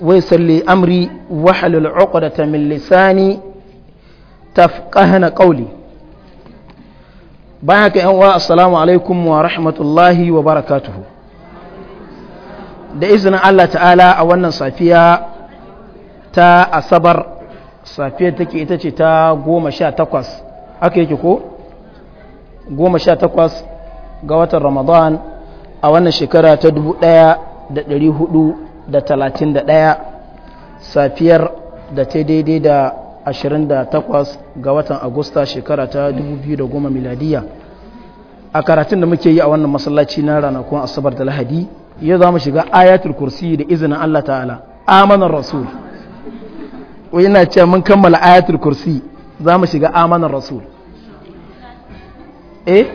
ويسر لي أمري وحلل عقدة من لساني تفقهن قولي بارك أنواع السلام عليكم ورحمة الله وبركاته da izinin Allah ta'ala a wannan safiya ta asabar safiyar take ita ce ta goma sha takwas aka yake ko? goma sha takwas ga watan ramadan a wannan shekara ta dubu ɗaya da ɗari hudu da talatin da ɗaya safiyar da ta daidai da ashirin da takwas ga watan agusta shekara ta dubu biyu da goma miladiya a karatun da muke yi a wannan masallaci na ranakun asabar da lahadi yau za mu shiga ayatul kursi da izinin allah ta'ala amanar rasul yana ce mun kammala ayatul kursi za mu shiga amanar rasul eh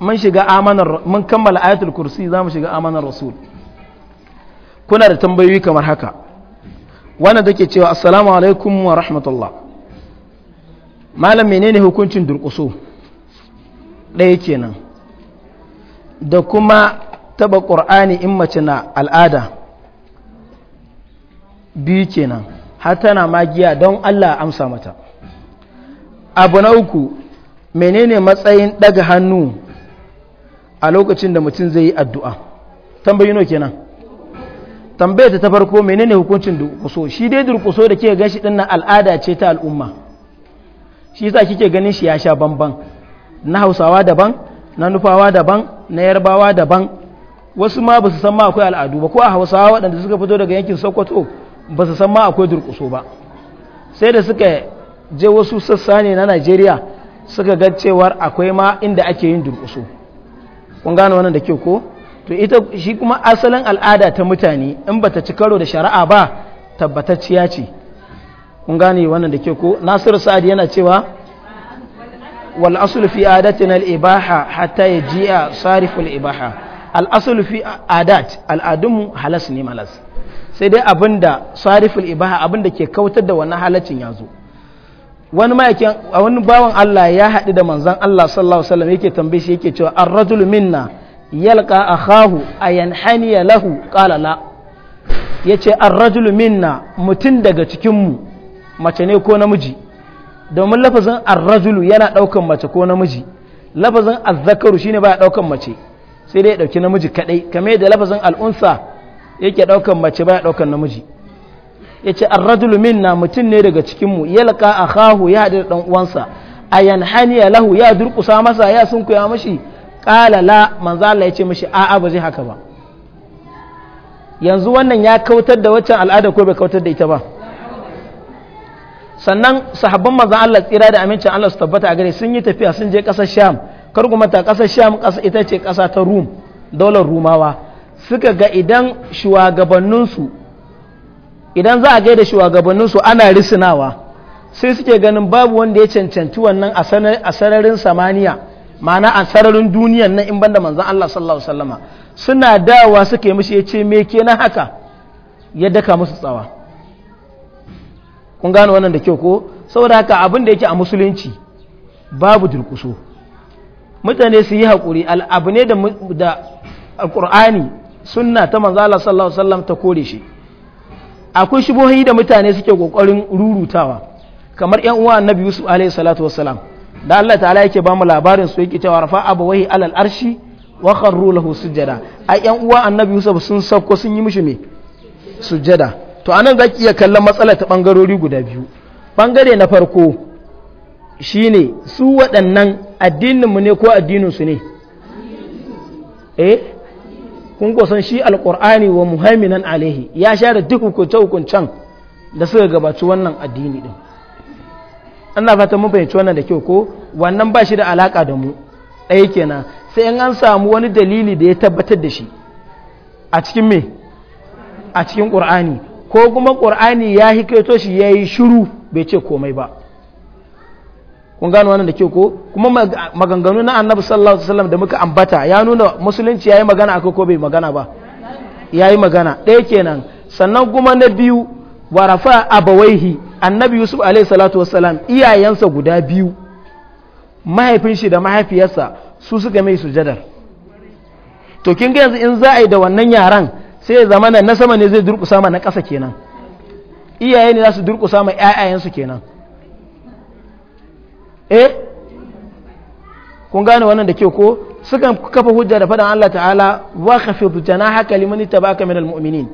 mun shiga amanar mun kammala ayatul kursi za mu shiga amanar rasul kuna da tambayoyi kamar haka wannan take cewa assalamu alaikum wa rahmatullah malam menene hukuncin durkusu ɗaya kenan da kuma taba ƙur'ani in mace na al'ada biyu kenan har tana magiya don Allah amsa mata abu na uku menene matsayin ɗaga hannu a lokacin da mutum zai yi addu'a tambayi no kenan tambayata ta farko menene hukuncin durkuso shi dai durkuso da kike gashi dinnan al'ada ce ta al'umma shi yasa kike ganin shi ya sha banban na Hausawa daban na Nufawa daban na Yarbawa daban wasu ma basu san ma akwai al'adu ba ko a Hausawa waɗanda suka fito daga yankin Sokoto basu san ma akwai durkuso ba sai da suka je wasu sassa ne na Najeriya suka ga cewar akwai ma inda ake yin durkuso kun gane wannan da kyau ko to ita shi kuma asalin al'ada ta mutane in ba ta ci karo da shari'a ba tabbatacciya ce kun gane wannan da ke ko nasiru sa'ad yana cewa wal asul fi adatina al ibaha hatta yaji'a sariful ibaha al asul fi adat al'adun halas ne malas sai dai abinda sariful ibaha abinda ke kautar da wannan halaccin ya zo wani ma'aikin a wani bawan Allah ya haɗu da manzon Allah sallallahu alaihi wasallam yake tambaye shi yake cewa ar rajul minna yalqa akahu a lahu qala la yace ar rajul minna mutun daga cikin mace ne ko namiji domin lafazin ar rajul yana daukan mace ko namiji lafazin az-zakaru shine baya daukan mace sai dai ya dauki namiji kadai kamar yadda lafazin al-unsa yake daukan mace baya daukan namiji yace ar rajul minna mutun ne daga cikin mu yalqa akahu ya da dan uwansa a lahu ya durkusa masa ya sunkuya mashi ƙala la manzo Allah ya ce mishi a'a ba zai haka ba yanzu wannan ya kautar da waccan al'ada ko bai kautar da ita ba sannan sahabban manzo Allah tsira da amincin Allah su tabbata a gare sun yi tafiya sun je ƙasar Sham kar kuma ta ƙasar Sham ƙasa ita ce ƙasa ta Rum daular Rumawa suka ga idan shugabanninsu idan za a gaida shugabanninsu ana risinawa sai suke ganin babu wanda ya cancanci wannan a sararin samaniya ma'ana a sararin duniyan nan in banda manzan Allah sallallahu alaihi wasallama suna dawa suke mashi mishi ya ce me ke na haka ya daka musu tsawa kun gano wannan da kyau ko saboda haka abin da yake a musulunci babu durkuso mutane su yi haƙuri abu ne da alƙur'ani sunna ta manzan Allah sallallahu alaihi ta kore shi akwai shubohi da mutane suke ƙoƙarin rurutawa kamar yan uwa annabi Yusuf alaihi salatu wassalam da Allah ala yake ba mu labarin su yake cewa rafa wahi alal arshi wa kharru lahu sujada ai yan uwa annabi Yusuf sun sauko sun yi mishi me sujada to anan zaki iya kallon matsalar ta bangarori guda biyu bangare na farko shine su waɗannan addininmu ne ko addininsu ne eh kun san shi alkur'ani wa muhaiminan alaihi ya share duk hukunce-hukuncen da suka gabaci wannan addini din ana fata mun fahimci wannan da kyau ko wannan ba shi da alaka da mu ɗaya kenan sai in an samu wani dalili da ya tabbatar da shi a cikin me a cikin ƙur'ani ko kuma ƙur'ani ya shi ya yi shiru bai ce komai ba kun gano wannan da kyau ko kuma maganganu na annabi sallallahu alaihi wasallam da muka ambata ya nuna musulunci ya magana akai ko bai magana ba ya magana ɗaya kenan sannan kuma na biyu warafa abawaihi annabi yusuf alaihi salatu wassalam iyayensa guda biyu mahaifin shi da mahaifiyarsa su suka mai sujadar to kin ga yanzu in za a yi da wannan yaran sai ya zama na sama ne zai durƙusa ma na ƙasa kenan iyaye ne za su durƙusa ma ƴaƴayensu kenan eh kun gane wannan da ke ko sukan kafa hujja da faɗin Allah ta'ala wa khafid janahaka liman ka minal mu'minin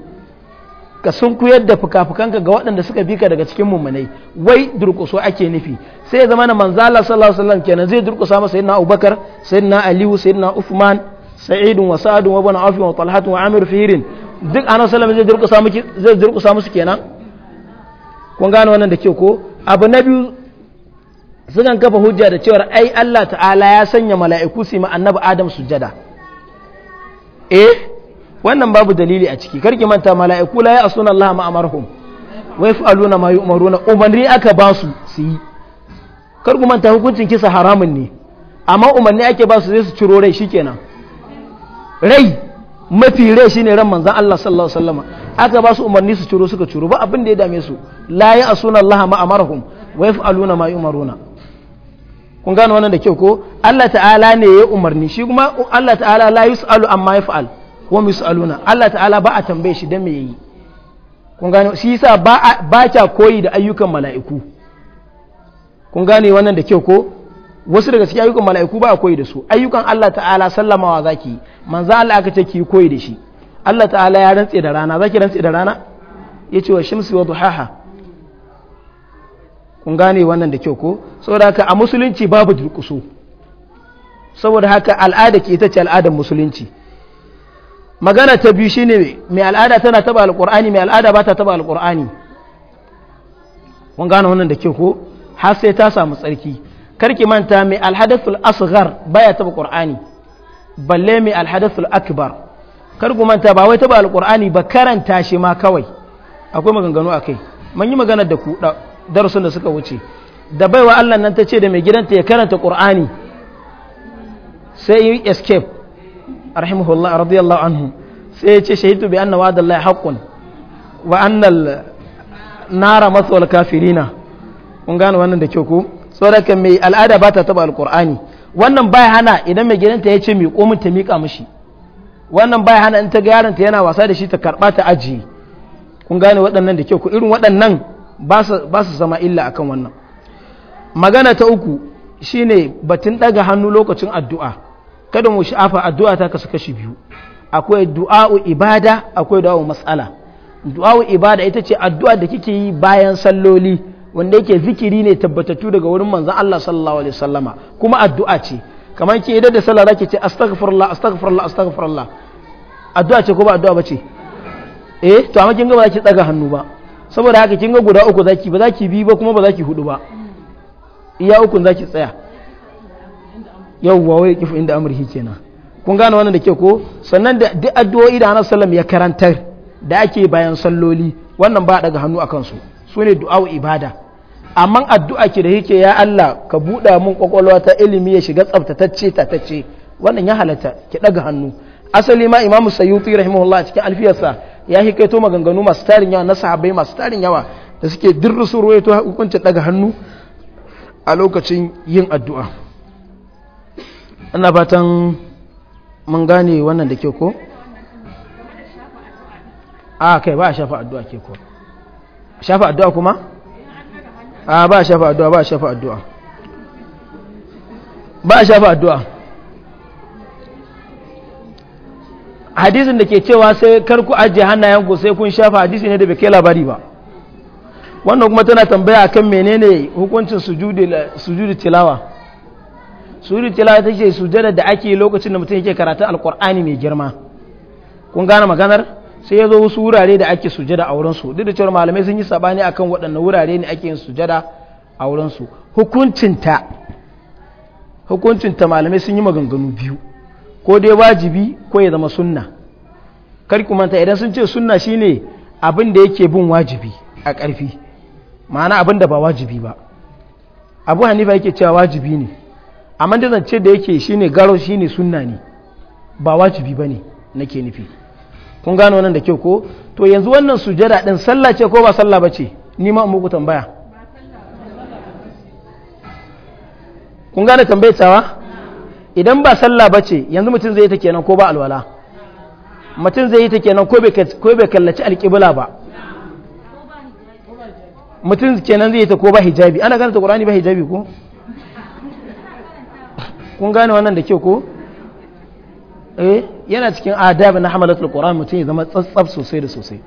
ka sunkuyar da fuka-fukanka ga waɗanda suka bi ka daga cikin mummunai wai durƙuso ake nufi sai ya zama na manzala sallallahu alaihi wasallam kenan zai durƙusa masa sayyidina Abubakar sayyidina Aliyu sayyidina Uthman Sa'id wa Sa'd wa Ibn Affan wa Talhat wa Amir Firin duk annabi sallallahu alaihi wasallam zai durƙusa musu kenan kun gane wannan da ke ko abu na biyu sukan kafa hujja da cewar ai Allah ta'ala ya sanya mala'iku su yi ma annabi Adam sujjada eh wannan babu dalili a ciki karki manta mala'iku la ya'suna Allah ma amarhum wa yaf'aluna ma yu'maruna umarni aka ba su su yi kar ku manta hukuncin kisa haramun ne amma umarni ake ba su zai su ciro rai shikenan rai mafi rai shine ran manzon Allah sallallahu alaihi wasallam aka ba su umarni su ciro suka ciro ba abin da ya dame su la ya'suna Allah ma amarhum wa yaf'aluna ma yu'maruna kun gano wannan da kyau ko Allah ta'ala ne ya umarni shi kuma Allah ta'ala la yus'alu amma yaf'al wa misaluna Allah ta'ala ba a tambaye shi dan me yayi kun gane shi yasa ba ba kya koyi da ayyukan mala'iku kun gane wannan da kyau ko wasu daga cikin ayyukan mala'iku ba a koyi da su ayyukan Allah ta'ala sallamawa zaki manzo Allah aka ce ki koyi da shi Allah ta'ala ya rantse da rana zaki rantse da rana yace wa shamsi wa duhaha kun gane wannan da kyau ko saboda haka a musulunci babu durƙusu saboda haka al'ada ke ita ce al'adar musulunci magana ta biyu shi ne mai al'ada tana taba alƙur'ani mai al'ada ba ta taba alƙur'ani kun gane wannan da ke ko har sai ta samu tsarki karki manta mai alhadathul asghar baya taba qur'ani balle mai alhadathul akbar kar ku manta ba wai taba alƙur'ani ba karanta shi ma kawai akwai maganganu kai mun yi magana da ku darussan da suka wuce da baiwa Allah nan ta ce da mai gidanta ya karanta qur'ani sai yi escape rahimahullah radiyallahu anhu sai ya ce shahidu bi anna wa'dallahi haqqun wa annal nara maswal kafirina kun gane wannan da kyau ko saboda mai al'ada ba ta taba alqur'ani wannan bai hana idan mai gidanta ya ce mi ko mun ta mika mishi wannan bai hana in ta ga yaron yana wasa da shi ta karba ta aji. kun gane waɗannan da kyau ko irin waɗannan ba su zama illa akan wannan magana ta uku shine batun daga hannu lokacin addu'a kada mu shafa addu'a ta kasu kashi biyu akwai du'a'u ibada akwai du'a'u mas'ala du'a'u ibada ita ce addu'a da kike yi bayan salloli wanda yake zikiri ne tabbatattu daga wurin manzon Allah sallallahu alaihi wasallama kuma addu'a ce kamar ki idan da sallah zaki ce astaghfirullah astaghfirullah astaghfirullah addu'a ce ko ba addu'a bace eh to amma kin ga ba zaki tsaga hannu ba saboda haka kin ga guda uku zaki ba zaki bi ba kuma ba zaki hudu ba iya ukun zaki tsaya yawwa wai kifu inda ke kenan kun gane wannan da ke ko sannan da duk addu'o'i da Annabi sallam ya karantar da ake bayan salloli wannan ba daga hannu akan su sune du'a ibada amma addu'a ke da yake ya Allah ka buɗa mun kwakwalwa ta ilimi ya shiga tsaftatacce tatacce wannan ya halatta ki daga hannu asali ma imamu sayyuti rahimahullah cikin alfiyarsa ya hikaito maganganu masu tarin yawa na sahabbai masu tarin yawa da suke dirrusu ruwaito hukunci daga hannu a lokacin yin addu'a ana fatan mun gane wannan da ke ko? a kai ba a shafa addu'a ke ko shafa addu'a kuma? a ba a shafa addu'a ba a shafa addu'a ba a shafa addu'a hadisin da ke cewa sai karku ajiye hannayenku sai kun shafa hadisi ne da bai kai labari ba wannan kuma tana tambaya akan menene hukuncin sujudi tilawa sujudul tilawa ta ce sujada da ake lokacin da mutum yake karatun alkur'ani mai girma kun gane maganar sai ya zo wasu wurare da ake sujada a wurin duk da cewa malamai sun yi sabani akan waɗannan wurare ne ake yin sujada a wurin su hukuncinta hukuncinta malamai sun yi maganganu biyu ko dai wajibi ko ya zama sunna kar ku manta idan sun ce sunna shine abin da yake bin wajibi a ƙarfi ma'ana abin da ba wajibi ba abu hanifa yake cewa wajibi ne amma da zance da yake shine garo shine sunna ne ba wajibi bane nake nufi kun gano nan da kyau ko to yanzu wannan sujada din sallah ce ko ba sallah ce? ni ma muku tambaya kun gane tambayatawa idan ba sallah ce, yanzu mutum zai yi ta kenan ko ba alwala mutum zai yi ta kenan ko bai kallaci alƙibla ba mutum kenan zai yi ta ko ba hijabi ana gane ta ƙurani ba hijabi ko kun gane wannan da kyau ko eh yana cikin adab na hamalatul qur'an mutum ya zama tsatsaf sosai da sosai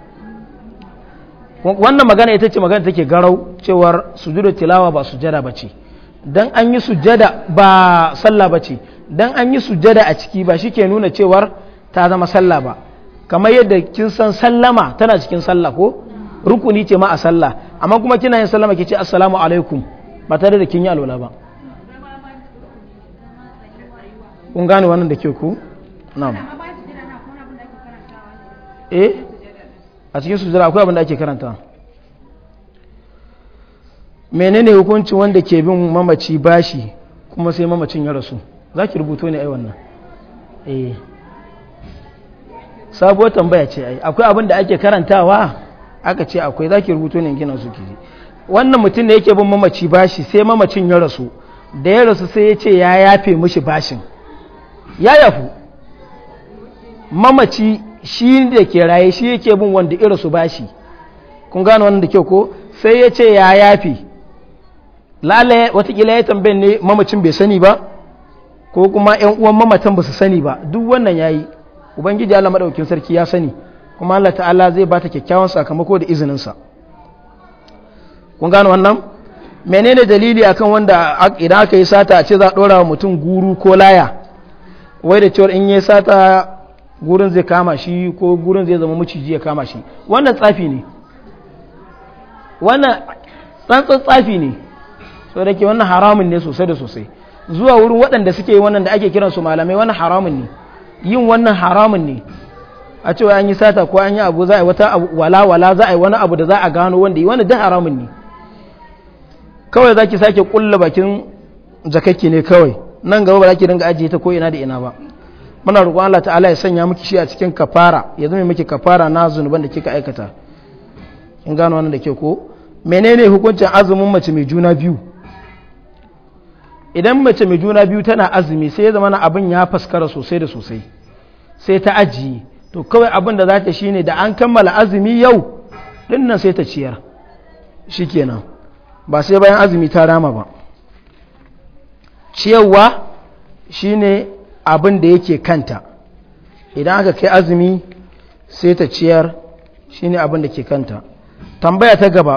wannan magana ita ce magana take garau cewar sujudu tilawa ba sujada bace dan an yi sujada ba sallah bace dan an yi sujada a ciki ba shike nuna cewar ta zama sallah ba kamar yadda kin san sallama tana cikin sallah ko rukuni ce ma a sallah amma kuma kina yin sallama kici assalamu alaikum ba tare da kin yi alwala ba kun gane wannan da ke ku na'am eh a cikin sujjada akwai abin da ake karanta menene hukuncin wanda ke bin mamaci bashi kuma sai mamacin ya rasu za ki rubuto ne ai wannan eh sabuwar tambaya ce ai akwai abin da ake karantawa aka ce akwai za ki rubuto ne gina su kiri wannan mutum da yake bin mamaci bashi sai mamacin ya rasu da ya rasu sai ya ce ya yafe mishi bashin ya yafu mamaci shi da ke raye shi yake bin wanda irin su bashi kun gano wannan da kyau ko sai ya ce ya yafi lalaye watakila ya tambayin ne mamacin bai sani ba ko kuma yan uwan mamatan ba su sani ba duk wannan ya yi ubangiji allah maɗaukin sarki ya sani kuma allah ta'ala zai ba ta kyakkyawan sakamako da izininsa kun gano wannan menene dalili akan wanda idan aka yi sata a ce za a ɗora wa mutum guru ko laya wai da cewar in ya sata gurin zai kama shi ko gurin zai zama maciji ya kama shi wannan tsafi ne wannan tsantsan tsafi ne so da ke wannan haramun ne sosai da sosai zuwa wurin waɗanda suke yi wannan da ake kiran su malamai wannan haramun ne yin wannan haramun ne a cewa an yi sata ko an yi abu za a yi wata wala wala za a yi wani abu da za a gano wanda yi wani da haramun ne kawai za ki sake kulla bakin jakakki ne kawai nan gaba ba za ki dinga ajiye ta ko ina da ina ba muna roƙon Allah ta'ala ya sanya miki shi a cikin kafara ya zama miki kafara na zunuban da kika aikata in gano wannan da ke ko menene hukuncin azumin mace mai juna biyu idan mace mai juna biyu tana azumi sai ya zama na abin ya faskara sosai da sosai sai ta ajiye to kawai abin da za ta shi ne da an kammala azumi yau dinnan sai ta ciyar shikenan ba sai bayan azumi ta rama ba ciyarwa ne abin da yake kanta idan aka kai azumi sai ta ciyar shi ne abin da ke kanta tambaya ta gaba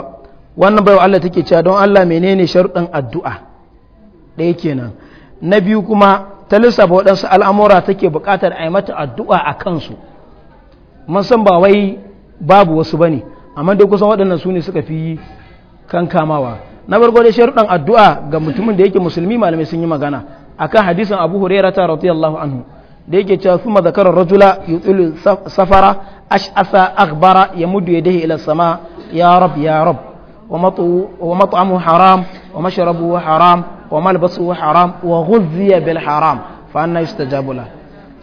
wannan baiwa Allah take cewa don Allah menene sharuɗin addu'a ɗaya kenan na biyu kuma ta lissafa waɗansu al'amura take buƙatar a yi mata addu'a a kansu mun san ba wai babu wasu ba ne amma dai kusan waɗannan su ne suka fi kankamawa na farko dai sharuɗan addu'a ga mutumin da yake musulmi malamai sun yi magana akan hadisin abu hurairata radiyallahu anhu da yake cewa kuma zakarar rajula yutilu safara ash'asa akhbara yamuddu yadayhi ila sama ya rab ya rab wa mat'amu haram wa mashrabu haram wa malbasu haram wa ghuzziya bil haram fa anna yustajabu la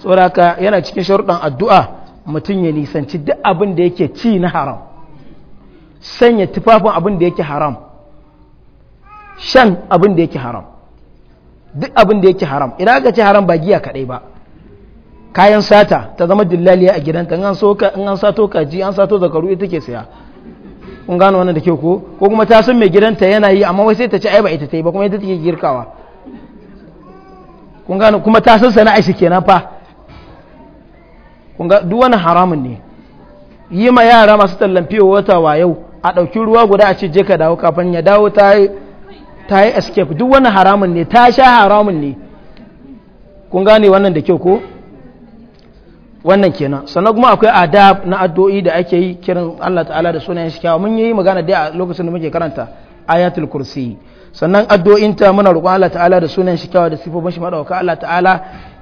saboda yana cikin sharuɗan addu'a mutum ya nisanci duk abin da yake ci na haram sanya tufafin abin da yake haram shan abin da yake haram duk abin da yake haram idan aka ce haram ba giya kadai ba kayan sata ta zama dillaliya a gidanta in an sato kaji an sato zakaru ita ke saya kun gano wannan da ke ko ko kuma ta san mai gidanta yana yi amma wai sai ta ci ai ba ita ta yi ba kuma ita take girkawa kun gano kuma ta san sana'a shi kenan fa kun ga duk wani haramun ne yi ma yara masu tallan fiye wata wa yau a ɗauki ruwa guda a ce je ka dawo kafin ya dawo ta ta yi escape duk wani haramun ne ta sha haramun ne kun gane wannan da kyau ko wannan kenan sannan kuma akwai adab na addu'o'i da ake yi kiran Allah ta'ala da sunayen shi mun yi magana dai a lokacin da muke karanta ayatul kursi sannan addu'o'in ta muna roƙon Allah ta'ala da sunayen shi da sifofin shi madauka Allah ta'ala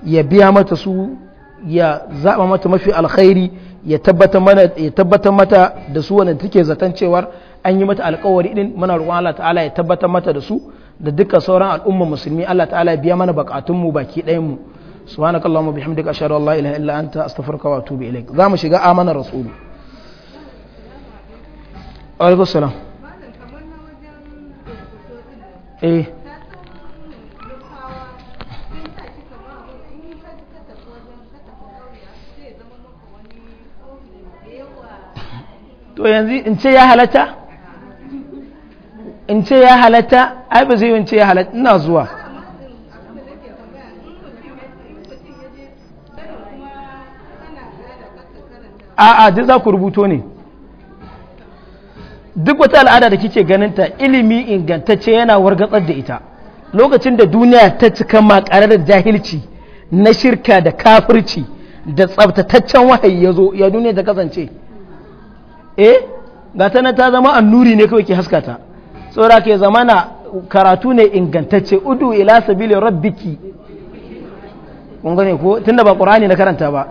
ya biya mata su ya zaba mata mafi alkhairi ya tabbatar mata da su wanda take zaton cewar an yi mata alkawari din muna roƙon Allah ta'ala ya tabbatar mata da su da dukkan sauran al'umma musulmi Allah ta'ala ya biya mana bukatun mu baki ɗayan mu subhanakallahumma bihamdika ashhadu an la ilaha illa anta astaghfiruka wa atubu ilaik zamu shiga amana rasulu alaikum salam eh to yanzu in ce ya halatta in ce ya halatta ai ba zai ce ya halatta ina zuwa a'a duk za ku rubuto ne duk wata al'ada da kike ganinta ilimi ingantacce yana wargatsar da ita lokacin da duniya ta cika makarar jahilci na shirka da kafirci da tsabtataccen wahayi ya zo ya duniya ta kasance eh ga ta ta zama annuri ne kawai ke haskata tsora ke zamana karatu ne ingantacce udu ila sabili rabbiki kun gane ko tunda ba qur'ani na karanta ba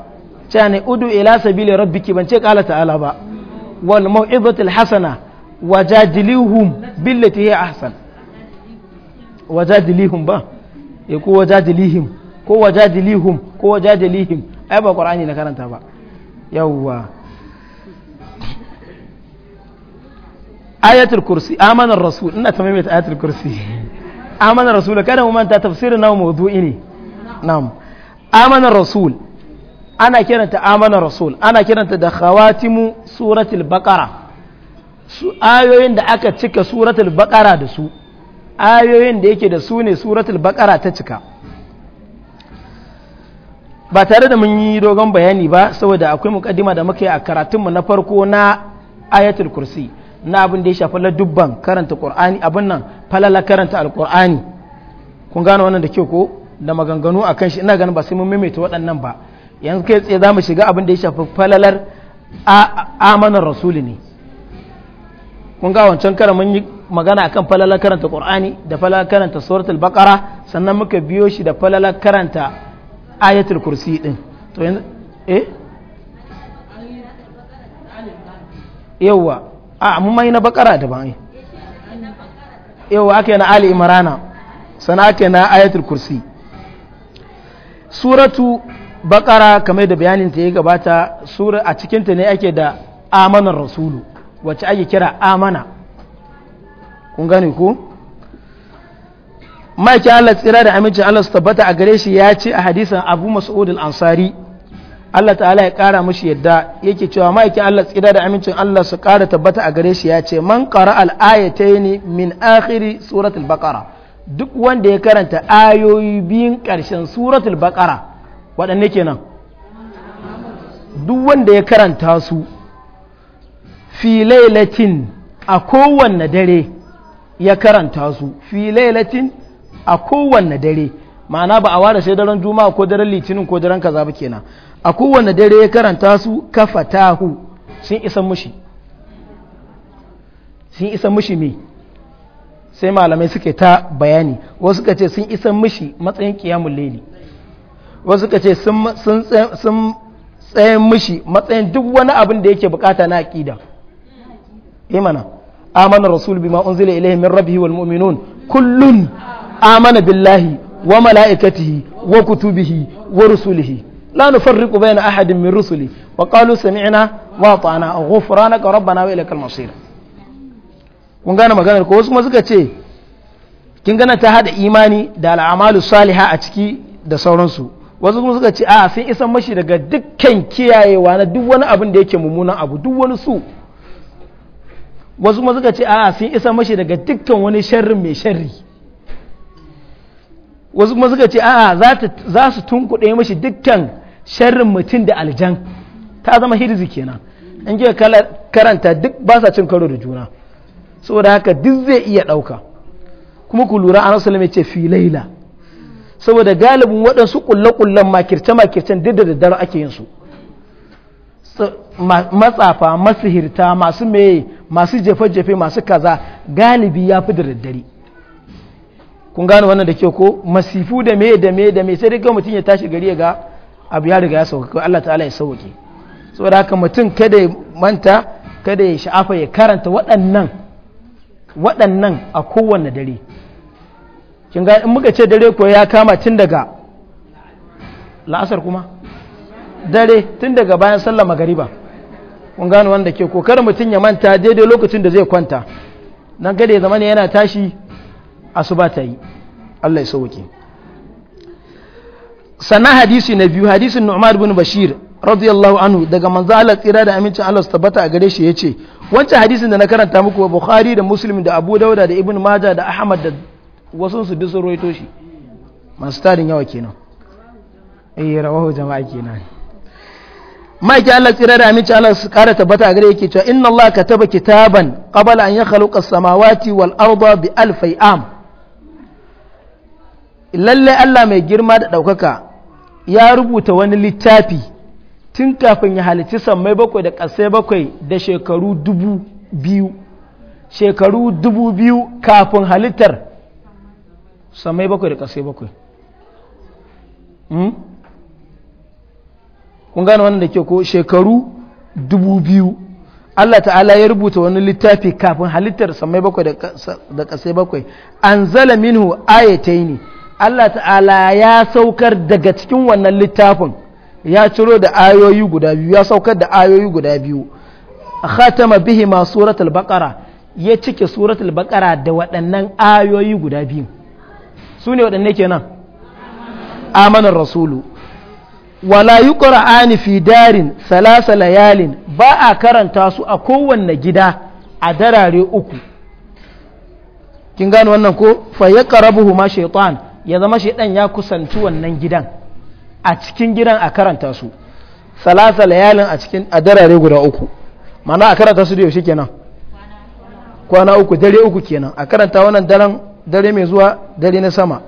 cewa ne udu ila sabili rabbiki ban ce qala ta'ala ba wal mau'izatil hasana wajadilihum billati hi ahsan wajadilihum ba ya eh, ko wajadilihim ko wajadilihum ko wajadilihim ai ba qur'ani na karanta ba yawwa ayatul kursi amanar rasul ina ta maimaita ayatul kursi amanar rasul kada mu manta tafsirin namu mawdu'i ne na'am amanar rasul ana kiranta amanar rasul ana kiranta da khawatimu suratul baqara su ayoyin da aka cika suratul baqara da su ayoyin da yake da su ne suratul baqara ta cika ba tare da mun yi dogon bayani ba saboda akwai mukaddima da muke a karatunmu na farko na ayatul kursi na abin da ya shafi la dubban karanta qur'ani abin nan falala karanta alqur'ani kun gane wannan da kyau ko da maganganu a kan shi ina ganin ba sai mun maimaita waɗannan ba yanzu kai tsaye za mu shiga abin da ya shafi falalar amanar rasuli ne kun ga wancan karan mun yi magana akan falalar karanta qur'ani da falalar karanta suratul baqara sannan muka biyo shi da falalar karanta ayatul kursi din to yanzu eh yawa a mun mai na bakara da yau ake na ali imrana sana ake na ayatul kursi suratu bakara kamar da bayanin ta ya gabata sura a cikin ne ake da amanar rasulu wacce ake kira amana kun gane ko maki Allah tsira da amincin Allah su tabbata a gare shi ya ce a hadisan Abu Mas'ud al-Ansari Allah ta'ala ya kara mushi yadda yake cewa ma'aikin Allah tsira da amincin Allah su kara tabbata a gare shi ya ce man qara al ayataini min akhiri suratul baqara duk wanda ya karanta ayoyi biyun karshen suratul baqara waɗanne kenan duk wanda ya karanta su fi latin a kowanne dare ya karanta su fi latin a kowanne dare ma'ana ba a ware sai daren juma'a ko daren litinin ko daren kaza ba kenan a kowane dare ya karanta su kafa tahu sun isan mushi sun isan mushi me sai malamai suke ta bayani wasu ka ce sun isan mushi matsayin kiyamun leli wasu ka ce sun tsayin mushi matsayin duk wani abin da yake bukata na aƙida imana eh amana rasul bima unzila ilaihi min rabbihi wal mu'minun kullun amana billahi wa mala'ikatihi wa kutubihi wa rusulihi لا نفرق بين أحد من رسلي وقالوا سمعنا واطعنا غفرانك ربنا وإليك المصير kun gane maganar ko wasu kuma suka ce kin gana ta hada imani da al'amalu saliha a ciki da sauransu wasu kuma suka ce a sun isan mashi daga dukkan kiyayewa na duk wani abin da yake mummunan abu duk wani su wasu kuma suka ce a sun isan mashi daga dukkan wani sharrin mai sharri wasu kuma suka ce a'a za su tunkuɗe mashi dukkan sharrin mutum da aljan ta zama hirzi kenan in ji karanta duk ba sa cin karo da juna saboda haka duk zai iya ɗauka kuma ku lura an sallam ce fi saboda galibin waɗansu ƙulle-ƙullen makirce-makircen duk da daddare ake yin su matsafa masu hirta masu meye masu jefe-jefe masu kaza galibi ya fi da daddare kun gane wannan da ke ko masifu da me da me da me sai dai mutum ya tashi gari ya ga abu ya riga ya sauka Allah ta'ala ya sauke saboda haka mutum kada ya manta kada ya sha'afa ya karanta waɗannan waɗannan a kowanne dare kin ga in muka ce dare ko ya kama tun daga la'asar kuma dare tun daga bayan sallar magariba kun gano wanda ke kokarin mutum ya manta daidai lokacin da zai kwanta nan gade ya zama ne yana tashi asuba ta yi Allah ya sauke sannan hadisi na biyu hadisin Nu'man bin Bashir radiyallahu anhu daga manzo Allah tsira da amincin Allah su tabbata a gare shi yace wancan hadisin da na karanta muku wa Bukhari da Muslim da Abu Dawuda da Ibn Majah da Ahmad da wasu su bi sun roito shi masu tarin yawa kenan eh rawahu jama'a kenan maki Allah tsira da amincin Allah su kara tabbata a gare yake cewa inna Allah kataba kitaban qabla an yakhluqa as-samawati wal arda bi alfi am lalle Allah mai girma da ɗaukaka ya rubuta wani littafi tun kafin ya halici sammai bakwai da ƙasai bakwai da shekaru dubu biyu shekaru dubu biyu kafin halittar sammai bakwai da ƙasai bakwai hmm? kun gane wannan da ke ko shekaru dubu biyu Allah ta'ala ya rubuta wani littafi kafin halittar sammai bakwai da ƙasai bakwai an zala minhu ayatai ne Allah ta'ala ya saukar daga cikin wannan littafin ya ciro da ayoyi guda biyu ya saukar da ayoyi guda biyu khatama bihi ma suratul baqara ya cike suratul baqara da waɗannan ayoyi guda biyu su ne waɗanne kenan amanar rasulu wala yuqra'ani fi darin salasa layalin ba a karanta su a kowanne gida a darare uku kin gane wannan ko fa yaqrabuhu ma shaytan ya zama shaidan ya kusanci wannan gidan a cikin gidan a karanta su salasa layalin a cikin a darare guda uku mana a karanta su da yaushe kenan kwana uku dare uku kenan a karanta wannan daren dare mai zuwa dare na sama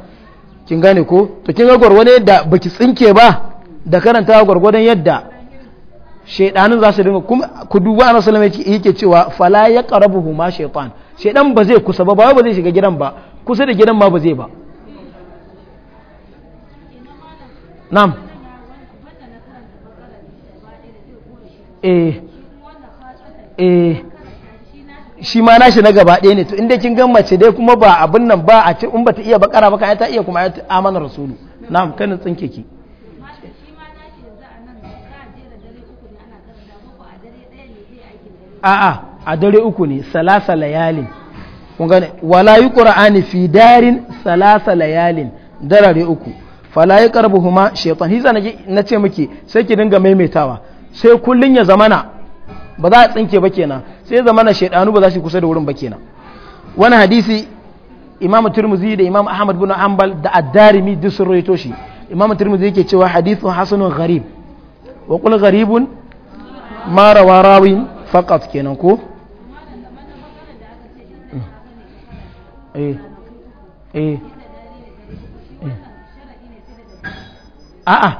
kin gane ko to kin ga gwargwadon yadda baki tsinke ba da karanta gwargwadon yadda shaidanin za su dinga kuma ku duba ana sallama yake cewa fala ya qarabuhu ma shaytan shaidan ba zai kusa ba ba ba zai shiga gidan ba kusa da gidan ma ba zai ba nam eh eh shi ma nashi na gaba ɗaya ne to inda kin gan mace dai kuma ba abin nan ba a ce in ba ta iya bakara ba ta iya kuma ayatu amana rasulu na'am kana tsinke ki a'a a dare uku ne salasa layalin kun gane wala yuqra'ani fi darin salasa layalin darare uku fala ya karbu huma shaitan hiza na ce miki sai ki dinga maimaitawa sai kullun ya zamana ba za a tsinke ba kenan sai zamana shaidanu ba za su kusa da wurin ba kenan wani hadisi imam turmuzi da imam ahmad bin hanbal da addarimi duk sun rawaito shi imam turmuzi yake cewa hadithun hasanun gharib wa qul gharibun ma rawa rawin faqat kenan ko eh eh a'a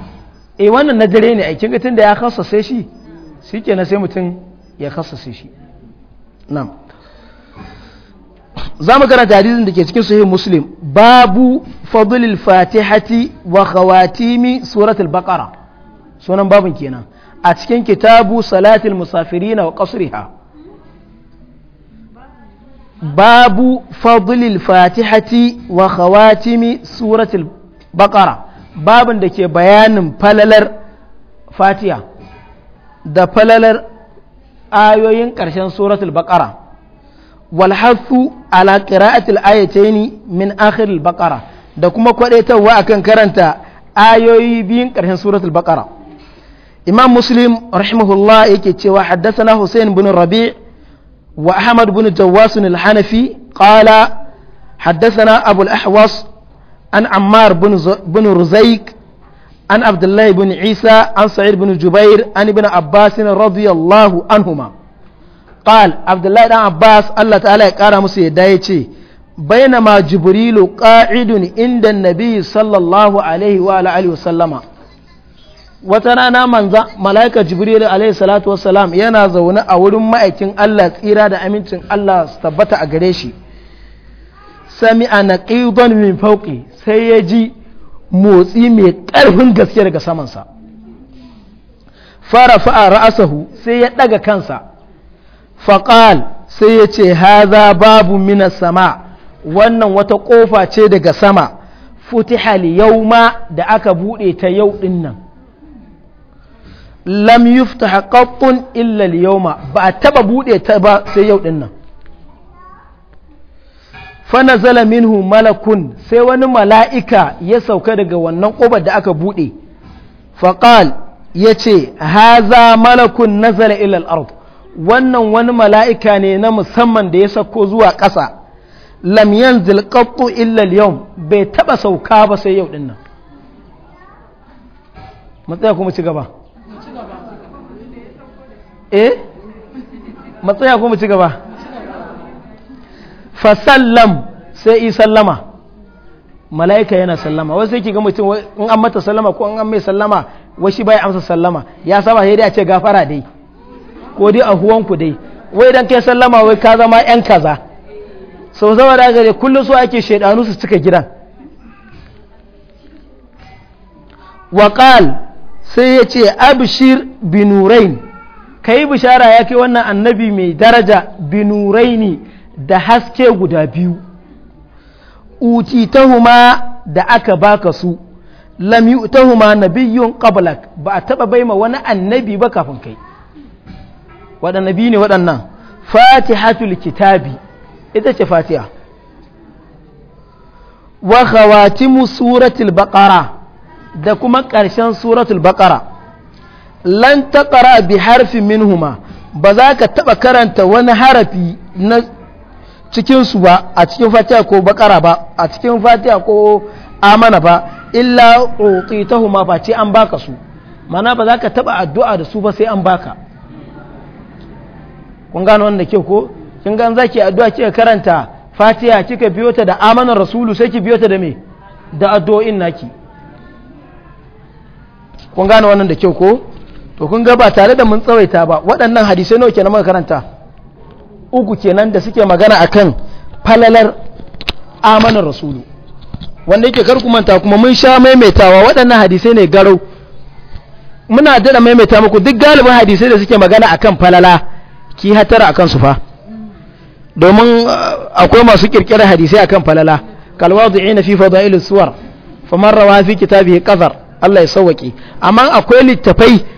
eh wannan na dare ne aikin ga tunda ya khassase shi na sai mutum ya khassase shi na'am za mu karanta hadisin da ke cikin sahih muslim babu fadlil fatihati wa khawatimi suratul baqara sunan babun kenan a cikin kitabu salatul musafirina wa qasriha babu fadlil fatihati wa khawatimi suratul baqara babin da ke bayanin falalar fatiha da falalar ayoyin ƙarshen suratul baƙara wal ala qira'atil ayataini min akhiril baƙara da kuma kwadaitarwa akan karanta ayoyi biyun ƙarshen suratul baƙara imam muslim rahimahullah yake cewa haddasa hussein bin rabi' wa ahmad bin jawwas al-hanafi qala حدثنا أبو الأحوص an ammar bin ruzaik an abdullahi bin isa an sa'id bin jubair an ibn abbas radiyallahu anhuma qal abdullahi dan abbas Allah ta'ala ya kara musu yadda yace bainama jibrilu qa'idun inda nabi sallallahu alaihi wa alihi wata rana manza mala'ika jibril alaihi salatu wassalam yana zaune a wurin ma'aikin Allah tsira da amincin Allah su tabbata a gare shi sami a naqidan min fauqi sai ya ji motsi mai ƙarfin gaske daga samansa fara fa'a ra'asahu sai ya ɗaga kansa faƙal sai ya ce haza babu mina sama wannan wata ƙofa ce daga sama futi hali yau ma da aka buɗe ta yau ɗin nan lam yufta haƙaƙƙun illal yau ma ba a taɓa buɗe ta ba sai yau ɗin nan zala minhu malakun sai wani mala'ika ya sauka daga wannan ƙobar da aka buɗe faƙal ya ce haza malakun na nazala ilal ard wannan wani mala'ika ne na musamman da ya sauko zuwa ƙasa lam yanzil qattu illa yau bai taɓa sauka ba sai yau ɗin nan matsaya kuma ci gaba eh matsaya kuma ci gaba fasallam sai yi sallama mala'ika yana sallama wasu yake ga mutum in an mata sallama ko an an mai sallama washi bai amsa sallama ya saba sai dai a ce gafara dai ko dai a huwanku dai wai dan kai sallama wai ka zama yan kaza sau zama da gare kullum su ake shaidanu su cika gidan waƙal sai ya ce abishir binurain ka yi bishara ya kai wannan annabi mai daraja binuraini da haske guda biyu utitahuma da aka baka su lam yu'tahuma nabiyyun qablak ba a taba baima wani annabi ba kafin kai waɗanne biyu ne waɗannan fatihatul kitabi ita ce fatiha wa khawatimu suratul baqara da kuma ƙarshen suratul baqara lan taqra bi harfin minhuma ba za ka taɓa karanta wani harafi na cikin su ba a cikin fatiha ko bakara ba a cikin fatiha ko amana ba illa utitahuma ba ce an baka su mana ba za ka taba addu'a da su ba sai an baka kun gano wanda ke ko kin gan zaki addu'a kika karanta fatiha kika biyo ta da amanar rasulu sai ki biyo ta da me da addu'o'in naki kun gane wannan da kyau ko to kun ga ba tare da mun tsawaita ba waɗannan hadisai nawa kenan muka karanta uku kenan da suke magana akan falalar amanar rasulu wanda yake kar manta kuma mun sha maimaitawa waɗannan hadisai ne garau muna dada maimaita muku duk galibin hadisai da suke magana akan falala ki hatara akan su fa domin uh, akwai masu kirkirar hadisai akan falala kalwadi'ina fi fadailis suwar faman rawa fi kitabi qadar Allah ya sauwake amma akwai littafai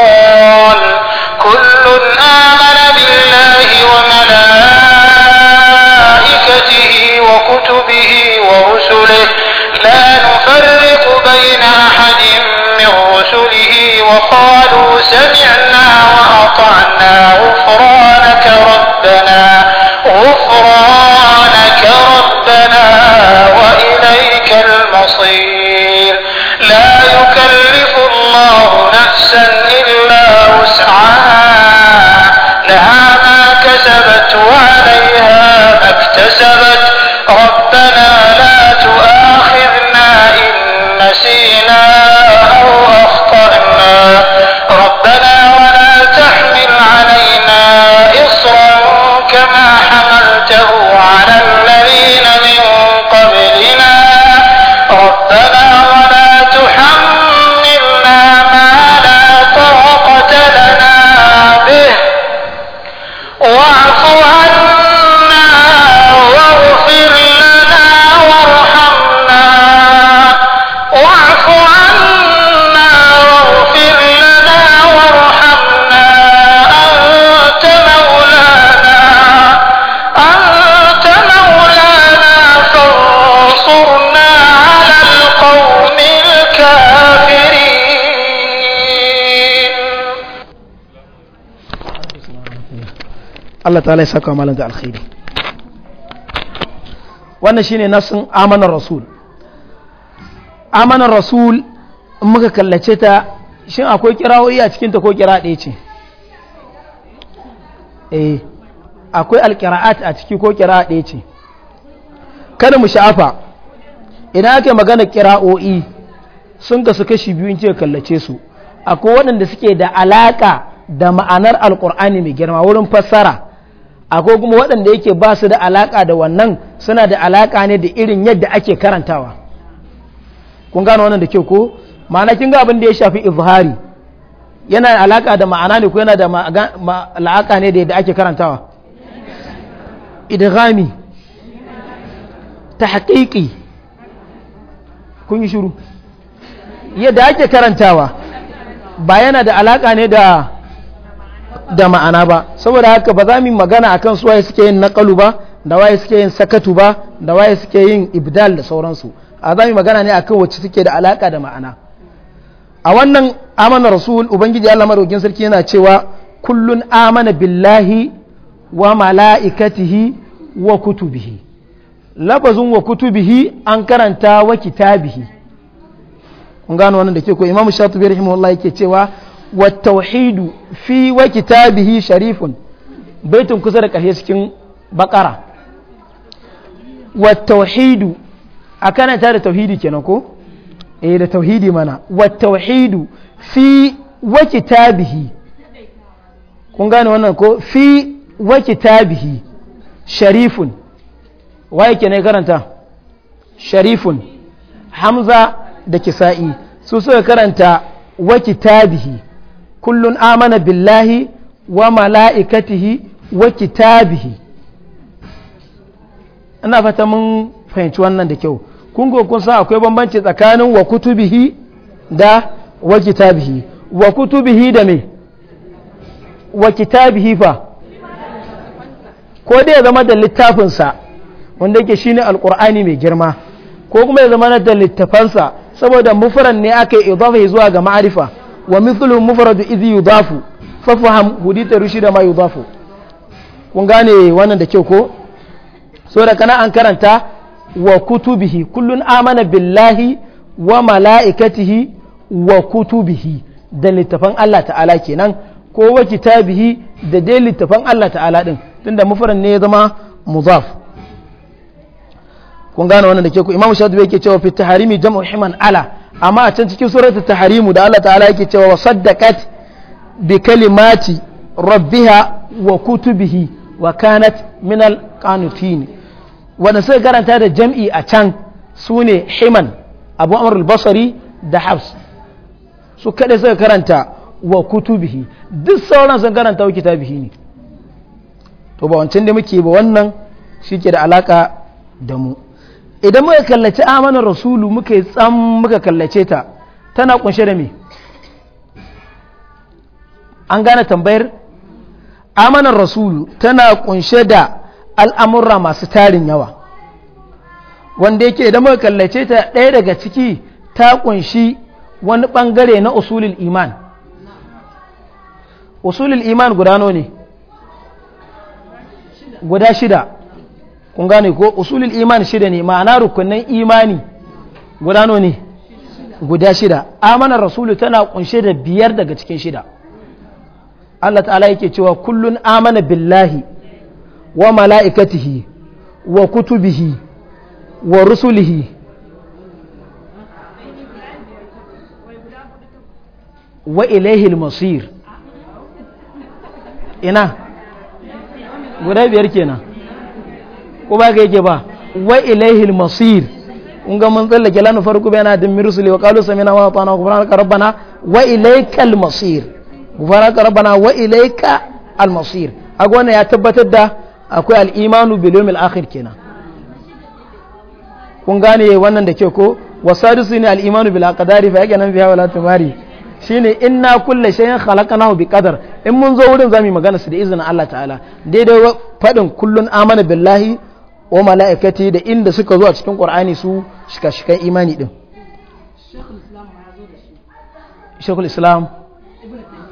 ورسله لا نفرق بين أحد من رسله وقالوا سمعنا وأطعنا غفرانك ربنا غفرانك ربنا وإليك المصير لا يكلف الله نفسا إلا وسعها لها ما كسبت وعليها ما اكتسبت رب تؤاخذنا إن نسينا أو أخطأنا ربنا Allah ta'ala ya saka malam da alkhairi wannan shine nasin amanar rasul amanar rasul muka kallace ta shin akwai kirawoyi a cikinta ko kira ɗaya ce eh akwai alkira'at a ciki ko kira ɗaya ce kada mu sha'afa idan aka magana kira'o'i sun gasu kashi biyu in ce kallace su akwai waɗanda suke da alaƙa da ma'anar alƙur'ani mai girma wurin fassara akwai kuma waɗanda yake ba su da alaƙa da wannan suna da alaƙa ne da irin yadda ake karantawa kun gano wannan da kyau ko ma'ana kin ga abin da ya shafi izhari yana da alaƙa da ma'ana ne ko yana da alaƙa ne da yadda ake karantawa idghami tahqiqi kun yi shiru yadda ake karantawa ba yana da alaƙa ne da da ma'ana ba saboda haka ba za mu magana akan su waye suke yin naqalu ba da waye suke yin sakatu ba da waye suke yin ibdal da sauransu a za mu magana ne akan wacce suke da alaka da ma'ana a wannan amana rasul ubangiji Allah madaukin sarki yana cewa kullun amana billahi wa mala'ikatihi wa kutubihi labazun wa kutubihi an karanta wa kitabihi kun gano wannan da ke ko imamu shatibi rahimahullahi yake cewa والتوحيد في وكتابه شريف بيت كسر A بقرة والتوحيد أكان تار توحيدي كنكو إيه ده توحيدي منا والتوحيد في وكتابه kun gane wannan ko fi wa kitabihi sharifun waye kenan karanta sharifun hamza da kisa'i su suka karanta wa kitabihi kullun amana billahi wa mala'ikatihi wa kitabihi ina fata mun fahimci wannan da kyau kun kun san akwai bambanci tsakanin wa kutubihi da wa kitabihi wa kutubihi da me wa kitabihi fa ko dai ya zama da littafinsa wanda yake shine alkur'ani mai girma ko kuma ya zama da littafansa saboda mufran ne aka yi idafa zuwa ga ma'arifa wa mithlu mufrad idhi yudafu fafaham hudita rushida ma yudafu kun gane wannan da kyau ko so da kana an karanta wa kutubihi kullun amana billahi wa mala'ikatihi wa kutubihi da littafan Allah ta'ala kenan ko wa kitabihi da dai littafan Allah ta'ala din tunda mufrad ne ya zama muzaf kun gane wannan da ke ku imamu shadu yake cewa fi taharimi jam'u himan ala amma a can cikin suratul tahrimu da Allah ta'ala yake cewa wa saddaqat bi kalimati rabbiha wa kutubihi wa kanat min al qanutin wanda karanta da jam'i a can sune himan abu amr al basri da habs su kada suka karanta wa kutubihi duk sauran sun karanta wa kitabihi ne to ba wancan da muke ba wannan shi ke da alaka da mu idan muka kallace amanar rasulu muka yi tsan muka kallace ta tana kunshe da me an gane tambayar amanar rasulu tana kunshe da al'amurra masu tarin yawa wanda yake idan muka kallace ta ɗaya daga ciki ta kunshi wani ɓangare na usulul iman usulul iman gudano ne guda shida kun gane ko usulul imani shida ne ma'ana rukunin imani guda ne guda shida amana rasulu tana kunshe da biyar daga cikin shida Allah ta'ala yake cewa kullun amana billahi wa mala'ikatihi wa kutubihi wa rusulihi wa ilaihil masir ina guda biyar kenan ko ba ka yake ba wa ilaihil masir kun ga mun tsalla lanu farko bayana da mirsuli wa qalu samina wa atana ghufranaka rabbana wa ilaikal masir ghufranaka rabbana wa ilaika al masir aga ya tabbatar da akwai al imanu bil yawmil akhir kenan kun gane wannan da ke ko wasadisu ne al imanu bil aqdari fa yake nan biya wala tumari shine inna kulle shay'in khalaqnahu bi qadar in mun zo wurin zamu magana su da izinin Allah ta'ala daidai fadin kullun amana billahi wa mala'ikati da inda suka zo a cikin ƙwar'ani su shika-shikan imani ɗin shekul islam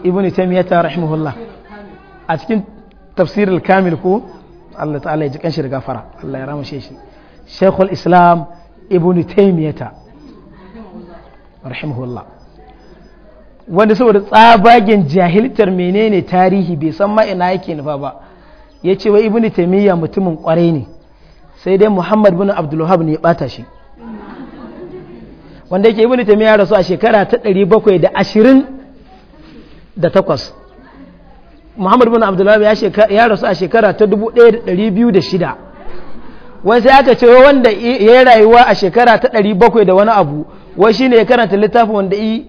ibn taimiyata rahimahullah a cikin tafsirin kamil ko allah ta'ala ya ji kanshi da gafara allah ya ramashe shi shekul islam ibn taimiyata rahimahullah wanda saboda tsabagen jahiltar menene tarihi bai san ma ina yake nufa ba ya ce wa ibn taimiyya mutumin kwarai ne sai dai muhammad bin abdulwahab ne ya bata shi wanda yake ibn ya rasu a shekara ta 728 muhammad bin abdulwahab ya rasu a shekara ta 1206 wani sai aka ce wanda ya yi rayuwa a shekara ta 700 da wani abu wai shine ya karanta littafin wanda ya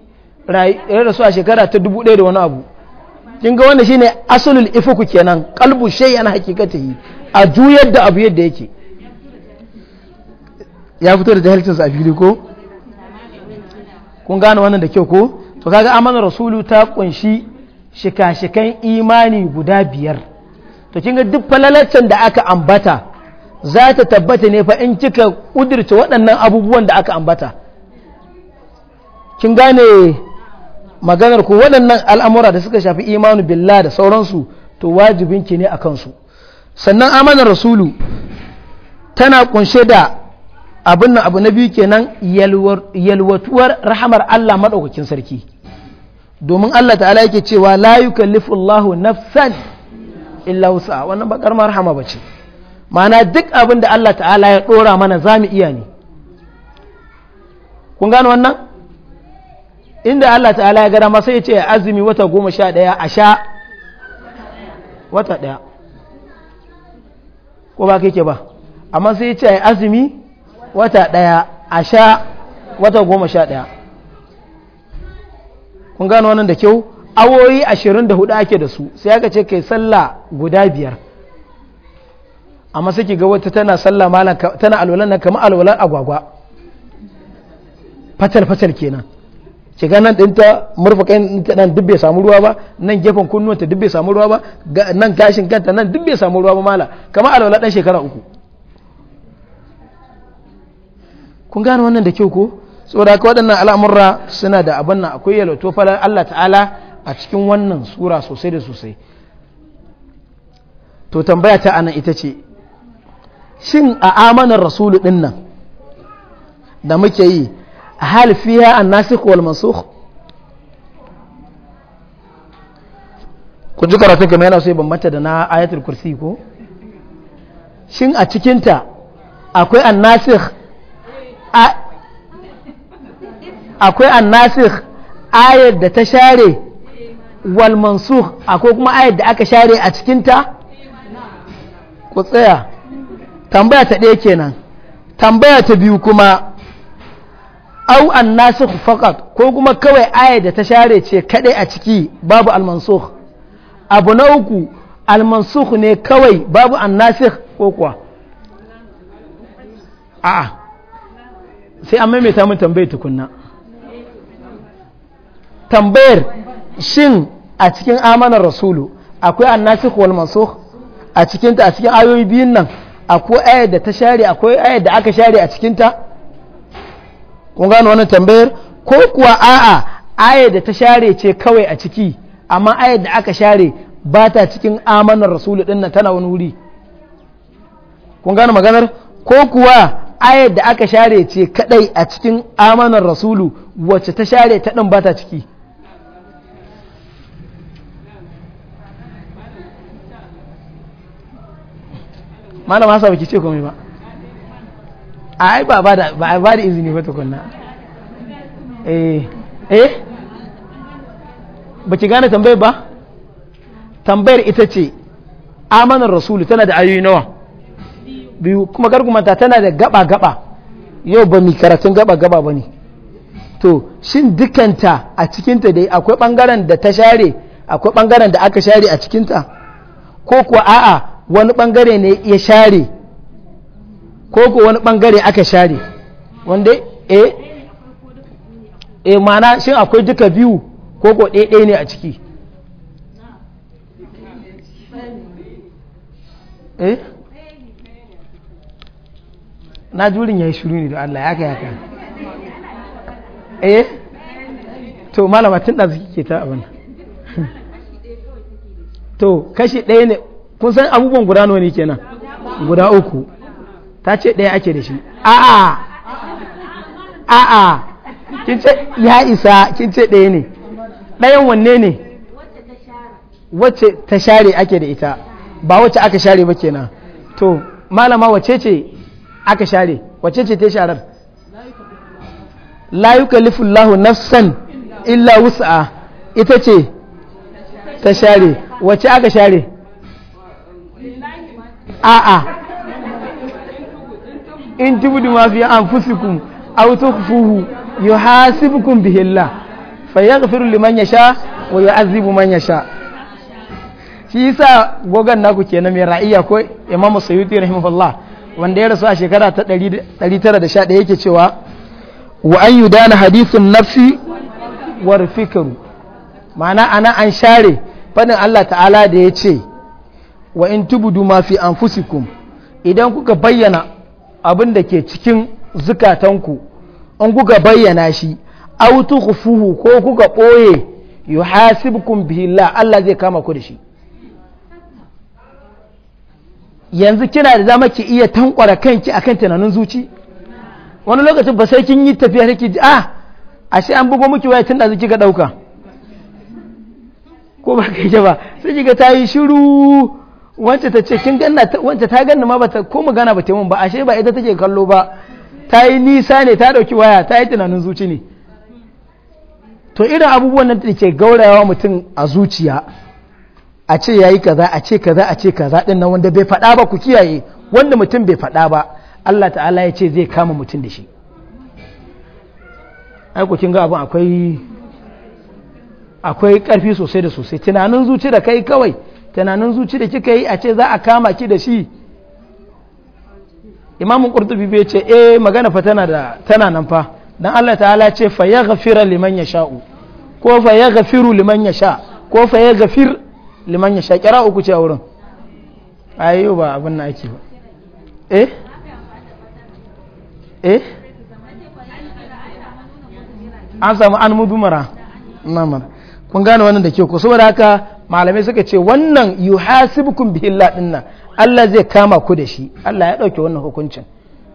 rasu a shekara ta 1000 da wani abu kin ga wanda shine asulul ifuku kenan qalbu shay'an yi a juyar da abu yadda yake ya fito da jahilcinsa a fili ko kun gane wannan da kyau ko to kaga amana rasulu ta kunshi shika-shikan imani guda biyar to kin ga duk falalacin da aka ambata za ta tabbata ne fa in kika kudirce waɗannan abubuwan da aka ambata kin gane maganar ku waɗannan al'amura da suka shafi imanu billah da sauransu to ki ne a kansu sannan amanar rasulu tana kunshe da abin nan abu na biyu kenan yalwatuwar rahamar Allah maɗaukakin sarki domin Allah ta'ala yake cewa la yukallifu Allahu nafsan illa wusa wannan ba karamar rahama bace ma'ana duk abin da Allah ta'ala ya dora mana zamu iya ne kun gano wannan inda Allah ta'ala ya gara masa ya ce azumi wata goma sha ɗaya a sha wata ɗaya ko ba ke ba amma sai ya ce azumi wata ɗaya a sha wata goma sha ɗaya kun gano wannan da kyau awoyi ashirin da hudu ake da su sai aka ce kai sallah guda biyar amma suke ga wata tana sallah malam tana alwalan nan kamar alwalan agwagwa fatal fatal kenan ki ga nan ɗinta murfa kai ta nan duk bai samu ruwa ba nan gefen kunnuwanta duk bai samu ruwa ba nan gashin kanta nan duk bai samu ruwa ba mala kamar alwala dan shekara uku kun gane wannan da kyau ko saboda haka waɗannan al'amurra suna da abin nan akwai yalwato fa Allah ta'ala a cikin wannan sura sosai da sosai to tambaya ta anan ita ce shin a amanar rasulu din nan da muke yi hal fiha an-nasikh wal mansukh ku ji karatun kamar yana so ya bambanta da na ayatul kursi ko shin a cikinta akwai an akwai annasikh ayar da ta share wal mansur akwai kuma ayar da aka share a cikinta ku tsaya tambaya ta ɗaya kenan tambaya ta biyu kuma au annasikh faqat ko kuma kawai ayar da ta share ce kaɗai a ciki babu al mansur abu na uku al mansur ne kawai babu annasikh ko kuwa a'a sai an maimaita mun tambayar tukunna tambayar shin a cikin amanar rasulu akwai annasikh wal mansukh a cikin a cikin ayoyi biyun nan akwai ayar da ta share akwai ayar da aka share a cikin kun gano wannan tambayar ko kuwa a'a ayar da ta share ce kawai a ciki amma ayar da aka share ba ta cikin amanar rasulu ɗin nan tana wani wuri kun gano maganar ko kuwa ayar da aka share ce kadai a cikin amanar rasulu wacce ta share ta ɗan bata ciki malama sa baki ce komai ba ai ba ba da ba da izini ba tukunna eh eh baki gane tambayar ba tambayar ita ce amanar rasulu tana da ayoyi nawa biyu kuma gargumanta tana da gaba-gaba yau ba mi karatun gaba-gaba ba ne to shin dukanta a cikinta dai akwai ɓangaren da ta share akwai ɓangaren da aka share a cikinta ko kuwa a'a wani ɓangare ne ya share ko kuwa wani ɓangare aka share wanda e eh, e eh, mana shin akwai duka biyu ko kuwa ɗaiɗai ne a ciki eh na jurin ya yi shiru ne da Allah ya kayaka eh to malama tun da suke ke ta abin to kashi ɗaya ne kun san abubuwan guda nawa ne kenan guda uku ta ce ɗaya ake da shi a'a a'a kin ce ya isa kin ce ɗaya ne ɗayan wanne ne wacce ta share ake da ita ba wacce aka share ba kenan to malama wacce ce aka share wacce ce ta sharar la yukallifu Allahu nafsan illa wus'a ita ce ta share wacce aka share a'a in tubudu ma fi anfusikum aw tukhfuhu yuhasibukum bihilla Allah fayaghfiru liman yasha wa yu'adhibu man yasha shi yasa gogan naku kenan mai ra'iya ko imamu sayyidi rahimahullah wanda ya rasu a shekara ta 911 yake cewa wa an yi dana hadithun nafsi war fikiru? ma'ana ana an share fadin Allah ta'ala da ya ce wa in tubudu ma fi anfusikum idan kuka bayyana abin da ke cikin zukatanku an kuka bayyana shi autu kufuhu ko kuka ɓoye yuhasibkum bihi Allah zai kama ku da shi yanzu kina da dama ki iya tankwara kanki akan tunanin zuci wani lokacin ba sai kin yi tafiya take ji ah ashe an bugo miki waya tun da kika dauka ko ba kai ba sai kiga ta yi shiru wacce ta ce kin ganna wacce ta ganna ma bata ko magana ba ta mun ba ashe ba ita take kallo ba ta yi nisa ne ta dauki waya ta yi tunanin zuci ne to irin abubuwan nan da ke gaurawa mutum a zuciya a ce ya yi kaza a ce kaza a ce kaza ɗin nan wanda bai faɗa ba ku kiyaye wanda mutum bai faɗa ba Allah ta'ala ya ce zai kama mutum da shi ai ku kin ga abin akwai akwai sosai da sosai tunanin zuci da kai kawai tunanin zuci da kika yi a ce za a kama ki da shi imamun qurtubi bai ce eh magana fa tana da tana nan fa dan Allah ta'ala ce fa yaghfira liman yasha'u ko fa yaghfiru liman yasha ko fa yaghfir liman ya sha uku ce a wurin ayo ba abin na ake ba eh eh an samu an mudu mara namar kun gane wannan da ke ku saboda haka malamai suka ce wannan bihin billah dinnan Allah zai kama ku da shi Allah ya dauke wannan hukuncin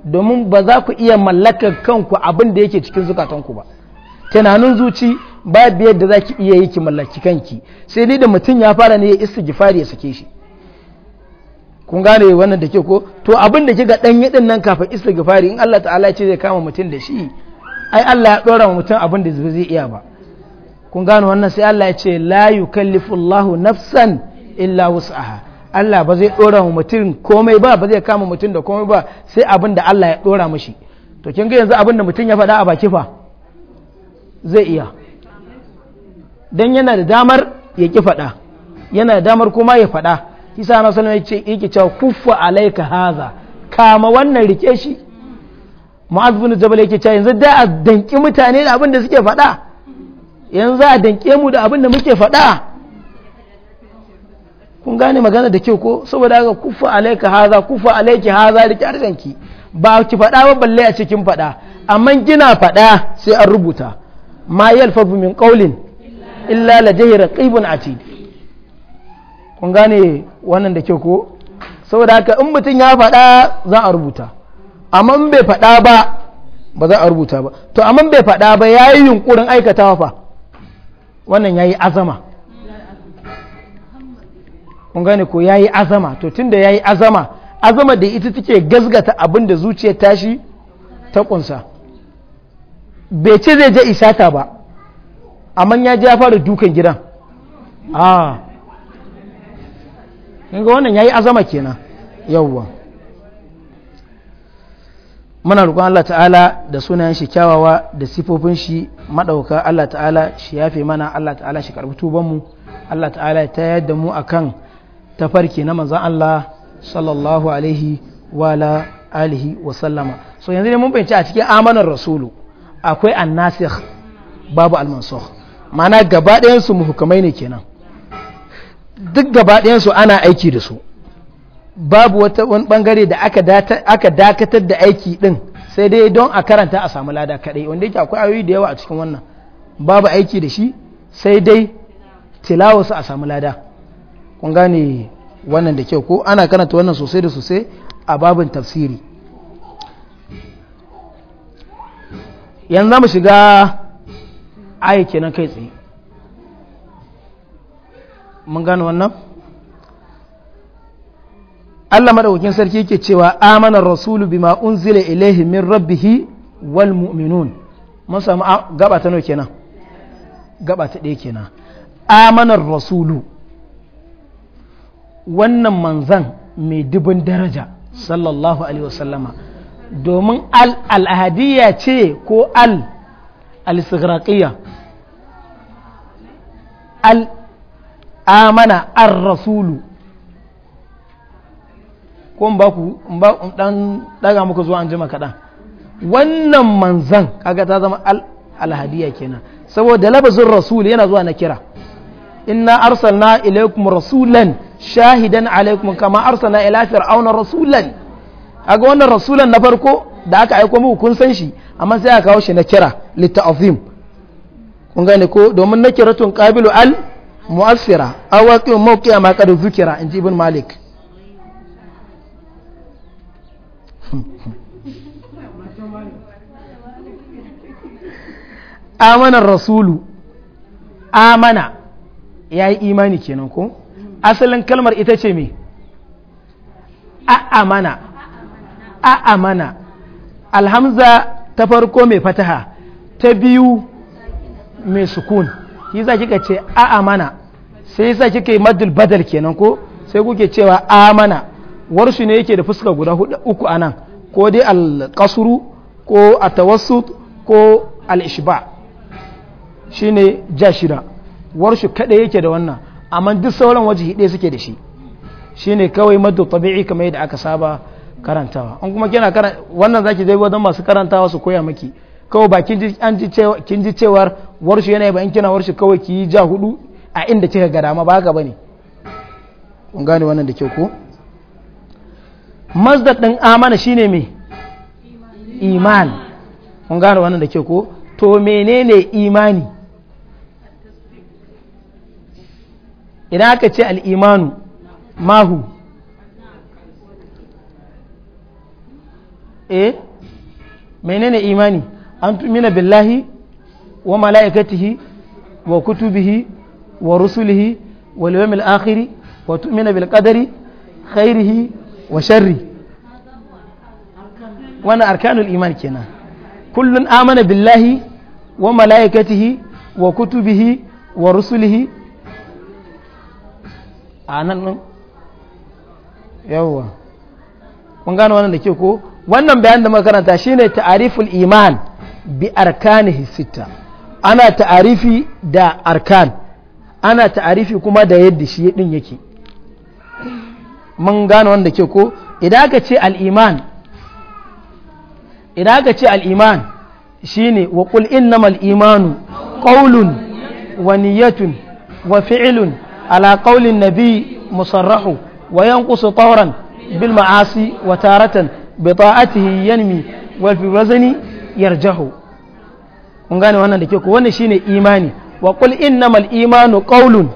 domin ba za ku iya mallakar kanku abin da yake cikin zukatanku ba tunanin zuci ba biyar da zaki iya yi ki mallaki kanki sai ni da mutum ya fara ne ya gifari ya sake shi kun gane wannan da ke ko to abin da kiga dan yadin nan kafin gifari in Allah ta'ala ce zai kama mutum da shi ai Allah ya dora mutum abin da zai iya ba kun gane wannan sai Allah ya ce la yukallifullahu nafsan illa wus'aha Allah ba zai dora mutum komai ba ba zai kama mutum da komai ba sai abin da Allah ya dora mishi to kin ga yanzu abin da mutum ya faɗa a baki fa zai iya dan yana da damar ya ki faɗa yana da damar kuma ya faɗa isa na sallama ya ce yake cewa kuffa alaika haza kama wannan rike shi mu'az bin jabal yake cewa yanzu da a danki mutane da abin da suke faɗa yanzu a danke mu da abin da muke faɗa kun gane magana da kyau ko saboda ga kufa alaika haza kufa alaiki haza da danki ba ki faɗa ba balle a cikin faɗa amma gina faɗa sai an rubuta ma yalfa min qaulin illa jahira qibun atid kun gane wannan da ke ko saboda haka in mutum ya faɗa za a rubuta amma in bai faɗa ba ba za a rubuta ba to amma bai faɗa ba ya yi yunkurin aikatawa fa wannan ya yi azama kun gane ko ya yi azama to tunda ya yi azama azama da ita take gazgata abin da zuciyar tashi ta kunsa bai ce zai je isata ba amma ya ji ya fara dukan gidan a ah. ga wannan ya yi azama kenan yauwa muna rukun Allah ta'ala da sunayen shi kyawawa da sifofin shi maɗauka Allah ta'ala shi yafe mana Allah ta'ala shi karbi tubanmu Allah ta'ala ta yadda mu akan tafarki na manzan Allah sallallahu alaihi wa alihi wa sallama so yanzu ne mun bayyana a cikin amanar rasulu akwai annasikh babu al mana gaba ɗayansu muhukamai ne kenan duk gaba ana aiki da su babu wata wani bangare da aka dakatar da aiki ɗin sai dai don a karanta a samu lada kaɗai wanda yake akwai ayoyi da yawa a cikin wannan babu aiki da shi sai dai tilawarsu a samu lada kun gane wannan da kyau ko ana karanta wannan sosai da sosai a babin tafsiri yanzu za mu shiga aya kenan kai tsaye mun gano wannan Allah madaukakin sarki yake cewa amana rasulu bima unzila ilaihi min rabbihi wal mu'minun mun samu gaba ta nawa kenan gaba ta ɗaya kenan amanar rasulu wannan manzan mai dubin daraja sallallahu alaihi wasallama domin al ahadiyya ce ko al al al amana ar rasulu ko ba ku dan daga muku zuwa an jima kaɗan wannan manzan kaga ta zama alhadiya kenan saboda labazin rasul yana zuwa na kira inna arsalna ilaikum rasulan shahidan alaikum kama arsalna ila fir'auna rasulan aga wannan rasulan na farko da aka aiko muku kun san shi amma sai aka kawo shi na kira lita'zim kun gane ko domin na kiratun ƙabilu al mu'assira awaƙin mawuƙi a makar zukira in ji ibn malik amanar rasulu amana ya yi imani kenan ko asalin kalmar ita ce me a amana alhamza ta farko mai fataha ta biyu mai sukun yi za kika ce a amana sai yasa kika yi madul badal kenan ko sai kuke cewa amana warsu ne yake da fuska guda uku a nan ko dai alƙasuru ko atawassut ko al'ishba shi ne ja shida warsu kaɗai yake da wannan amma duk sauran waje hiɗe suke da shi shi ne kawai maddu tabi'i kamar yadda aka saba karantawa an kuma kina karanta wannan zaki zai wajen masu karantawa su koya maki kawai ba kin ji cewar warshe yana ba in kina warshe kawai ki yi ja hudu a inda kika ga dama ba ga bane kun gane wannan da ke ko mazdar din amana shine me iman kun gane wannan da ke ko to menene imani idan aka ce al'imanu mahu eh menene imani an tumina billahi wa mala'ikatihi wa kutubihi wa rusulihi wal yawmil akhir wa tu'mina bil qadari wa sharri wannan arkanul iman kenan amana billahi wa wa kutubihi wa rusulihi a nan nan yawwa kun gano wannan da ke ko wannan bayan da makaranta shine ta'ariful iman bi arkanihi sitta ana ta'arifi da arkan ana ta'arifi kuma da yadda shi din yake mun gane wanda ke ko idan aka ce al'iman idan aka ce al'iman shine wa qul innamal imanu qawlun wa niyyatun wa fi'lun ala qawlin nabi musarrahu wa yanqusu tawran bil ma'asi wa taratan bi ta'atihi yanmi wal fi wazni yarjahu kun gane wannan da ke ku wannan shine imani wa qul innamal imanu qawlun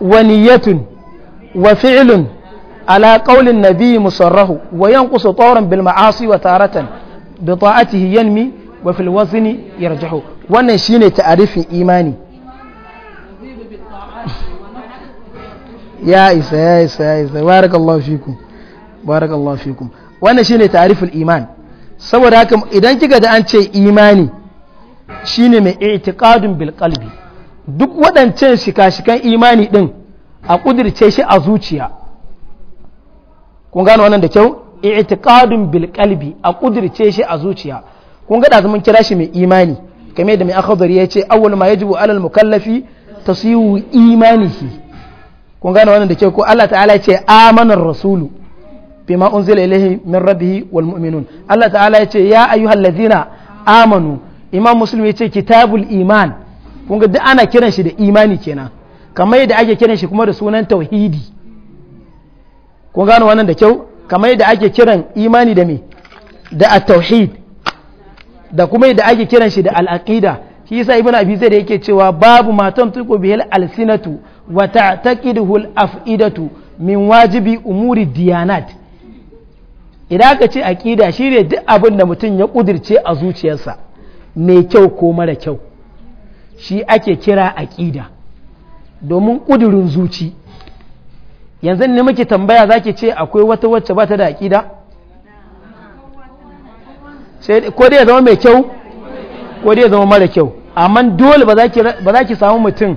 wa niyyatun wa fi'lun ala qawlin nabi musarrahu wa yanqusu tawran bil ma'asi wa taratan bi ta'atihi yanmi wa fil wazni yarjahu wannan shine ta'arifin imani ya isa ya isa ya isa barakallahu fikum barakallahu fikum wannan shine ta'riful iman saboda haka idan kika da an ce imani shine mai i'tiqadun bil qalbi duk waɗancan shika-shikan imani ɗin a kudirce shi a zuciya kun gano wannan da kyau i'tiqadun bil qalbi a kudirce shi a zuciya kun ga da kira shi mai imani kame da mai akhadari ya ce awwal ma yajibu alal mukallafi tasiyu imanihi kun gano wannan da kyau ko Allah ta'ala ya ce amanar rasulu bima unzila ilayhi min rabbih wal mu'minun Allah ta'ala ya ce ya ayyuhallazina amanu imam muslim ya ce kitabul iman kun ga duk ana kiran shi da imani kenan kamar yadda ake kiran shi kuma da sunan tauhidi kun gano wannan da kyau kamar yadda ake kiran imani da me da at-tauhid da kuma yadda ake kiran shi da al-aqida shi yasa ibnu abi zaid yake cewa babu matan tuqu bihil al-sinatu wa ta'taqiduhu afidatu min wajibi umuri diyanat idan aka ce aqida shine duk abin da mutum ya kudirce a zuciyarsa mai kyau ko mara kyau shi ake kira aƙida domin ƙudurin zuci yanzu ne muke tambaya za ke ce akwai wata wacce ba ta da aƙida ko dai ya zama mai kyau ko dai ya zama mara kyau amma dole ba za ki samu mutum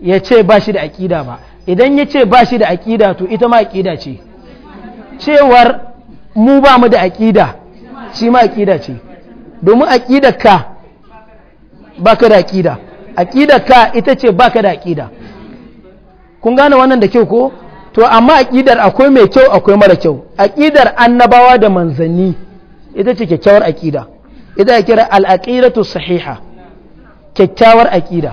ya ce ba shi da aƙida ba idan ya ce ba shi da aƙida to ita ma aƙida ce cewar mu ba mu da aƙida shi ma aƙida ce domin aƙida ka baka da aƙida aƙida ka ita ce baka da aƙida kun gane wannan da kyau ko to amma aƙidar akwai mai kyau akwai mara kyau aƙidar annabawa da manzanni ita ce kyakkyawar aƙida ita ya kira sahiha kyakkyawar aƙida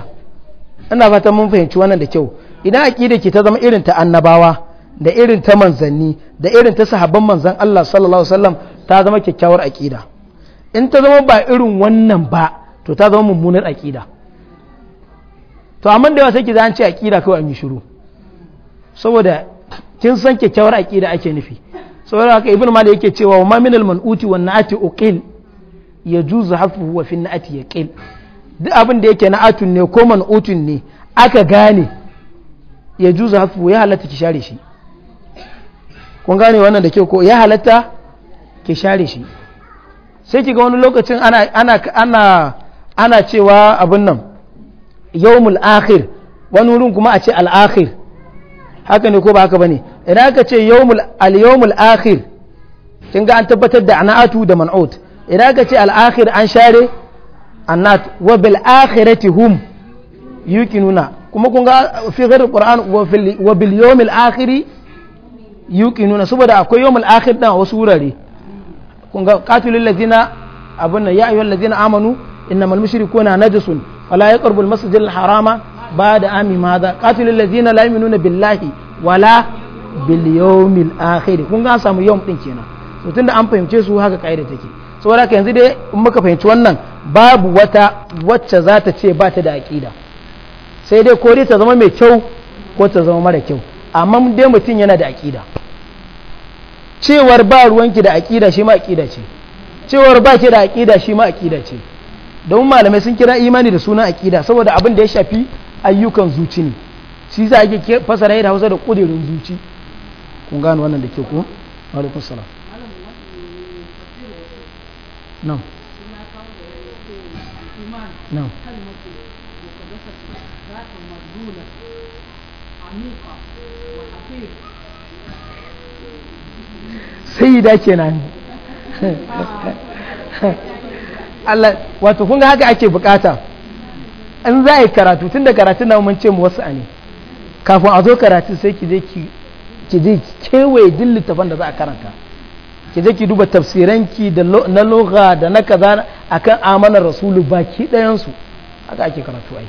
ina fatan mun fahimci wannan da kyau idan aƙida ke ta zama irin ta annabawa da irin ta manzanni da irin ta sahabban manzan Allah sallallahu ta zama kyakkyawar aƙida in ta zama ba irin wannan ba to ta zama mummunar aƙida to amma da yawa sai ki an ce aƙida kawai an yi shiru saboda kin san kyakkyawar aƙida ake nufi saboda haka ibn malik yake cewa wa ma min al man'uti wa na'ati uqil yajuzu hafu wa fi na'ati yaqil duk abin da yake na'atun ne ko man'utun ne aka gane juzu hafu ya halatta ki share shi kun gane wannan da ke ko ya halatta ki share shi sai ki ga wani lokacin ana ana cewa abin nan yawmul akhir wani wurin kuma a ce al haka ne ko ba haka bane idan aka ce yawmul al yawmul akhir kin ga an tabbatar da anatu da man'ut idan aka ce al an share anat wa bil akhirati hum yuqinuna kuma kun ga fi qur'an wa bil yawmil akhiri yuqinuna saboda akwai yawmul akhir dan wasu wurare kun ga qatilul ladzina ya ayyuhal lazina amanu innamal mushrikuna najasun ya yaqrabul masjidal harama ba'da ami hadha qatilul lazina la yu'minuna billahi wala bil yawmil akhir kun samu yawm din kenan to tunda an fahimce su haka kaida take saboda ka yanzu dai in muka fahimci wannan babu wata wacce za ta ce ba ta da aƙida sai dai ko dai ta zama mai kyau ko ta zama mara kyau amma dai mutum yana da aƙida cewar ba ruwanki da aƙida shi ma aƙida ce cewar ba ki da aƙida shi ma aƙida ce don malamai sun kira imani da sunan aƙida saboda abin da ya shafi ayyukan zuci ne shi za a ke fasara yadda hausa da ƙudirin zuci kun gano wannan da ke ku alaikun salam no na ne Allah wato kun ga haka ake bukata in za a yi karatu tun da karatu na mun mu wasu ne kafin a zo karatu sai ki je ki je ki kewaye duk littafan da za a karanta ki je ki duba tafsiranki da na lugha da na kaza kan amanar rasulu baki ɗayan su haka ake karatu ai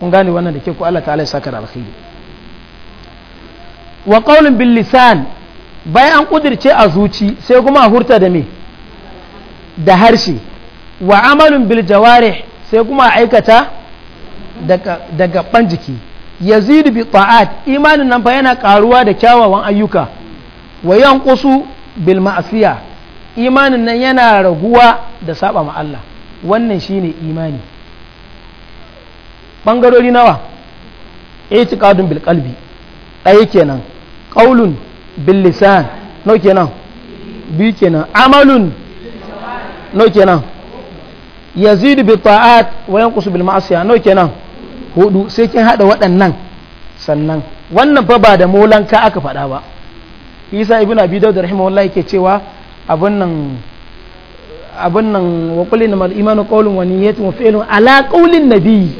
kun gane wannan da ke ku Allah ta ya saka da alkhairi wa qawlin bil lisan bayan an kudirce a zuci sai kuma a hurta da me da harshe wa amalin bil sai kuma aikata da gaban jiki yazidu bi ta'at imanin nan fa yana karuwa da kyawawan ayyuka wa kusu bil ma'asiya imanin nan yana raguwa da saba ma Allah wannan shine imani bangarori nawa itiqadun bil qalbi ɗaya kenan qaulun bil lisan no kenan bi kenan amalun no kenan yazid bi ta'at wa yanqus bil ma'asiya no kenan hudu sai kin hada waɗannan sannan wannan fa ba da molanka aka faɗa ba isa ibn abi daud rahimahullah yake cewa abun nan abun nan wa qul innamal imanu qawlun wa niyyatun wa fi'lun ala qawlin nabiy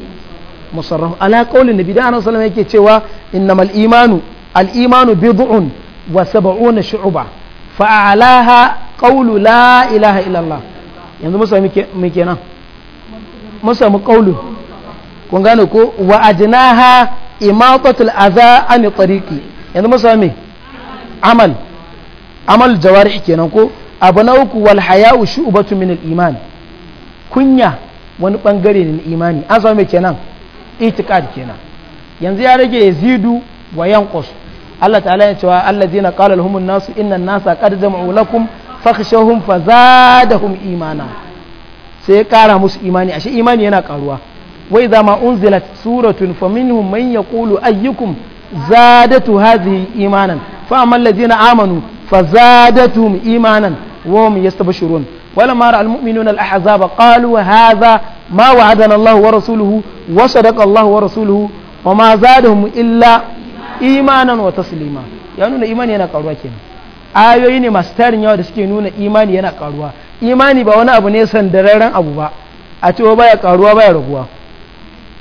musarraf ala qawlin nabiy da annabi sallallahu alaihi wasallam yake cewa innamal imanu al imanu bid'un wa saba'una shu'uba fa alaha qawlu la ilaha illallah yanzu musa mu kenan musa mu qawlu kun gane ko wa ajnaha imatatul adha an yanzu musa me amal amal jawari kenan ko abu na uku wal haya'u shu'batu min iman kunya wani bangare na imani an samu kenan kenan yanzu ya rage yazidu wa Allah ta'ala ya cewa allazina qala lahum an-nasu inna an-nasa qad jama'u lakum fakhshawhum fazadahum imana sai ya kara musu imani ashe imani yana karuwa wa idza ma unzilat suratun faminhum man yaqulu ayyukum zadatu hadhihi imanan fa amma allazina amanu fazadatuhum imanan wa hum yastabshirun ولما رأى المؤمنون الأحزاب قالوا هذا ما وعدنا الله ورسوله وصدق الله ورسوله وما زادهم إلا imanan wa taslima ya nuna imani yana karuwa kenan ayoyi ne masu tarin yawa da suke nuna imani yana karuwa imani ba wani abu ne sandararren abu ba a cewa baya karuwa baya raguwa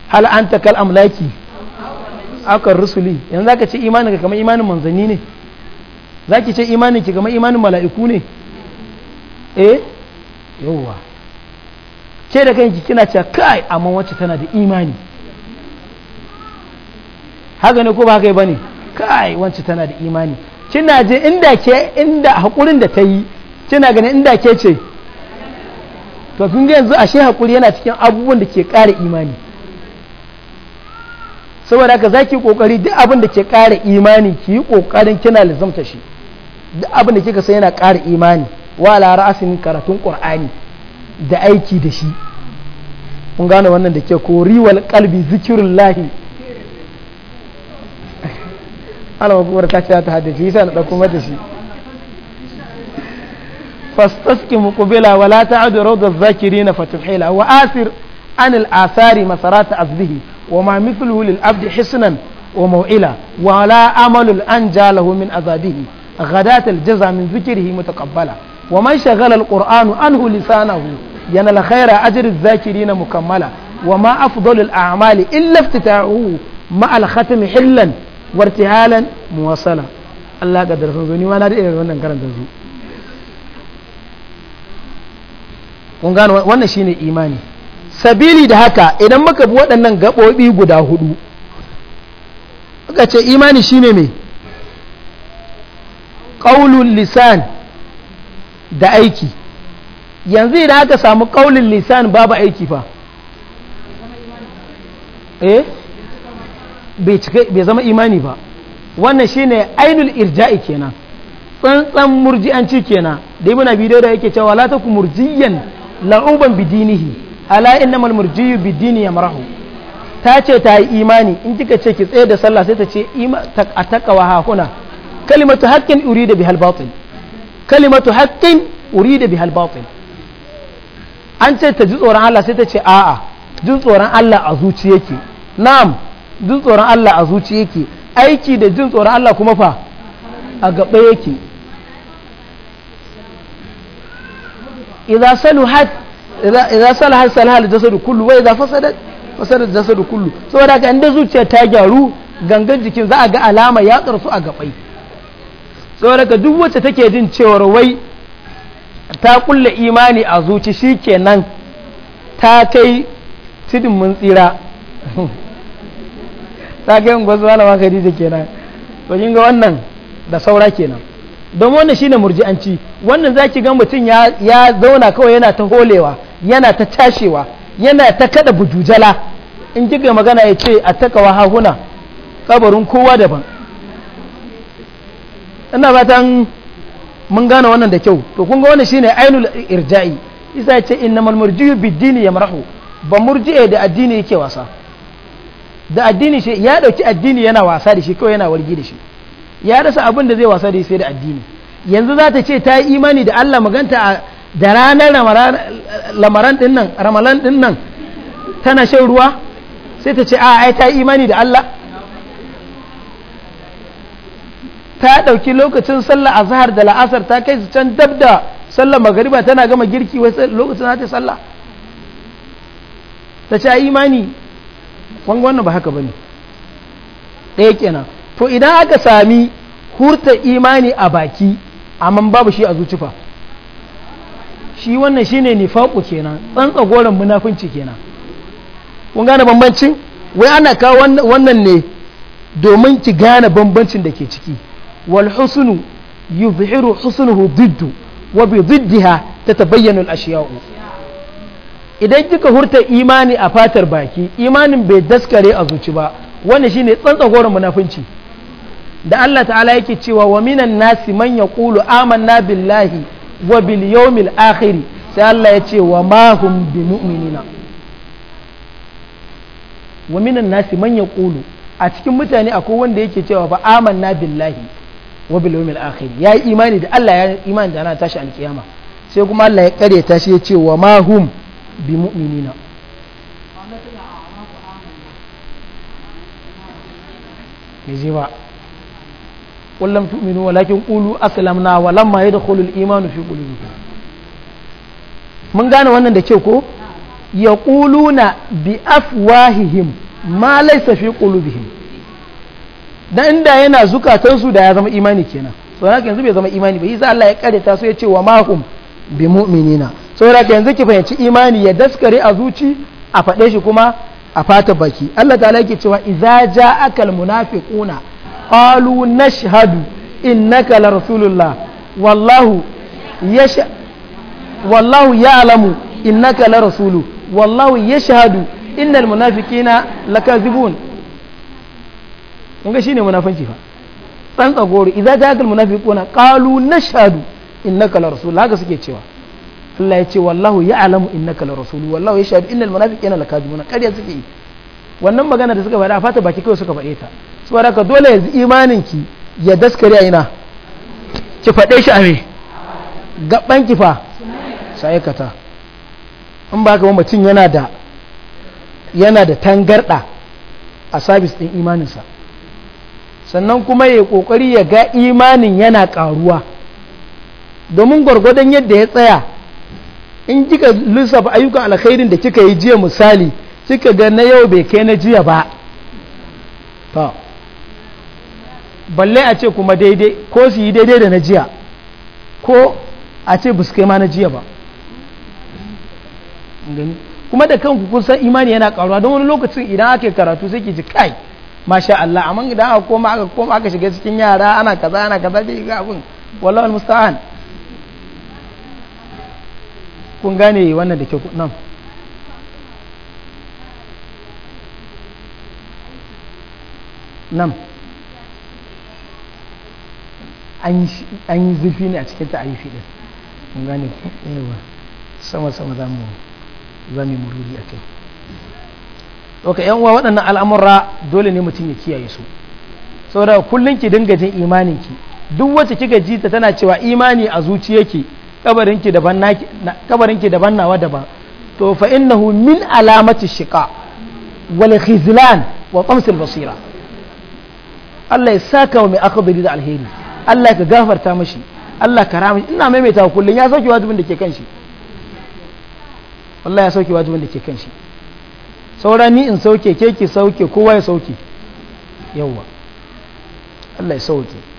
hal ta kal amlaki akan rusuli yanzu zaka ce imanin ka kamar imanin manzanni ne zaki ce imanin ki kamar imanin mala'iku ne eh yawwa ke da kanki kina cewa kai amma wacce tana da imani haka ne ko ba haka bane kai wance tana da imani kina je inda ke inda hakurin da ta yi kina gani inda ke ce to kun ga yanzu ashe hakuri yana cikin abubuwan da ke ƙara imani saboda haka zaki kokari duk abin da ke ƙara imani ki yi kokarin kina lazamta shi duk abin da kika san yana ƙara imani wala ra'asin karatun qur'ani da aiki da shi kun gane wannan da ke ko riwal qalbi zikrullahi ana kuwar ka ce ta haddace yasa na ɗauko mata shi fastaski muqbila wa la ta'du rawd adh-dhakirin fatuhila wa asir an al-asari masarat azbihi wa ma mithluhu lil abdi hisnan wa maw'ila wa la amalul anja lahu min azabihi ghadat al-jaza min dhikrihi mutaqabbala wa man shaghala al-qur'anu anhu lisanahu yanal khayra ajri adh-dhakirin mukammala وما أفضل الأعمال إلا افتتاحه مع الختم حلا wartihalan muwasala Allah ka darfin gani ma na da irin wannan karanta su kun gano wannan shine imani sabili da haka idan muka bi waɗannan gaɓoɓi guda hudu muka ce imani shine me ƙaulun lisan da aiki yanzu idan aka samu ƙaulun lisan babu aiki fa eh bai zama imani ba wannan shine ainul irja'i kenan tsantsan murji'anci kenan da muna bidiyo da yake cewa la taku murjiyan la'uban bidinihi ala innamal murjiyu bidini yamrahu ta ce ta yi imani in kika ce ki tsaye da sallah sai ta ce a takawa hakuna kalimatu haqqin urida bihal batil kalimatu haqqin urida bihal batil an ce ta ji tsoron Allah sai ta ce a'a jin tsoron Allah a zuciyarki na'am jin tsoron Allah a zuci yake aiki da jin tsoron Allah kuma fa a gaba yake idan saluhat har salahat salahal jasadu kullu wai idza fasadat jasadu kullu saboda ka inda zuciya ta gyaru gangan jikin za a ga alama ya karsu a gabai saboda ka duk wacce take jin cewar wai ta kulle imani a zuci shikenan ta kai tidin mun tsira ta ga yin gwazo alama kenan to kin ga wannan da saura kenan don wannan shine murji'anci wannan zaki ga mutum ya zauna kawai yana ta holewa yana ta cashewa yana ta kada bujujala in kika magana ya ce a takawa hahuna kabarin kowa daban ina fatan mun gane wannan da kyau to kun ga wannan shine ainul irja'i isa ya ce innamal murji'u bid-dini yamrahu ba murji'e da addini yake wasa da addini shi ya dauki addini yana wasa da shi kawai yana wargi da shi ya rasa abin da zai wasa da shi sai da addini yanzu za ta ce ta yi imani da Allah maganta da ranar lamaran din nan ramalan din nan tana shan ruwa sai ta ce a ai ta yi imani da Allah ta ɗauki lokacin sallah azhar da la'asar ta kai su can dab da sallah magariba tana gama girki wai lokacin za ta sallah ta ce a imani kun wannan ba haka bane ɗaya kenan to idan aka sami hurta imani a baki amma babu shi a zuciya shi wannan shine nifaqu kenan tsantsa munafinci kenan kun gane bambancin wai ana kawo wannan ne domin ki gane bambancin da ke ciki wal husnu yuzhiru husnuhu diddu wa bi diddiha tatabayyanu al ashiya'u idan kika hurta imani a fatar baki imanin bai daskare a zuci ba wannan shine tsantsa goron munafunci da Allah ta'ala yake cewa wa minan nasi man yaqulu amanna billahi wa bil yawmil sai Allah ya ce wa ma hum mu'minina wa minan nasi man yaqulu a cikin mutane akwai wanda yake cewa fa amanna billahi wa bil yawmil ya yayi imani da Allah ya imani da ana tashi alkiyama sai kuma Allah ya kare ta shi ya ce wa ma hum بمؤمنين mu'minina قل je ba kullum قولوا أسلمنا ولما يدخل wa lamma yadkhulul imanu fi وانا mun gane wannan da ليس ko قلوبهم da fi inda yana zukatansu da ya zama imani kenan so haka yanzu bai zama imani ba yasa Allah ya karyata ta so ya ce wa mahum bi mu'minina saboda ka yanzu ki fahimci imani ya daskare a zuci a faɗe shi kuma a fata baki Allah ta'ala yake cewa idza ja'akal munafiquna qalu nashhadu innaka la rasulullah wallahu yasha wallahu ya'lamu innaka la rasulu wallahu yashhadu innal munafiqina lakazibun kun ga shine munafanci fa tsantsa goro idza ja'akal munafiquna qalu nashhadu innaka la rasul haka suke cewa Allah ya ce wallahu ya alamu inna naka la rasulu wallahu yashhadu innal la lakadibun kariya suke wannan magana da suka faɗa fata baki kawai suka faɗe ta saboda ka dole yanzu imanin ki ya daskare a ina ki faɗe shi a me gaban ki fa sai aikata in ba ka mutum yana da yana da tangarda a sabis din imaninsa sannan kuma ya kokari ya ga imanin yana karuwa domin gwargwadon yadda ya tsaya in kika lissafa ayyukan alkhairin da kika yi jiya misali kika ga na yau bai kai na jiya ba to balle a ce kuma daidai ko su yi daidai da na jiya ko a ce ba su kai ma na jiya ba kuma da kanku kun san imani yana karuwa don wani lokacin idan ake karatu sai ki ji kai masha Allah amma idan aka koma aka koma aka shiga cikin yara ana kaza ana kaza bai ga abin wallahi musta'an kun gane wannan da ke nan nan an yi zurfi ne a cikin ayyufi ɗin kun gane yawa sama-sama za mu zami mururi a kai ok yan uwa waɗannan al'amura dole ne mutum ya kiyaye su saboda kullum ki dinga jin imanin ki duk wacce kika ji ta tana cewa imani a zuciyarki kabarinki daban naki kabarinki daban nawa daban to fa innahu min alamati shiqa wal khizlan wa tams al basira Allah ya saka wa mai akhdari da alheri Allah ka gafarta mashi Allah ka rama ina maimaita kullun ya sauke wajibin da ke kan shi Allah ya sauke wajibin da ke kan shi sauran ni in sauke ke ki sauke kowa ya sauke yawwa Allah ya sauke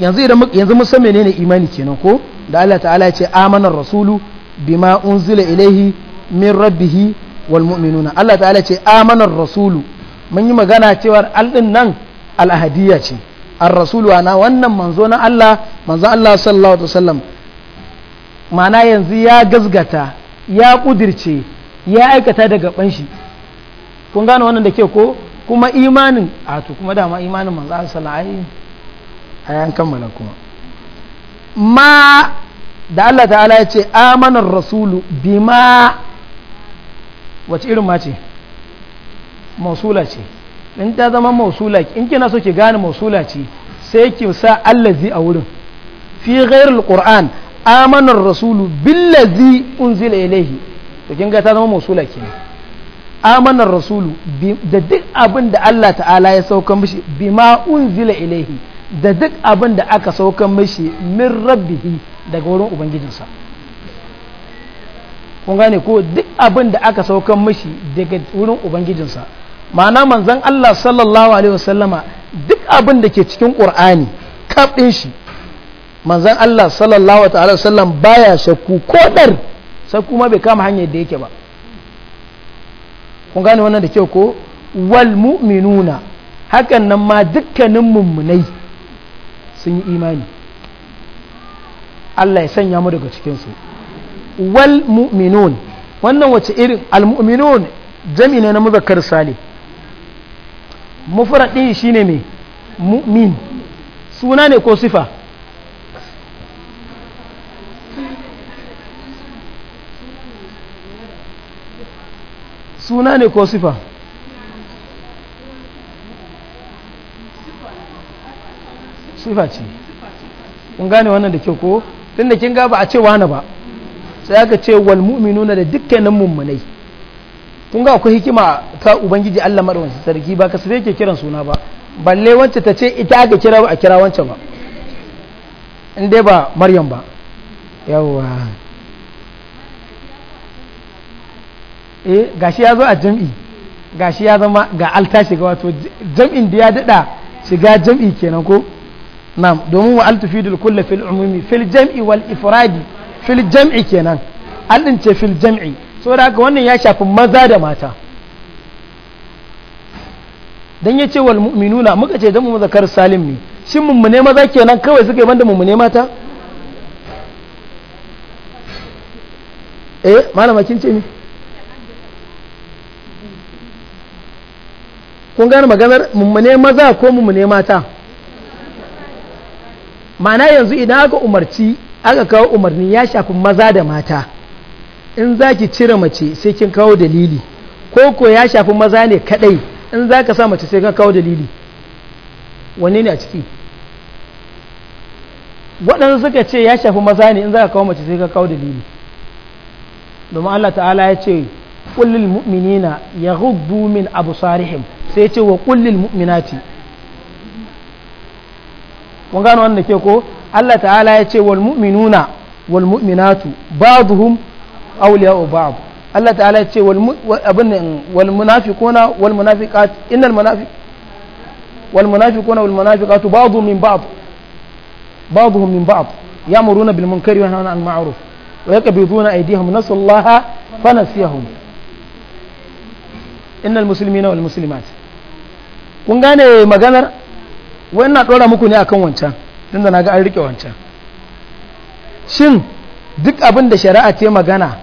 yanzu idan yanzu mun san menene imani kenan ko da Allah ta'ala ya ce amanar rasulu bima unzila ilaihi min rabbihi wal mu'minuna Allah ta'ala ya ce amanar rasulu mun yi magana cewar aldin nan al ce ar-rasulu ana wannan manzo na Allah manzo Allah sallallahu alaihi wasallam ma'ana yanzu ya gazgata ya kudirce ya aikata daga banshi kun gane wannan da ke ko kuma imanin a to kuma dama imanin manzo sallallahu alaihi wasallam ayan kammala kuma ma da Allah ta'ala ya ce amanar rasulu ma wace irin ma ce mausula ce in ta zama mausula in kina so ki gane mausula ce sai ki sa allazi a wurin fi ghairul qur'an amanar rasulu billazi unzila ilayhi to kin ga ta zama mausula ne amanar rasulu da duk abin da Allah ta'ala ya sauka mishi bima unzila ilayhi da duk abin da aka saukan mashi min rabbihi daga wurin ubangijinsa kun gane ko duk abin da aka saukan mashi daga wurin ubangijinsa ma'ana manzan Allah sallallahu alaihi wasallama duk abin da ke cikin ƙur'ani kaɗin shi manzan Allah sallallahu alaihi wasallam baya shakku ko ɗar sai ma bai kama hanyar da yake ba kun gane wannan da kyau ko wal mu'minuna hakan nan ma dukkanin mummunai sun yi imani Allah ya sanya mu daga cikinsu wal mu'minun wannan wace irin al mu'minun jami ne na muzakkar sale mufrad din shine me mu'min suna ne ko sifa suna ne ko sifa sifa ce kun gane wannan da ke ko tunda kin ga ba a ce wani ba sai aka ce wal mu'minuna da dukkanin mummunai kun ga akwai hikima ta ubangiji Allah madawacin sarki ba ka yake kiran suna ba balle wancan ta ce ita aka kira ba a kira wancan ba in dai ba maryam ba yawwa eh gashi ya zo a jam'i gashi ya zama ga altashi ga wato jam'in da ya dada shiga jam'i kenan ko na'am domin wa al tufidul kulla fil umumi fil fil jam'i kenan al din ce fil jam'i saboda haka wannan ya shafi maza da mata dan yace wal mu'minuna muka ce dan mu zakar salim ne shin mummune maza kenan kawai suka yi banda eh, maganar maza ko mummune mata mana yanzu idan aka umarci aka kawo umarni ya shafi maza da mata in za ki cire mace sai kin kawo dalili ko ko ya shafi maza ne kadai in za ka sa mace sai ka kawo dalili wanne ne a ciki waɗanda suka ce ya shafi maza ne in za ka kawo mace sai ka kawo dalili domin Allah ta'ala ya ce kullil mu'minina ya min abu sarihim sai ce wa kullil mu'minati kun gano wannan ke ko Allah ta'ala ya ce wal mu'minuna wal mu'minatu ba'dhum awliya'u ba'd Allah ta'ala ya ce wal abin wal munafiquna wal munafiqat innal munafiq wal munafiquna wal munafiqatu ba'dhum min ba'd ba'dhum min ba'd ya'muruna bil munkari wa yanhauna 'anil ma'ruf wa yaqbiduna aydihim nasallaha fanasiyahum innal muslimina wal muslimat kun gane maganar wannan ɗora muku ne a kan wancan don da na ga an rike wancan shin duk abin da shari'a ce magana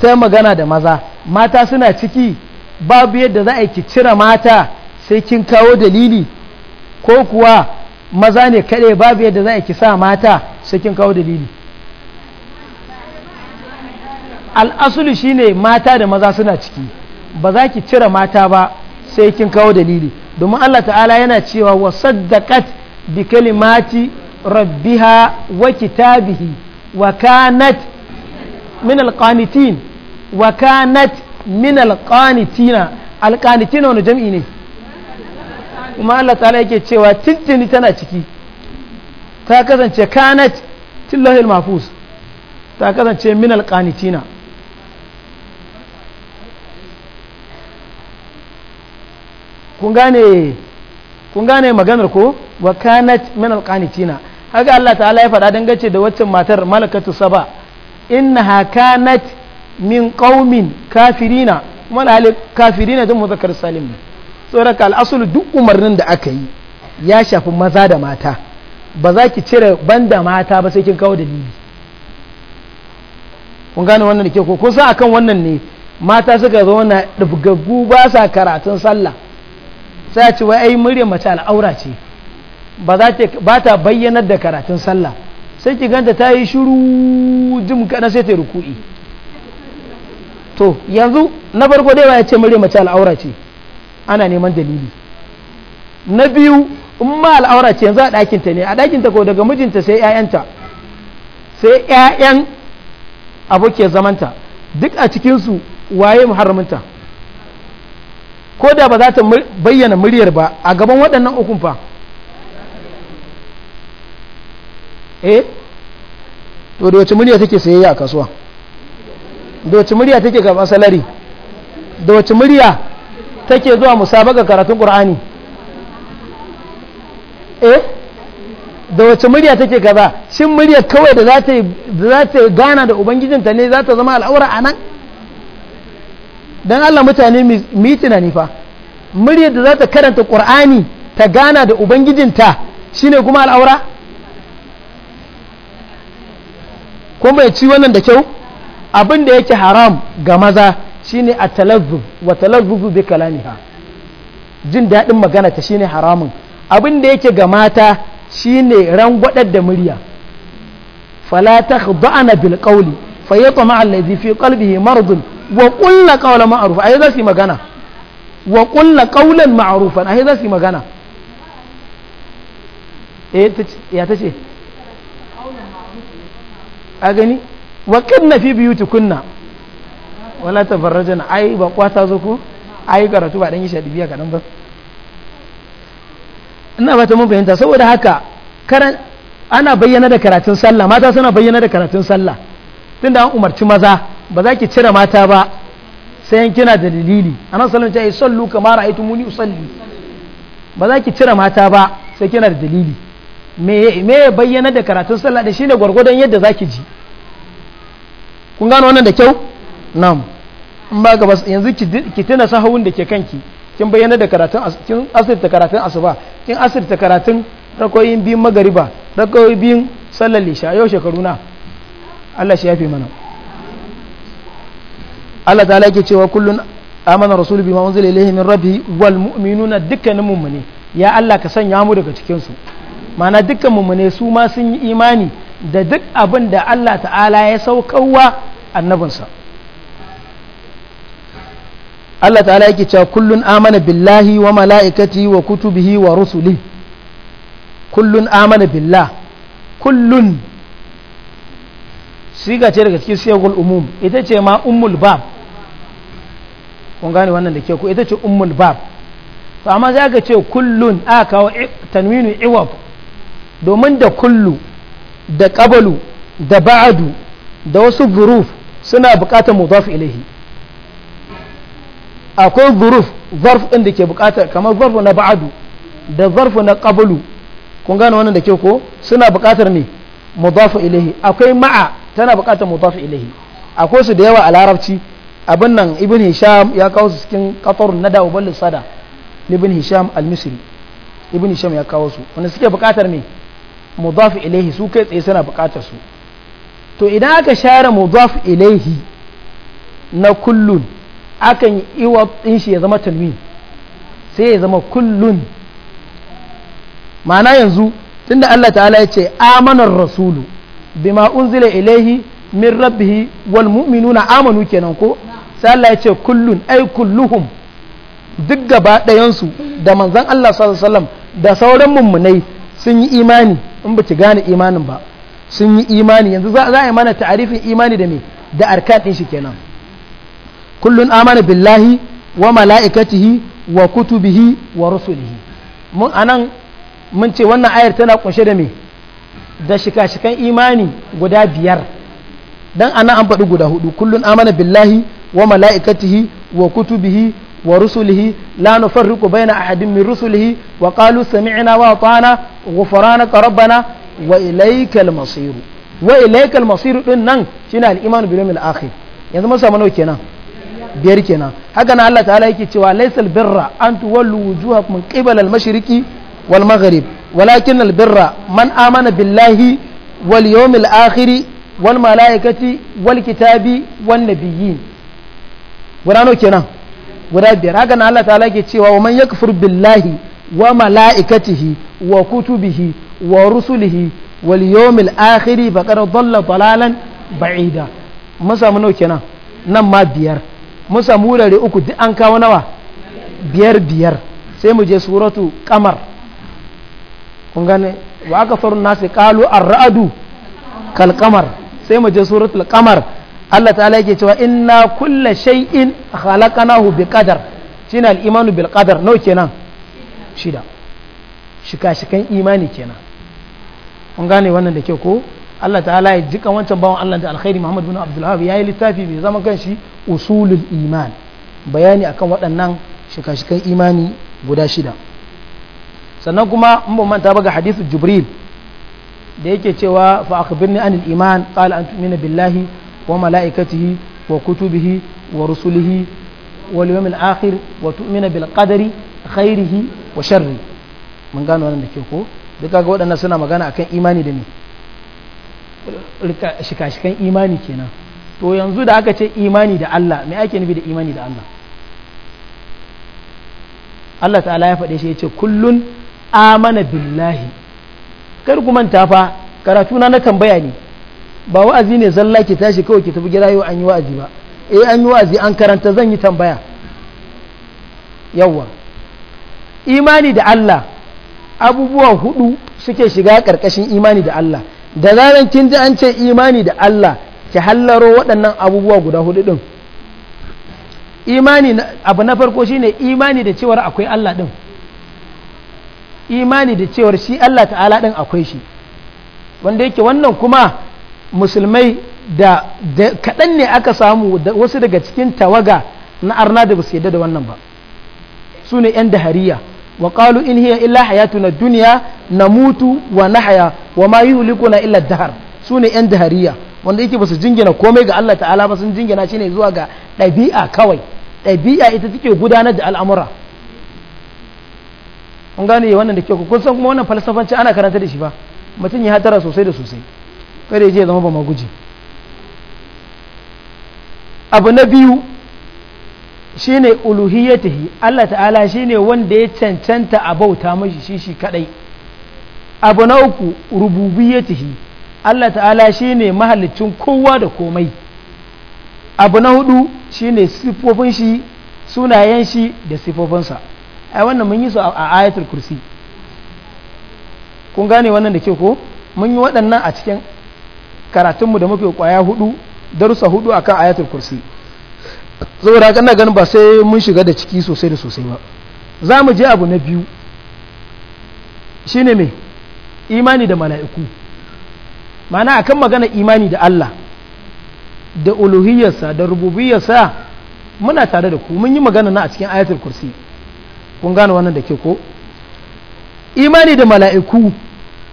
ta magana da maza mata suna ciki babu yadda za a yi cire mata sai kin kawo dalili ko kuwa maza ne kaɗai babu yadda za a yi sa mata sai kin kawo dalili al'asulu shine mata da maza suna ciki ba za ki cire mata ba sai kin kawo dalili domin Allah ta'ala yana cewa wa saddaqat bi kalimati rabbiha wa kitabihi wa kanat min alqanitin wa kanat min alqanitina alqanitina wani jam'i ne kuma Allah ta'ala yake cewa tintini tana ciki ta kasance kanat tillahil mafus ta kasance min alqanitina kun gane maganar ko wa kanat min alqanitina haka Allah ta'ala ya faɗa dangace da waccan matar malakatu saba innaha kanat min qaumin kafirina kuma alhali kafirina din muzakkar salim ne tsoraka al'asulu duk umarnin da aka yi ya shafi maza da mata ba za ki cire banda mata ba sai kin kawo dalili kun gane wannan da ke ko san akan wannan ne mata suka zo na ba sa karatun sallah sai a ce wai ai murya mace al'aura ce ba za ta ba ta bayyanar da karatun sallah sai ki ganta ta yi shiru jim kaɗan sai ta ruku'i to yanzu na farko dai ya ce murya mace al'aura ce ana neman dalili na biyu in ma al'aura ce yanzu a ɗakinta ne a ɗakinta ko daga mijinta sai 'ya'yanta sai 'ya'yan abokiyar zamanta duk a cikinsu waye muharraminta ko da ba za ta bayyana muryar ba a gaban waɗannan ukun fa eh to da wace murya take sayayya a kasuwa da wace murya take gaban salari da wace murya take zuwa musabaka karatun qur'ani eh da wace murya take kaza shin murya kawai da za ta gana da ubangijinta ne za ta zama al'aura a nan dan Allah mutane mu yi tunani fa muryar da za ta karanta ƙur'ani ta gana da ubangijinta shine kuma al'aura ko mai ci wannan da kyau abin da yake haram ga maza shine a talazzu wa talazzu bi kalamiha jin daɗin magana ta shine haramun abin da yake ga mata shine rangwadar da murya fala takhda'na bil qawli fayatma allazi fi qalbihi maradun wa kulla qawla ma'ruf ai za su yi magana wa kulla qawlan ma'rufan ai za su yi magana eh, ya ya tace a gani wa kunna fi tukunna wala tafarrajana ai ba kwata zo ko ai karatu ba dan yi biya kadan ba ina ba ta mun fahimta saboda haka karan ana bayyana da karatun sallah mata suna bayyana da karatun sallah tunda an umarci maza ba za ki cire mata ba sai kina da dalili anan sallallahu alaihi wasallam sallu kama ra'aytu muni usalli ba za ki cire mata ba sai kina da dalili me ya bayyana da karatun sallah da shi ne gwargwadon yadda za ki ji kun gano wannan da kyau Nam in ba gaba yanzu ki tuna sahawun da ke kanki kin bayyana da karatun kin asirta karatun asuba kin asirta karatun rakoyin biyun magariba rakoyin biyun sallar lisha yau shekaru na Allah shi yafe mana Allah ta lake cewa kullun amana rasulu bima unzila ilayhi min rabbi wal mu'minuna dukkanin mummune ya Allah ka sanya mu daga cikinsu su ma'ana dukkan mummune su ma sun yi imani da duk abin da Allah ta'ala ya saukarwa annabinsa Allah ta'ala yake cewa kullun amana billahi wa mala'ikati wa kutubihi wa rusuli kullun amana billah kullun siga ce daga cikin siyagul umum ita ce ma ummul bab kun gane wannan da ke ku ita ce ummul bab to amma za ka ce kullun a kawo tanwinu iwab domin da kullu da qabalu da ba'adu da wasu zuruf suna buƙatar mudaf ilahi akwai zuruf zarf ɗin da ke buƙatar kamar zarfu na ba'adu da zarfu na qabalu kun gane wannan da ke ko suna buƙatar mu mudaf ilahi akwai ma'a tana buƙatar mudaf ilahi akwai su da yawa a larabci abin nan ibn hisham ya kawo su cikin qatar nada wa lissada ibn hisham al-misri ibn hisham ya kawo su wanda suke buƙatar me mudaf ilaihi su kai tsaye suna buƙatar su to idan aka share mudaf ilaihi na kullun akan yi iwa din shi ya zama tanwin sai ya zama kullun ma'ana yanzu tunda Allah ta'ala ya ce amanar rasulu bima unzila ilaihi min rabbihi wal mu'minuna amanu kenan ko sai ya ce kullun ai kulluhum duk gaba ɗayansu da manzan Allah sallallahu alaihi wasallam da sauran mummunai sun yi imani in ba ci gane imanin ba sun yi imani yanzu za a yi mana ta'arifin imani da me da arkan shi kenan kullun amana billahi wa mala'ikatihi wa kutubihi wa rusulihi mun anan mun ce wannan ayar tana kunshe da me da shika-shikan imani guda biyar dan anan an faɗi guda hudu kullun amana billahi wa mala'ikatihi wa kutubihi wa rusulihi la nufarriqu baina ahadin min rusulihi wa qalu sami'na wa ata'na ghufranaka rabbana wa ilaykal masir wa ilaykal masir din nan shine al-iman bil yawmil yanzu mun samu nawa kenan biyar kenan haka na Allah ta'ala yake cewa laysal birra an tuwallu wujuhakum min qibala al-mashriqi wal maghrib walakin al-birra man amana billahi wal yawmil akhir wal mala'ikati wal kitabi wan nabiyyin guda nawa kenan guda biyar haka na Allah ta'ala ke cewa wa man yakfur billahi wa mala'ikatihi wa kutubihi wa rusulihi wal yawmil akhir qad dhalla dalalan ba'ida mun samu nawa kenan nan ma biyar mun samu wurare uku duk an kawo nawa biyar biyar sai mu je suratu kamar kun gane wa aka faru nasu kalu ar-ra'du kal kamar sai mu je suratul kamar Allah ta'ala yake cewa inna kulla shay'in khalaqnahu bi qadar shine al-imanu bil qadar nau kenan shida shika-shikan imani kenan kun gane wannan da ke ko Allah ta'ala ya jika wancan bawan Allah da alkhairi Muhammad bin Abdul Wahab yayi littafi mai zama kanshi usulul iman bayani akan waɗannan shika-shikan imani guda shida sannan kuma in ban manta ba ga hadithu Jibril da yake cewa fa akhbirni anil iman qala an tu'mina billahi وملائكته وكتبه ورسله واليوم الآخر وتؤمن بالقدر خيره وشره من قالوا لنا كيوكو duka ga waɗannan suna magana akan imani da ne shika-shikan imani kenan to yanzu da aka ce imani da Allah me ake nufi da imani da Allah Allah ta'ala ya faɗi shi ya ce kullun amana billahi kar ku manta fa karatuna na na tambaya ne ba wa'azi ne zalla ki tashi kawai ki tafi gida yau an yi wa'azi ba eh an yi wa'azi an karanta zan yi tambaya yawa imani da Allah abubuwa hudu suke shiga karkashin imani da Allah da zaran kin ji an ce imani da Allah ki hallaro waɗannan abubuwa guda hudu din imani abu na farko shine imani da cewar akwai Allah din imani da cewar shi Allah ta'ala din akwai shi wanda yake wannan kuma musulmai da kaɗan ne aka samu wasu daga cikin tawaga na arna da basu yadda da wannan ba su ne 'yan dahariya wa ƙalu in hiya illa hayatu na duniya na mutu wa na haya wa ma na illa dahar su ne 'yan dahariya wanda yake basu jingina komai ga Allah ta'ala ba sun jingina shine zuwa ga ɗabi'a kawai ɗabi'a ita take gudanar da al'amura kun gane wannan da kyau kun san kuma wannan falsafanci ana karanta da shi ba mutum ya hatara sosai da sosai kada je zama ba maguji abu na biyu shine uluhiyatihi Allah ta'ala shine wanda ya cancanta a bauta mashi shi shi kadai abu na uku rububiyatihi Allah ta'ala shine mahallicin kowa da komai abu na hudu shine sifofin shi sunayen shi da sifofinsa ai wannan mun yi su a ayatul kursi kun gane wannan da ke ko mun yi waɗannan a cikin karatunmu da muke kwaya hudu darussa hudu akan ayatul kursi saboda haka ina ganin ba sai mun shiga da ciki sosai da sosai ba za mu je abu na biyu shine mai imani da mala'iku ma'ana akan magana imani da Allah da uluhiyarsa da rububiyarsa muna tare da ku mun yi magana na a cikin ayatul kursi kun gane wannan da ke ko imani da mala'iku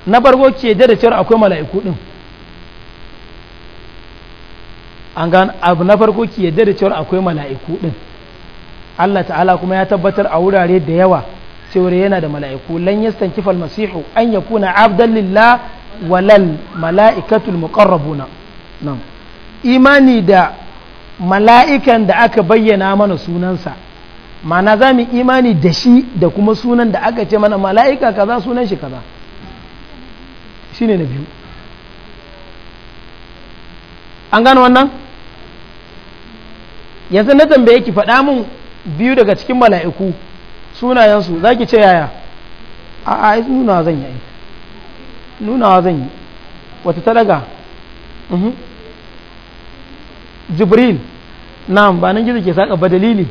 na bargo ke da cewar akwai mala'iku ɗin. an gan abu na farko ki yadda da cewar akwai mala'iku din Allah ta'ala kuma ya tabbatar a wurare da yawa cewar yana da mala'iku lan yastankifa almasihu an yakuna abdan lillah walal mala'ikatul muqarrabuna nan imani da mala'ikan da aka bayyana mana sunansa ma'ana za mu imani da shi da kuma sunan da aka ce mana mala'ika kaza sunan shi kaza shine na biyu an gano wannan yanzu na tambaye ki faɗa mun biyu daga cikin mala'iku sunayensu za ki ce yaya a a nunawa zan yi nunawa zan yi wata ta daga mhm. jibril na ba gizo ke saka ba dalili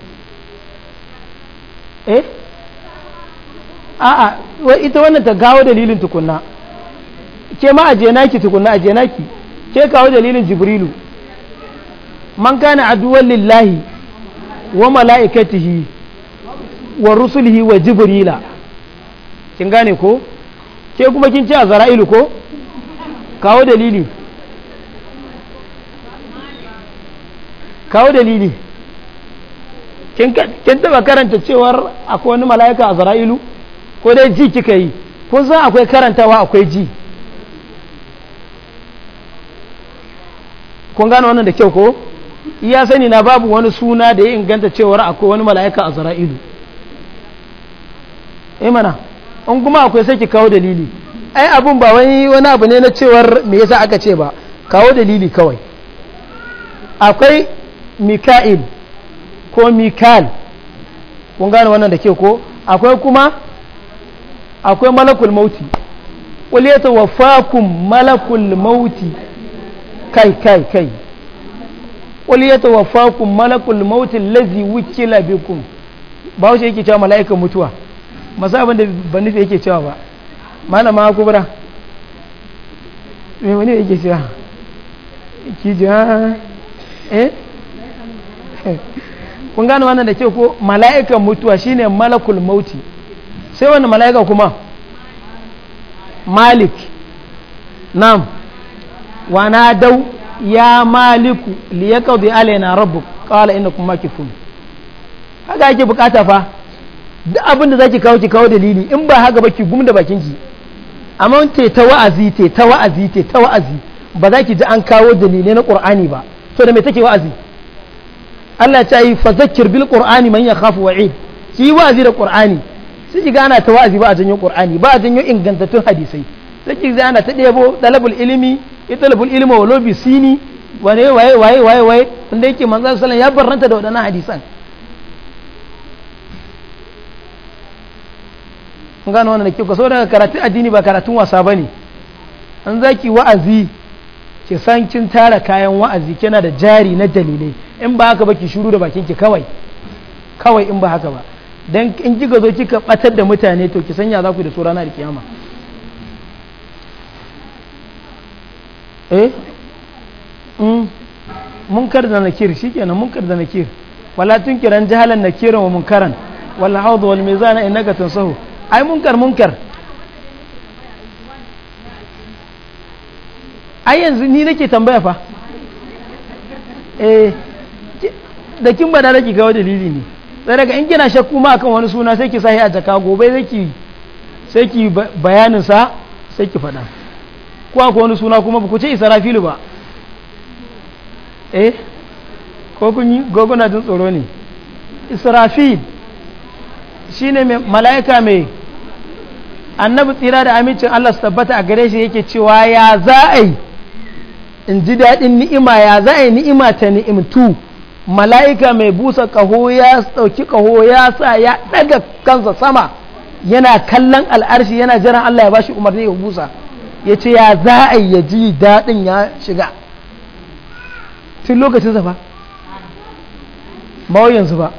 eh a a ita wannan ta gawo dalilin tukunna ke ma ajiye naki tukunna ajiye naki ke kawo dalilin jibrilu man kana aduwan lillahi wa mala'ikatihi wa rusulihi wa jibrila kin gane ko ke kuma kin ce a zara'ilu ko kawo dalili kawo dalili kin taba karanta cewar akwai wani mala'ika a zara'ilu ko dai ji kika yi ko za akwai karantawa akwai ji kun gane wannan da kyau ko iya sani na babu wani suna da ya inganta cewar akwai wani mala'ika a zara'ilu imana eh, in kuma akwai sai ki kawo dalili ai abun ba wani wani abu ne na cewar me yasa aka ce ba kawo dalili kawai akwai mika'il ko mikal kun gane wannan da ke ko akwai kuma akwai malakul mauti wafakun fakun malakul mauti kai kai kai qul yatawaffakum malakul maut allazi wuce bikum ba wuce yake cewa mala'ikan mutuwa masu abin da ban nufi yake cewa ba malama kubra mai wani yake cewa ki ja ah, eh kun gane wannan da ke ko mala'ikan mutuwa shine malakul mauti sai wani mala'ika kuma malik nam wana dau ya maliku li kaudi alaina rabbuk qala innakum makithun haka ake bukata fa duk abin da zaki kawo ki kawo dalili in ba haka ba ki gumda bakin ki amma te ta wa'azi te ta wa'azi te ta wa'azi ba za ki ji an kawo dalilai na qur'ani ba to da mai take wa'azi Allah ta yi fazakir bil qur'ani man yakhafu wa'id ki wa'azi da qur'ani sai ki gana ta wa'azi ba a janyo qur'ani ba a janyo ingantattun hadisai sai ki ana ta ɗebo ɗalabul ilimi ya ɗalabul ilimi wa lobi sini waye waye waye waye waye wanda yake manzo sallan ya barranta da waɗannan hadisan an gano wannan kyau ka daga karatun addini ba karatun wasa ba ne an zaki wa'azi ki san kin tara kayan wa'azi kina da jari na dalilai in ba haka ba ki shuru da bakin ki kawai kawai in ba haka ba dan in kika zo kika batar da mutane to ki sanya za ku da tsora da alkiyama Eh? Mm. munkar da nakir shikenan munkar da nakir wala tunkiran jahalan nakiran wa munkaran wal hawd wal mizan innaka tansahu ai munkar munkar ai yanzu ni nake tambaya fa eh da kin bada laki ga wani dalili ne sai daga in kina shakku ma akan wani suna sai ki sahi a jaka gobe sai ki sai ki bayanin sa sai ki faɗa ko ku wani suna kuma ba ku ce israfilu ba eh ko kun yi gogona jin tsoro ne israfil shine mai mala'ika mai annabi tsira da amincin Allah su tabbata a gare shi yake cewa ya za a in ji daɗin ni'ima ya za a yi ni'ima ta ni'imtu mala'ika mai busa ƙaho ya ɗauki ƙaho ya sa ya ɗaga kansa sama yana kallon al'arshi yana jiran Allah ya ba shi umarni ya busa ya ce ya za a yi ya ji daɗin ya shiga tun lokacin zafa ba yanzu ba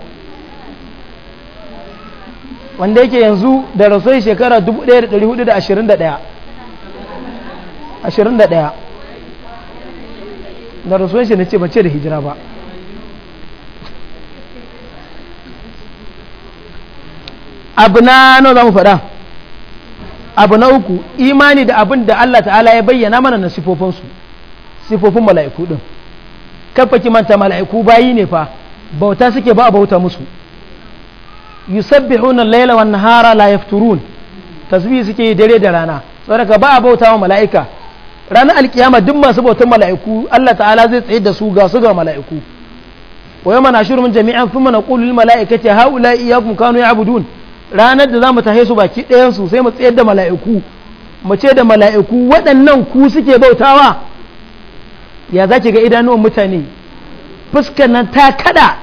wanda yake yanzu da rasai shekara 1421 21 da rasuwan shi na ce bace da hijira ba abu na nawa za mu faɗa abu na uku imani da abin da Allah ta'ala ya bayyana mana na sifofinsu sifofin mala'iku din kafaki manta mala'iku bayi ne fa bauta suke ba a bauta musu yusabbihuna al-laila wan nahara la yafturun tasbih suke yi dare da rana saboda ba a bauta wa mala'ika ranar alkiyama duk masu bautan mala'iku Allah ta'ala zai tsaye da su ga su ga mala'iku wa yawma nashurum jami'an thumma naqulu lil mala'ikati haula iyyakum kanu ya'budun ranar da za mu tahe su baki ɗayansu sai mu tsayar da mala'iku mu ce da mala'iku waɗannan ku suke bautawa ya za ki ga idanuwan mutane fuskar nan ta kada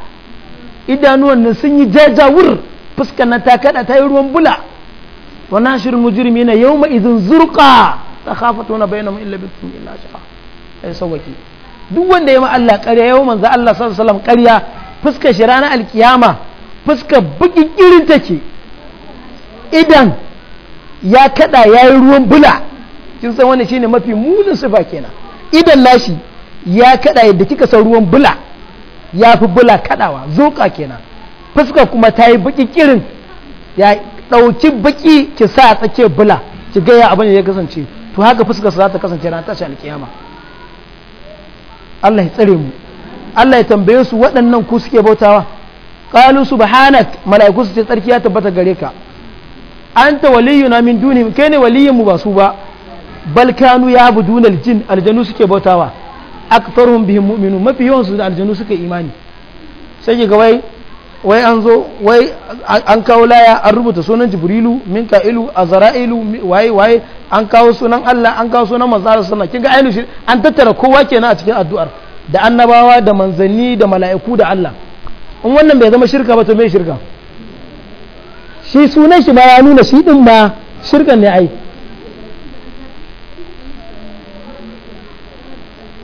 idanuwan nan sun yi jajawur fuskar nan ta kada ta yi ruwan bula wa shirin mujirmi na izin zurka ta idhin tona bayan mu illa bitum illa sha'a ai sauwaki duk wanda ya ma Allah ƙarya yau manzo Allah sallallahu alaihi wasallam ƙarya fuskar shi ranar alkiyama fuskar bugi irin take idan ya kada ya yi ruwan bula kin san wannan shine mafi munin sifa kenan idan lashi ya kada yadda kika san ruwan bula ya fi bula kadawa zoka kenan fuska kuma ta yi baki kirin ya dauki baki ki sa tsakiyar bula ki ga ya abin ya kasance to haka fuskar za ta kasance ran tashi alkiyama Allah ya tsare mu Allah ya tambaye su waɗannan ku suke bautawa qalu subhanak mala'iku su ce tsarki ya tabbata gare ka anta waliyuna min dunihim kai ne waliyin mu ba su ba bal kanu ya'buduna aljin aljanu suke bautawa aktharuhum bihim mu'minu mafi yawan su aljanu suke imani sai ga wai wai an zo wai an kawo laya an rubuta sunan jibrilu minka'ilu azra'ilu waye waye an kawo sunan Allah an kawo sunan manzara sunan kinga ainu an tattara kowa kenan a cikin addu'ar da annabawa da manzanni da mala'iku da Allah in wannan bai zama shirka ba to me shirka shi sunan shi ba ya nuna shi din ba shirkan ne ai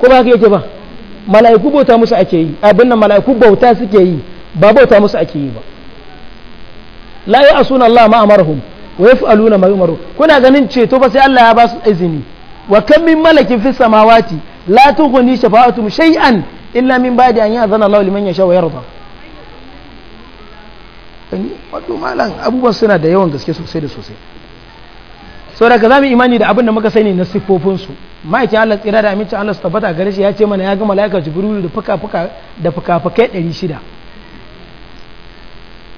ko ba ka yake ba mala'iku bauta musu ake yi abin nan mala'iku bauta suke yi ba bauta musu ake yi ba la ya asuna Allah ma amarhum wa yaf'aluna ma yumaru kuna ganin ceto ba sai Allah ya ba su izini wa kam min malakin fis samawati la tughni shafa'atuhum shay'an illa min ba'di an ya'zana Allah liman yasha wa yarda wato malam abubuwan suna da yawan gaske sosai da sosai ka za mu imani da abin da muka sani na siffofinsu ma'aikin Allah tsira da amincin Allah su tabbata gare shi ya ce mana ya ga mala'ika jibrilu da fuka-fuka da fuka-fukai ɗari shida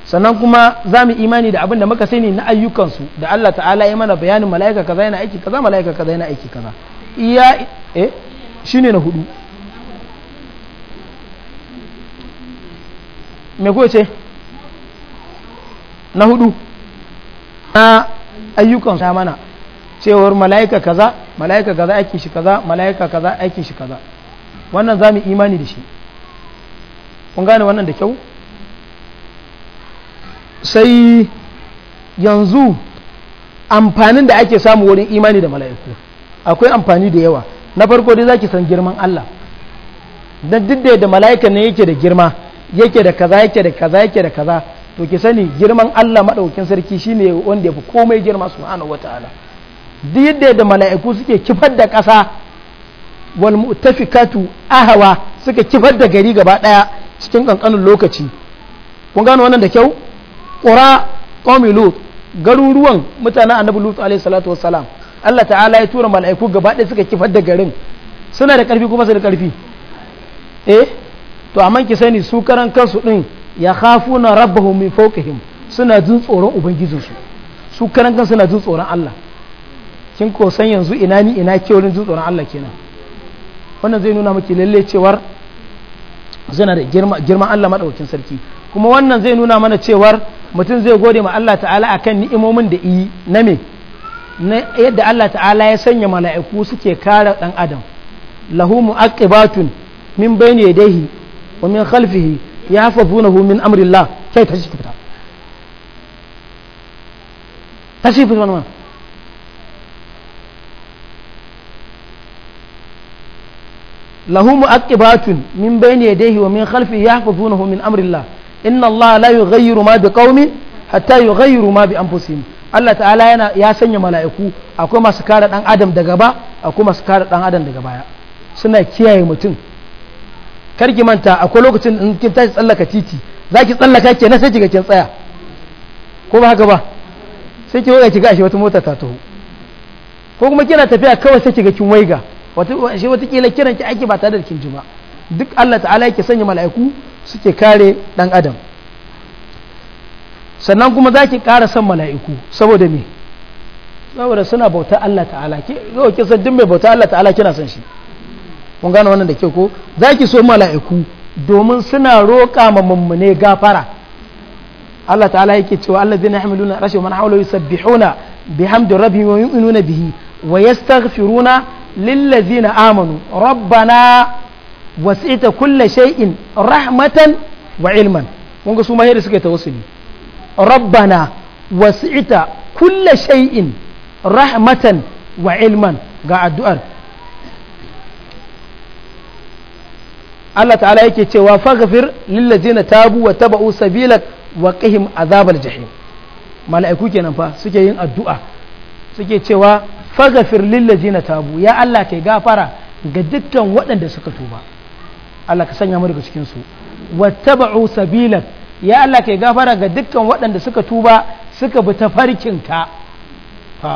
sannan kuma za mu imani da abin da muka sani na ayyukansu da Allah ta'ala ya mana bayanin mala'ika kaza yana aiki kaza mala'ika kaza yana aiki kaza iya eh shine na hudu me ko ce na hudu na ayyukan sa mana cewar mala'ika kaza mala'ika kaza aiki shi kaza mala'ika kaza aiki shi kaza wannan za mu imani da shi kun gane wannan da kyau sai yanzu amfanin da ake samu wurin imani da mala'iku akwai amfani da yawa na farko dai zaki san girman Allah don duk da mala'ika ne yake da girma yake da kaza yake da kaza yake da kaza to ki sani girman Allah madaukakin sarki shine wanda yafi komai girma subhanahu wataala duk yadda da mala'iku suke kifar da ƙasa wal mu'tafikatu ahwa suka kifar da gari gaba daya cikin kankanin lokaci kun gano wannan da kyau qura qaumi garuruwan mutanen annabi lut alaihi salatu wassalam Allah ta'ala ya tura mala'iku gaba daya suka kifar da garin suna da karfi kuma su da karfi eh to amma ki sani su karan kansu din ya khafu na rabahu min fawqihim suna jin tsoron ubangijinsu su karan kan suna jin tsoron Allah kin ko san yanzu ina ni ina ke wurin jin tsoron Allah kenan wannan zai nuna miki lalle cewar zana da girma girman Allah madaukakin sarki kuma wannan zai nuna mana cewar mutum zai gode ma Allah ta'ala akan ni'imomin da yi na me na yadda Allah ta'ala ya sanya mala'iku suke kare dan adam lahu mu'aqibatun min bayni yadayhi wa min khalfihi ya fafu na min amrillah sai ta shi fita ta shi fita wannan lahu mu'aqibatun min bayni yadayhi wa min khalfi yahfazunahu min amrillah inna Allah la yughayyiru ma biqaumin hatta yughayyiru ma bi anfusihim Allah ta'ala yana ya sanya mala'iku akwai masu kare dan adam daga ba akwai masu kare dan adam daga baya suna kiyaye mutum kar ki manta akwai lokacin in kin tashi tsallaka titi za ki tsallaka ke na sai kiga kin tsaya ko ba haka ba sai ki waiga ki gashi wata mota ta taho ko kuma kina tafiya kawai sai kiga kin waiga wata shi wata kila kiran ki aiki ba tare da kin ji ba duk Allah ta'ala yake sanya mala'iku suke kare dan adam sannan kuma za ki ƙara son mala'iku saboda me saboda suna bauta Allah ta'ala ke yau san duk mai bauta Allah ta'ala kina son shi kun gane wannan da ke ko za ki so mala'iku domin suna roƙa ma mummune gafara Allah ta'ala yake cewa Allah zai na hamiluna rashi man haula yusabbihuna bihamdi rabbihim wa na bihi wa yastaghfiruna na amanu rabbana ita kulla shai’in rahmatan wa ilman kun ga su yi ta suka tawassuli rabbana wasita kulle shai’in rahmatan wa ilman ga addu'ar Allah ta'ala yake cewa faghfir lillazina tabu wa taba'u sabilak wa qihim azabal jahim mala'iku kenan fa suke yin addu'a suke cewa faghfir lillazina tabu ya Allah kai gafara ga dukkan waɗanda suka tuba Allah ka sanya mu daga cikin su wa taba'u sabilak ya Allah kai gafara ga dukkan waɗanda suka tuba suka bi tafarkin ka ha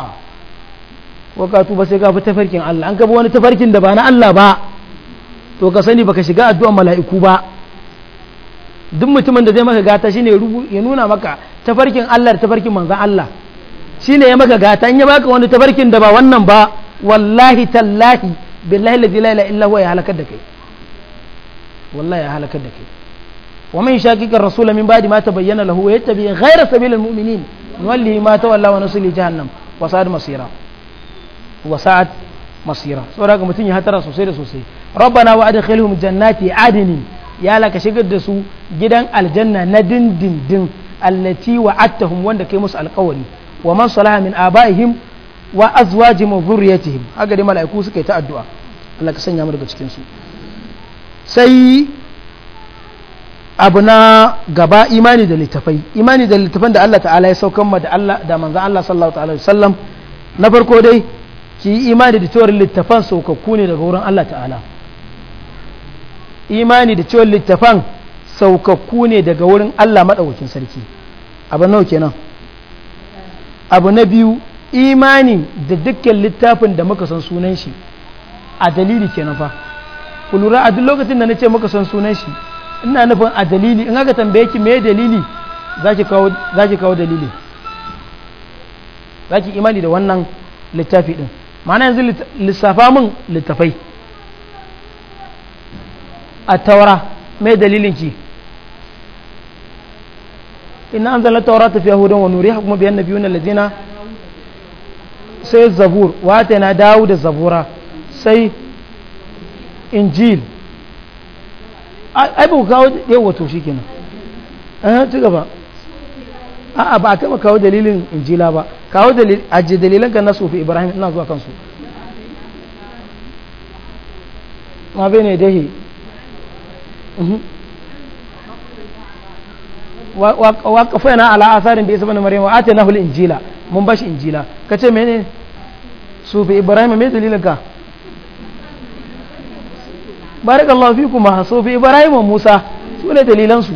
ko ka tuba sai ka bi tafarkin Allah an ka bi wani tafarkin da ba na Allah ba to ka sani baka shiga addu'a mala'iku ba duk mutumin da zai maka gata shine ya nuna maka tafarkin Allah da tafarkin manzon Allah shine ya maka gata in ya baka wani tafarkin da ba wannan ba wallahi tallahi billahi la ilaha illa huwa ya halakar da kai wallahi ya halakar da kai wa man shaqiqa rasula min ba'di ma tabayyana lahu wa yattabi ghayra sabilil mu'minin nuwallihi ma tawalla wa nusli jahannam wa sa'at masira wa sa'at masira saboda ga mutum ya hatara sosai da sosai rabbana wa adkhilhum jannati adni ya laka shigar da su gidan aljanna na dindindin allati wa'adtahum wanda kai musu alƙawari wa man salaha min abaihim wa azwajihim wa dhurriyyatihim haka dai mala'iku suka yi ta addu'a Allah ka sanya mu daga cikin su sai abu na gaba imani da littafai imani da littafan da Allah ta'ala ya saukan ma da Allah da manzon Allah sallallahu alaihi wasallam na farko dai ki imani da littafan saukakku ne daga wurin Allah ta'ala imani da ciwon littafan saukakku ne daga wurin Allah maɗaukin sarki abu nau kenan abu na biyu imani da dukkan littafin da muka san sunan shi a dalili kenan fa ku lura a duk lokacin da na ce muka san sunan shi ina nufin a dalili in aka tambaye ki me dalili za ki kawo dalili za ki imani da wannan littafi ɗin ma'ana yanzu lissafa min littafai a taura mai dalilin ki ina an zala taura tafiya hudun wa nuri kuma biyan biyu na lazina sai zabur wata na dawo da zabura sai injil ai ba kawo yawa to shi kenan an ci gaba a'a ba a kama kawo dalilin injila ba kawo ajiye dalilan kan nasu fi ibrahim ina zuwa kansu ma bai ne dahi Mhm. wa kafaina ala asarin bi isa bani maryam wa atainahu al-injila mun bashi injila kace mene su fi ibrahim me dalilin ka barakallahu fikuma su fi ibrahim musa su ne dalilan su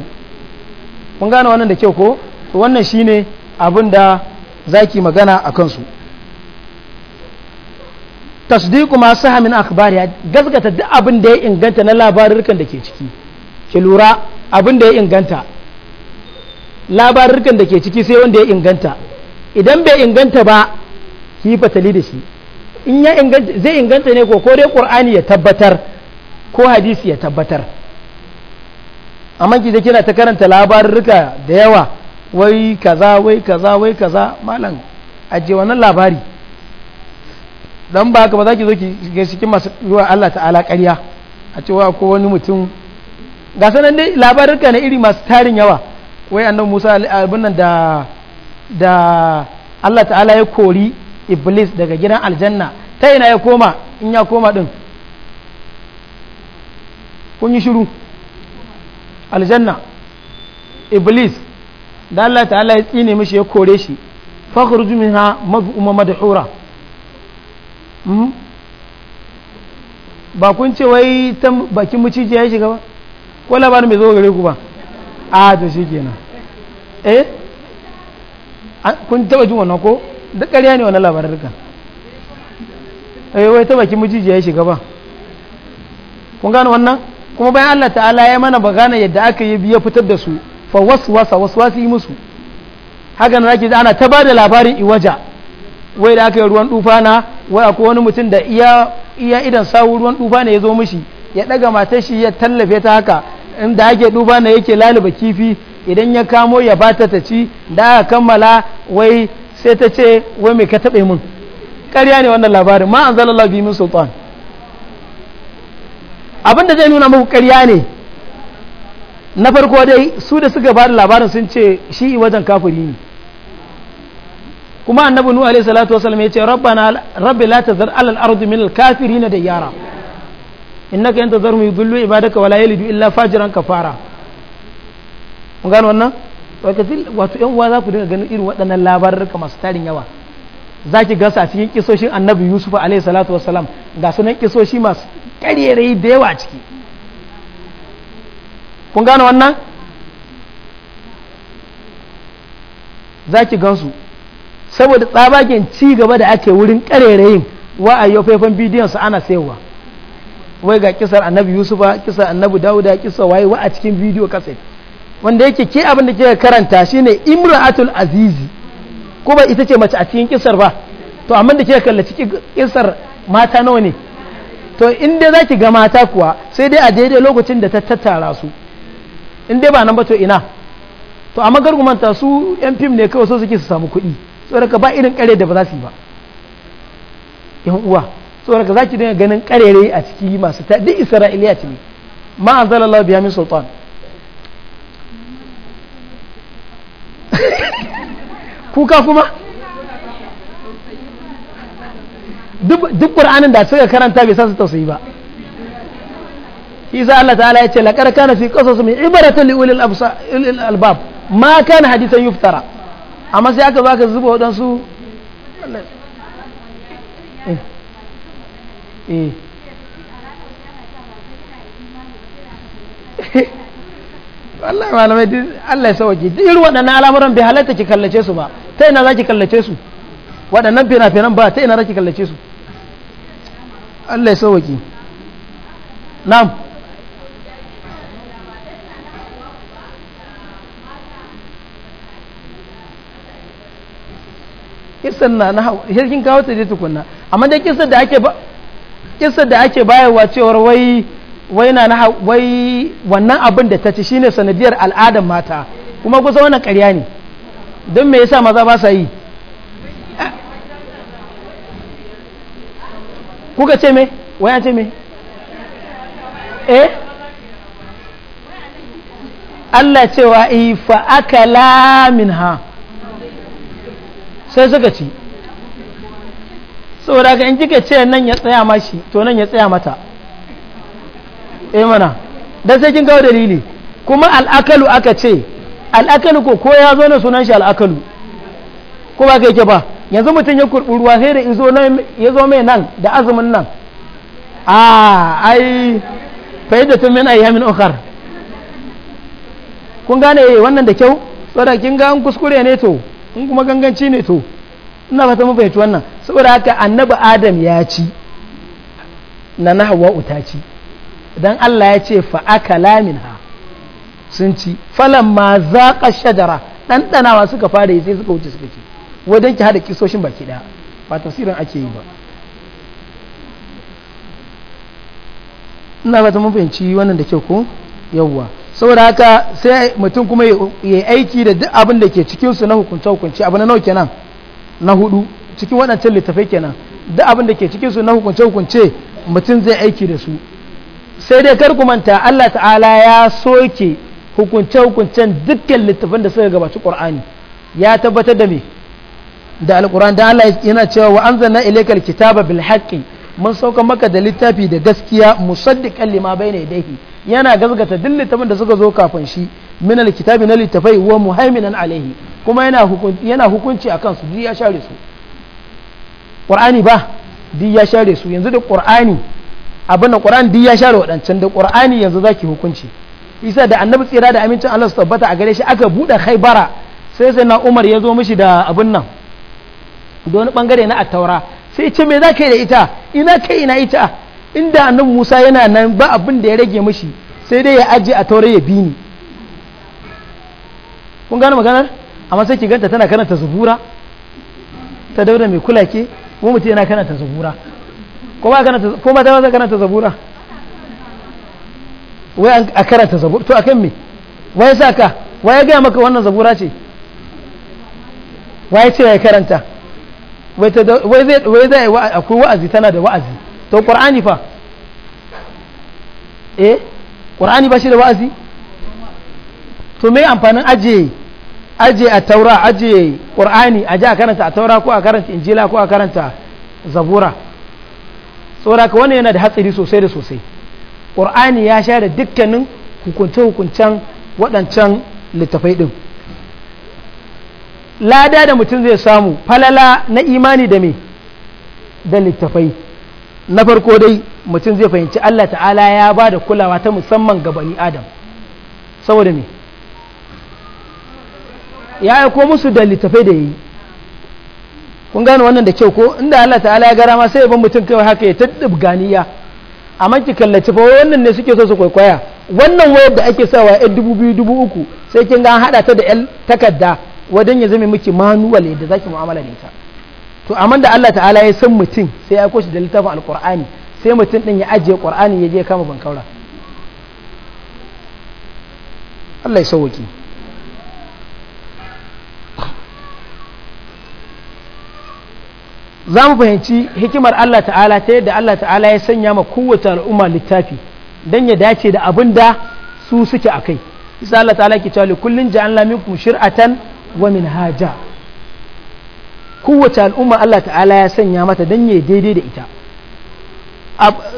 kun gane wannan da kyau ko wannan wannan shine abin da zaki magana a kansu tasdiqu ma sahamin akhbari gasgata duk abin da ya inganta na labarurkan da ke ciki ki lura abin da ya inganta labarurkan da ke ciki sai wanda ya inganta idan bai inganta ba ki fatali da shi in ya inganta zai inganta ne ko ko dai qur'ani ya tabbatar ko hadisi ya tabbatar amma ki da kina ta karanta labarurruka da yawa wai kaza wai kaza wai kaza malam aje wannan labari dan ba haka ba za ki zo ki shiga cikin masu zuwa Allah ta'ala ƙarya a cewa ko wani mutum ga sanan dai labarurka na iri masu tarin yawa wai annan musa abin nan da da allah ta'ala ya kori iblis daga gidan aljanna ta ina ya koma in ya koma din kun yi shiru aljanna iblis da allah ta'ala ya tsine mishi ya kore shi fakhruju minha mad'uma madhura hmm? ba kun ce wai ta bakin mucije ya shiga ba ko labarin bai zo gare ku ba a to shi kenan eh kun taba jin wannan ko duk ƙarya ne wannan labarin duka eh wai ta bakin mijiji ya shiga ba kun gane wannan kuma bayan Allah ta'ala ya mana bagana yadda aka yi biya fitar da su fa waswasa waswasi musu haka zaki ake ana ta ba da labarin iwaja wai da aka yi ruwan dufa na wai akwai wani mutum da iya iya idan sawu ruwan dufa ne ya zo mishi ya daga matar shi ya tallafe ta haka inda ake duba na yake laliba kifi idan ya kamo ya bata ta ci da aka kammala wai sai ta ce wai mai ka taɓe mun ƙarya ne wannan labarin ma an zala labi min sultan abin da zai nuna muku ƙarya ne na farko dai su da suka ba da labarin sun ce shi wajen kafiri ne kuma annabi nuhu alaihi salatu wasallam ya ce rabbana rabbi la tazar alal ardu min al kafirin da yara innaka yanta zarmu yudullu ibadaka wala yalidu illa fajiran kafara mun gano wannan wato yan uwa za ku dinga ganin irin waɗannan labarurka masu tarin yawa za ki gasa a cikin kisoshin annabi yusuf alaihi salatu wassalam ga sunan kisoshi masu ƙarerayi da yawa a ciki kun gano wannan za ki gansu saboda tsabagen ci gaba da ake wurin ƙarerayin wa a faifan bidiyon su ana sayarwa wai ga kisar annabi yusufa kisar annabi dauda kisar waye wa a cikin bidiyo cassette wanda yake ke abin da ke karanta shine imra'atul azizi ko ba ita ce mace a cikin kisar ba to amma da ke kallaci kisar mata nawa ne to in dai zaki ga mata kuwa sai dai a daidai lokacin da ta tattara su in dai ba nan ba to ina to amma gargumanta su yan fim ne kawai so suke su samu kuɗi saboda ba irin kare da ba za su yi ba yan uwa saboda ka zaki dinga ganin karere a ciki masu ta duk isra'iliya ce ma an zala Allah biya min sultan kuka kuma duk qur'anin da suka karanta bai san su tausayi ba isa Allah ta'ala ya ce laƙar kana fi li ulil ibaratun li'ulil albab ma kana hadisan yuftara amma sai aka baka zuba waɗansu eh wallahi malamai duk Allah ya waje duk irin waɗannan al'amuran bai halatta ki kallace su ba ta ina za ki kallace su waɗannan fina-finan ba ta ina za ki kallace su Allah ya waje na'am kisan na na hau hirkin kawo ta je tukunna amma dai kisan da ake ba kisa da ake bayarwa cewar wai wai na wai wannan abin da ta ci shine sanadiyar al'adan mata kuma kusa wannan ƙarya ne don me yasa maza ba sa yi kuka ce me wai an ce me eh Allah cewa ifa akala minha sai suka ci saboda ka in kika ce nan ya tsaya mashi to nan ya tsaya mata eh mana dan sai kin kawo dalili kuma al'akalu aka ce al'akalu ko ko ya zo na sunan shi al'akalu ko ba kai ke ba yanzu mutum ya kurɓi ruwa sai da izo nan ya zo mai nan da azumin nan a ai tun min ayyamin ukhar kun gane eh, wannan da kyau saboda kin ga an kuskure ne to in kuma ganganci ne to ina fata mun fahimci wannan saboda haka annabi adam ya ci na na hawa uta ci dan Allah ya ce fa lamin ha sun ci za ka shajara ɗanɗanawa suka fara yi sai suka wuce suka ci wajen ki hada kisoshin baki ɗaya ba tafsirin ake yi ba ina fata mun fahimci wannan da kyau ko yawwa saboda haka sai mutum kuma ya aiki da duk abin da ke cikinsu na hukunce hukunce abu na nauke nan. na hudu cikin waɗancan littafai kenan da abin da ke cikin su na hukunce hukunce mutum zai aiki da su sai dai kar ku manta Allah ta'ala ya soke hukunce hukuncen dukkan littafan da suka gabaci Qur'ani ya tabbatar da me da alquran da Allah yana cewa wa anzalna ilaykal kitaba bil haqqi mun sauka maka da littafi da gaskiya musaddiqan lima bayna yadayhi yana gazgata duk littafin da suka zo kafin shi min alkitabi na littafai wa muhaiminan alaihi kuma yana hukunci yana hukunci akan su duk ya share su qur'ani ba duk ya share su yanzu da qur'ani abin da qur'ani duk ya share wadancan da qur'ani yanzu zaki hukunci isa da annabi tsira da amincin Allah tabbata a gare shi aka buɗe haibara sai sai na Umar ya zo mishi da abin nan da wani bangare na attaura sai ce me za ka yi da ita ina kai ina ita inda annabi Musa yana nan ba abin da ya rage mishi sai dai ya aje a taure ya bi ni kun gane maganar amma sai ki ganta tana karanta zubura ta daura mai kula ke ko mutum yana karanta zubura ko ba karanta ko ba ta karanta zubura wai a karanta zubura to akan me wai sa ka wai ya gaya maka wannan zubura ce wai ce ya karanta wai zai wai zai akwai wa'azi tana da wa'azi to qur'ani fa eh qur'ani ba shi da wa'azi to me amfanin aje aje a taura aje ƙur'ani aje a karanta a taura ko a karanta injila ko a karanta zabura saboda ka wani yana da hatsari sosai da sosai ƙur'ani ya sha da dukkanin hukunce hukuncen waɗancan littafai ɗin lada da mutum zai samu falala na imani da me da littafai na farko dai mutum zai fahimci Allah ta'ala ya ba da kulawa ta musamman ga bani adam saboda me ya aiko musu da littafai da yi kun gane wannan da kyau ko inda Allah ta'ala ya gara ma sai ban mutum kai haka ya taddab ganiya amma ki kallaci fa wannan ne suke so su kwaikwaya wannan wayar da ake sawa ya dubu biyu dubu uku sai kin ga hada ta da yan takarda wajen ya zama miki manuwal yadda ki mu'amala da ita to amma da Allah ta'ala ya san mutum sai ya koshi da littafin alkur'ani sai mutum ɗin ya ajiye qur'ani ya je kama bankaura Allah ya sauwaki za mu fahimci hikimar Allah ta'ala ta yadda Allah ta'ala ya sanya ma kowace al'umma littafi don ya dace da abin da su suke a kai isa Allah ta'ala ke cewa kullun ja'alna minkum shir'atan wa minhaja kowace al'umma Allah ta'ala ya sanya mata don ya daidai da ita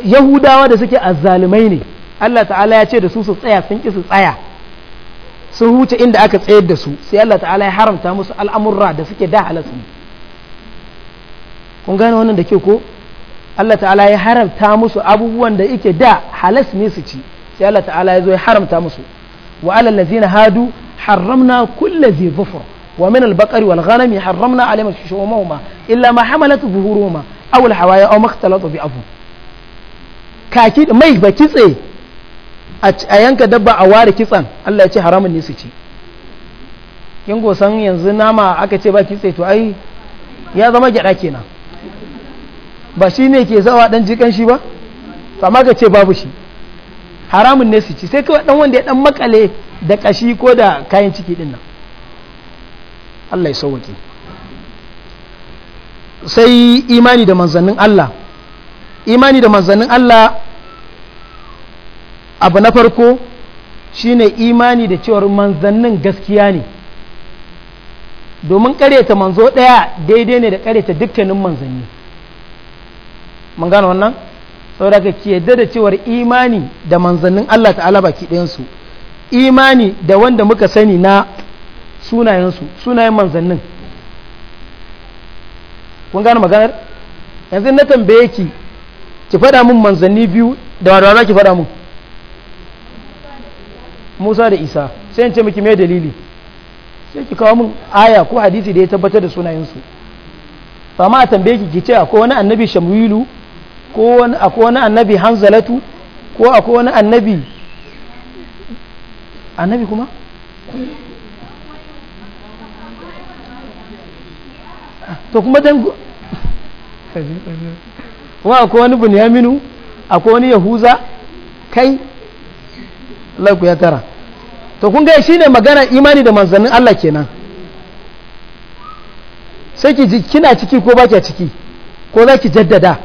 yahudawa da suke azzalumai ne Allah ta'ala ya ce da su su tsaya sun ki su tsaya sun huce inda aka tsayar da su sai Allah ta'ala ya haramta musu al'amurra da suke da halasu kun gane wannan da ke ko Allah ta'ala ya haramta musu abubuwan da yake da halas ne su ci sai Allah ta'ala ya zo ya haramta musu wa alal ladzina hadu harramna kulli dhi dhufr wa min al baqari wal ghanami harramna alayhim shushumahuma illa ma hamalat zuhuruhuma aw al hawaya aw makhtalatu bi afu kaki mai ba kitse a yanka dabba a ware kitsan Allah ya ce haramun ne su ci kin gosan yanzu nama aka ce ba kitse to ai ya zama gyada kenan ba shi ne ke zawa dan jikan shi ba amma ka ce babu shi haramun ne su ci sai kawai dan wanda ya ɗan makale da kashi ko da kayan ciki din nan Allah ya sai imani da manzannin Allah imani da manzannin Allah abu na farko shine imani da cewar manzannin gaskiya ne domin karyata manzo ɗaya daidai ne da karyata dukkanin manzanni mun gano wannan saboda ka ki yadda da cewar imani da manzannin Allah ta'ala baki ɗayansu imani da wanda muka sani na sunayensu sunayen manzannin kun gano maganar yanzu na tambaye ki ki faɗa mun manzanni biyu da wadda ki faɗa mun musa da isa sai in ce miki mai dalili sai ki kawo mun aya ko hadisi da ya tabbatar da sunayensu amma a tambaye ki ki ce akwai wani annabi shamilu ko akwai wani annabi hanzalatu ko akwai wani annabi annabi kuma to kuma dan kuma akwai wani bunyaminu akwai wani yahuza kai lagu ya tara to kun ga shine magana imani da manzannin Allah kenan sai ki kina ciki ko ba ciki ko za ki jaddada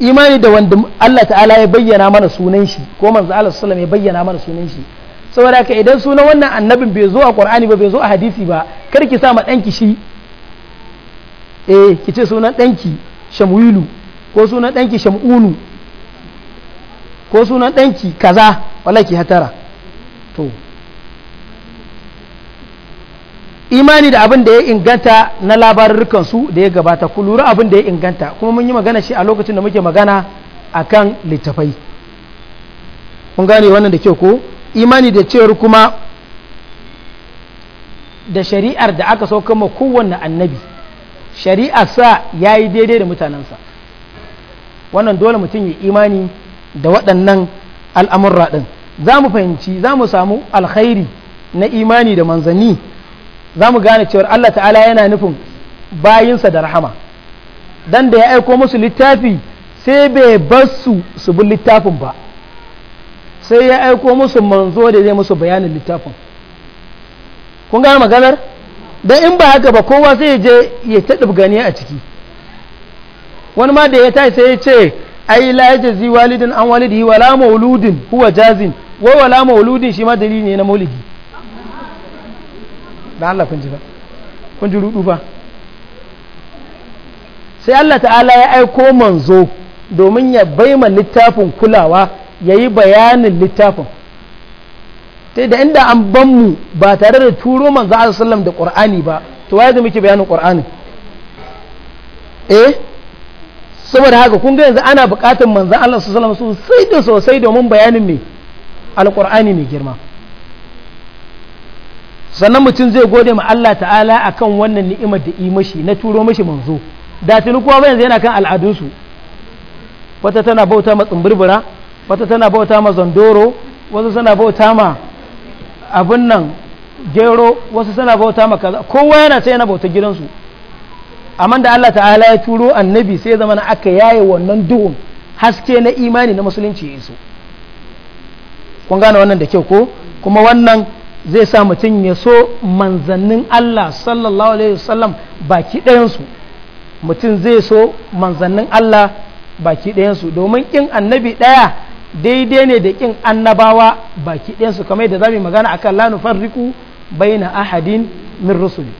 imani da wanda Allah ta'ala ya bayyana mana sunan shi ko manzo Allah sallallahu ya bayyana mana sunan shi saboda haka idan sunan wannan annabin bai zo a Qur'ani ba bai zo a hadisi ba kar ki sa ma danki shi eh ki ce sunan danki Shamuilu ko sunan danki Shamunu ko sunan danki kaza wallahi ki hatara to imani da abin da ya inganta na labarurkansu da ya gabata ku lura abin da ya inganta kuma mun yi magana shi a lokacin da muke magana a kan littafai kun gane wannan da kyau ko imani da cewar kuma da shari'ar da aka sauka ma kowanne annabi shari'ar sa ya yi daidai da mutanensa wannan dole mutum ya imani da waɗannan al'amurra ɗin za mu fahimci za mu samu alkhairi na imani da manzanni za mu gane cewar Allah ta'ala yana nufin bayinsa da rahama dan da ya aiko musu littafi sai bai bar su su bi littafin ba sai ya aiko musu manzo da zai musu bayanin littafin kun gane maganar dan in ba haka ba kowa sai ya je ya ta gani a ciki wani ma da ya tashi sai ya ce ai la yajzi walidin an walidi wala mauludin huwa jazin wa wala mauludin shi ma dalili ne na maulidi da Allah kun ji ba kun ji rudu ba sai Allah ta'ala ya aiko manzo domin ya baima littafin kulawa ya yi bayanin littafin sai da inda an ban mu ba tare da turo manzo a sallam da Qur'ani ba to waye da muke bayanin Qur'ani eh saboda haka kun ga yanzu ana buƙatar manzo Allah sallallahu alaihi wasallam sosai da sosai domin bayanin me alqur'ani mai girma sannan mutum zai gode ma Allah ta'ala a kan wannan ni'imar da yi mashi na turo mashi manzo da tuni kuwa ba yanzu yana kan al'adunsu wata tana bauta ma tsumburbura wata tana bauta ma zandoro wasu suna bauta ma abin nan gero wasu suna bauta ma kaza kowa yana sai yana bauta gidansu amma da Allah ta'ala ya turo annabi sai zama na aka yaye wannan duhun haske na imani na musulunci ya iso kun gane wannan da kyau ko kuma wannan zai sa mutum ya so manzannin Allah sallallahu alaihi wasallam baki ɗayansu mutum zai so manzannin Allah baki ɗayansu domin ƙin annabi ɗaya daidai ne da ƙin annabawa baki ɗayansu kamar yadda za mu yi magana a lanufan riku bai baina ahadin min rusuli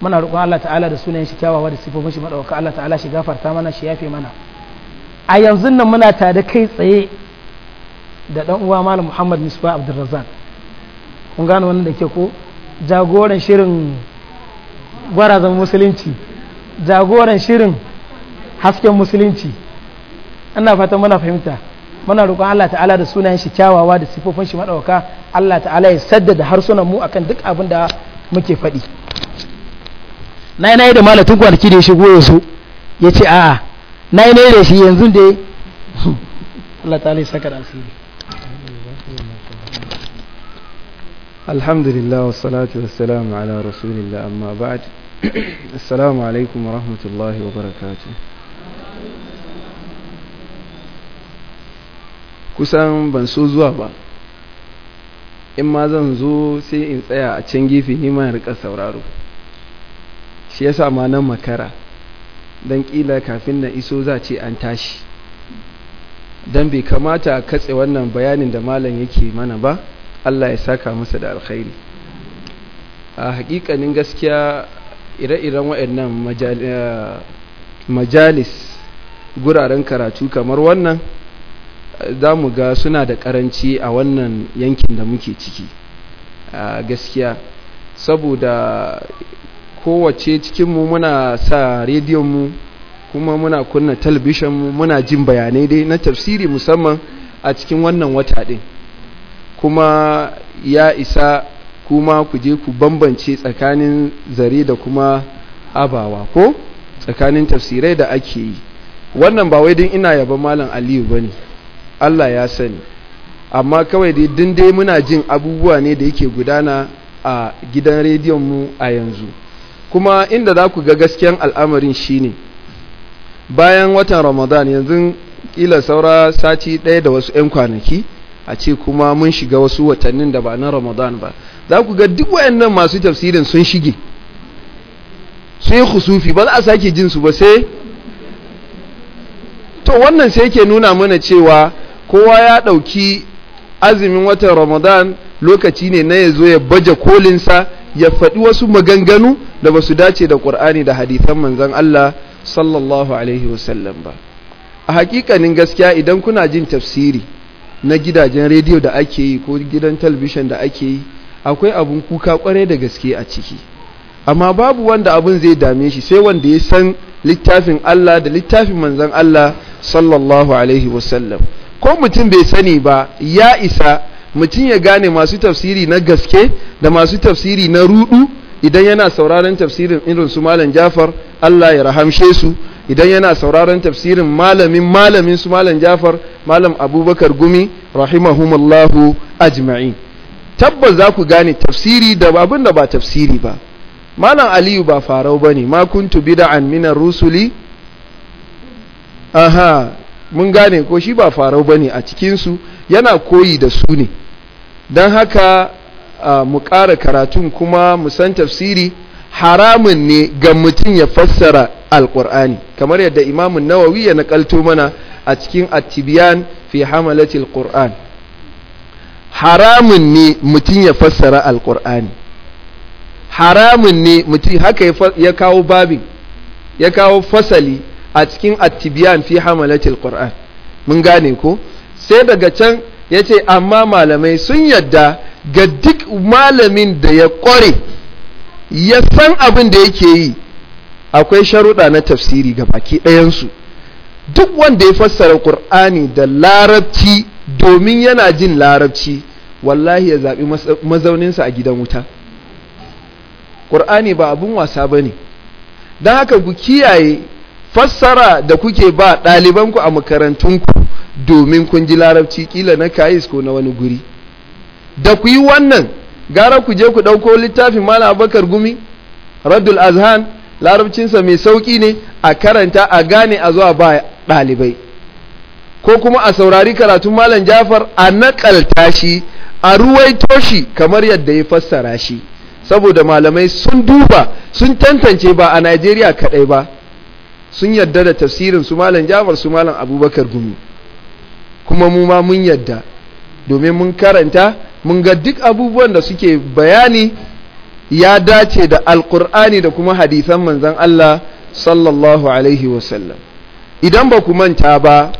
muna roƙon Allah ta'ala da sunayen shi kyawawa da sifofin shi maɗaukar Allah ta'ala shi gafarta mana shi yafe mana a yanzu nan muna tare kai tsaye da ɗan uwa malam Muhammad Musa Abdulrazak kun gano wannan da ke ko jagoran shirin gwarazan musulunci jagoran shirin hasken musulunci ina fata muna fahimta muna roƙon Allah ta'ala da sunayen shi kyawawa da sifofin shi madauka Allah ta'ala ya saddada harsunan mu akan duk abin da muke faɗi na yi da malatun kwanaki da ya shigo ya so ya ce a'a na yi da shi yanzu dai Allah ta'ala ya saka da asiri alhamdulillah wassalatu wassalamu ala rasulillah amma ba'd assalamu alaikum wa rahmatullahi wa barakatu. kusan ban so zuwa ba in ma zan zo sai in tsaya a can gefe ni ma rika sauraro shi yasa ma nan makara don kila kafin na iso za ce an tashi Dan bai kamata a katse wannan bayanin da malam yake mana ba Allah ya saka musu da alkhairi a hakikanin gaskiya ire-iren waɗannan eh, majalis guraren karatu kamar wannan za mu ga suna da karanci a wannan yankin da muke ciki a gaskiya saboda kowace cikinmu muna sa rediyonmu kuma muna kunna talibishinmu muna jin bayanai dai na tafsiri musamman a cikin wannan wata ɗin kuma ya isa kuma ku je ku bambance tsakanin zare da kuma abawa ko tsakanin tafsirai da ake yi wannan ba wai din ina yaba malam aliyu ba ne allah ya sani amma kawai dai din dai muna jin abubuwa ne da yake gudana a gidan rediyon mu a yanzu kuma inda za ku ga gaskiyan al'amarin shine bayan watan ramadan yanzu kila saura sati ɗaya da wasu 'yan kwanaki a ce kuma mun shiga wasu watannin da ba na ramadan ba za ku ga duk wayannan masu tafsirin sun shige sai khusufi ba za a sake jin su ba sai to wannan sai ke nuna mana cewa kowa ya ɗauki azumin watan ramadan lokaci ne na ya zo ya baje kolinsa ya faɗi wasu maganganu da ba su dace da ƙur'ani da hadithan manzan Allah sallallahu alaihi wasallam ba a hakikanin gaskiya idan kuna jin tafsiri na gidajen rediyo da ake yi ko gidan talbishin da ake yi akwai abin kuka kware da gaske a ciki amma babu wanda abin zai dame shi sai wanda ya san littafin Allah da littafin manzan Allah sallallahu alaihi wasallam ko mutum bai sani ba ya isa mutum ya gane masu tafsiri na gaske da masu tafsiri na rudu idan yana sauraron tafsirin irin su malam Jafar Allah ya rahamshe su idan yana sauraron tafsirin malamin malamin su malam Jafar malam abubakar gumi rahimahumallahu ajma'i tabbas za ku gane tafsiri da abin da ba tafsiri ba malam aliyu ba farau ba ne makuntu bida'an minar rusuli aha mun gane ko shi ba farau ba ne a cikinsu yana koyi da su ne don haka mu ƙara karatun kuma mu san tafsiri haramun ne ga mutum ya fassara alƙur'ani kamar yadda imamun nawawi ya naƙalto mana a cikin attibiyan fi hamalati alquran haramun ne mutum ya fassara alqur'ani haramun ne mutum haka ya kawo babin ya kawo fasali a cikin attibiyan fi hamalati alquran mun gane ko sai daga can ya ce amma malamai sun yadda ga duk malamin da ya kware ya san abin da yake yi akwai sharuɗa na tafsiri ga baki ɗayansu duk wanda ya fassara ƙur'ani da larabci domin yana jin larabci wallahi ya zaɓi mazauninsa a gidan wuta ƙur'ani ba abin wasa ba ne don haka ku kiyaye fassara da kuke ba ɗalibanku a makarantunku domin kun ji larabci ƙila na kayis ko na wani guri da ku yi wannan gara ku je ku ɗauko littafin Malam abakar gumi Radul azhan larabcinsa mai sauƙi ne a karanta a gane a zuwa ba ɗalibai ko kuma a saurari karatun malam jafar a naƙalta shi a ruwaito shi kamar yadda ya fassara shi saboda malamai sun duba sun tantance ba a najeriya kaɗai ba sun yadda da tafsirin su malam jafar su malam abubakar gumi kuma mu ma mun yadda domin mun karanta mun ga duk abubuwan da suke bayani ya dace da alkur'ani da kuma hadisan manzan Allah sallallahu alaihi wasallam idan ba ku manta ba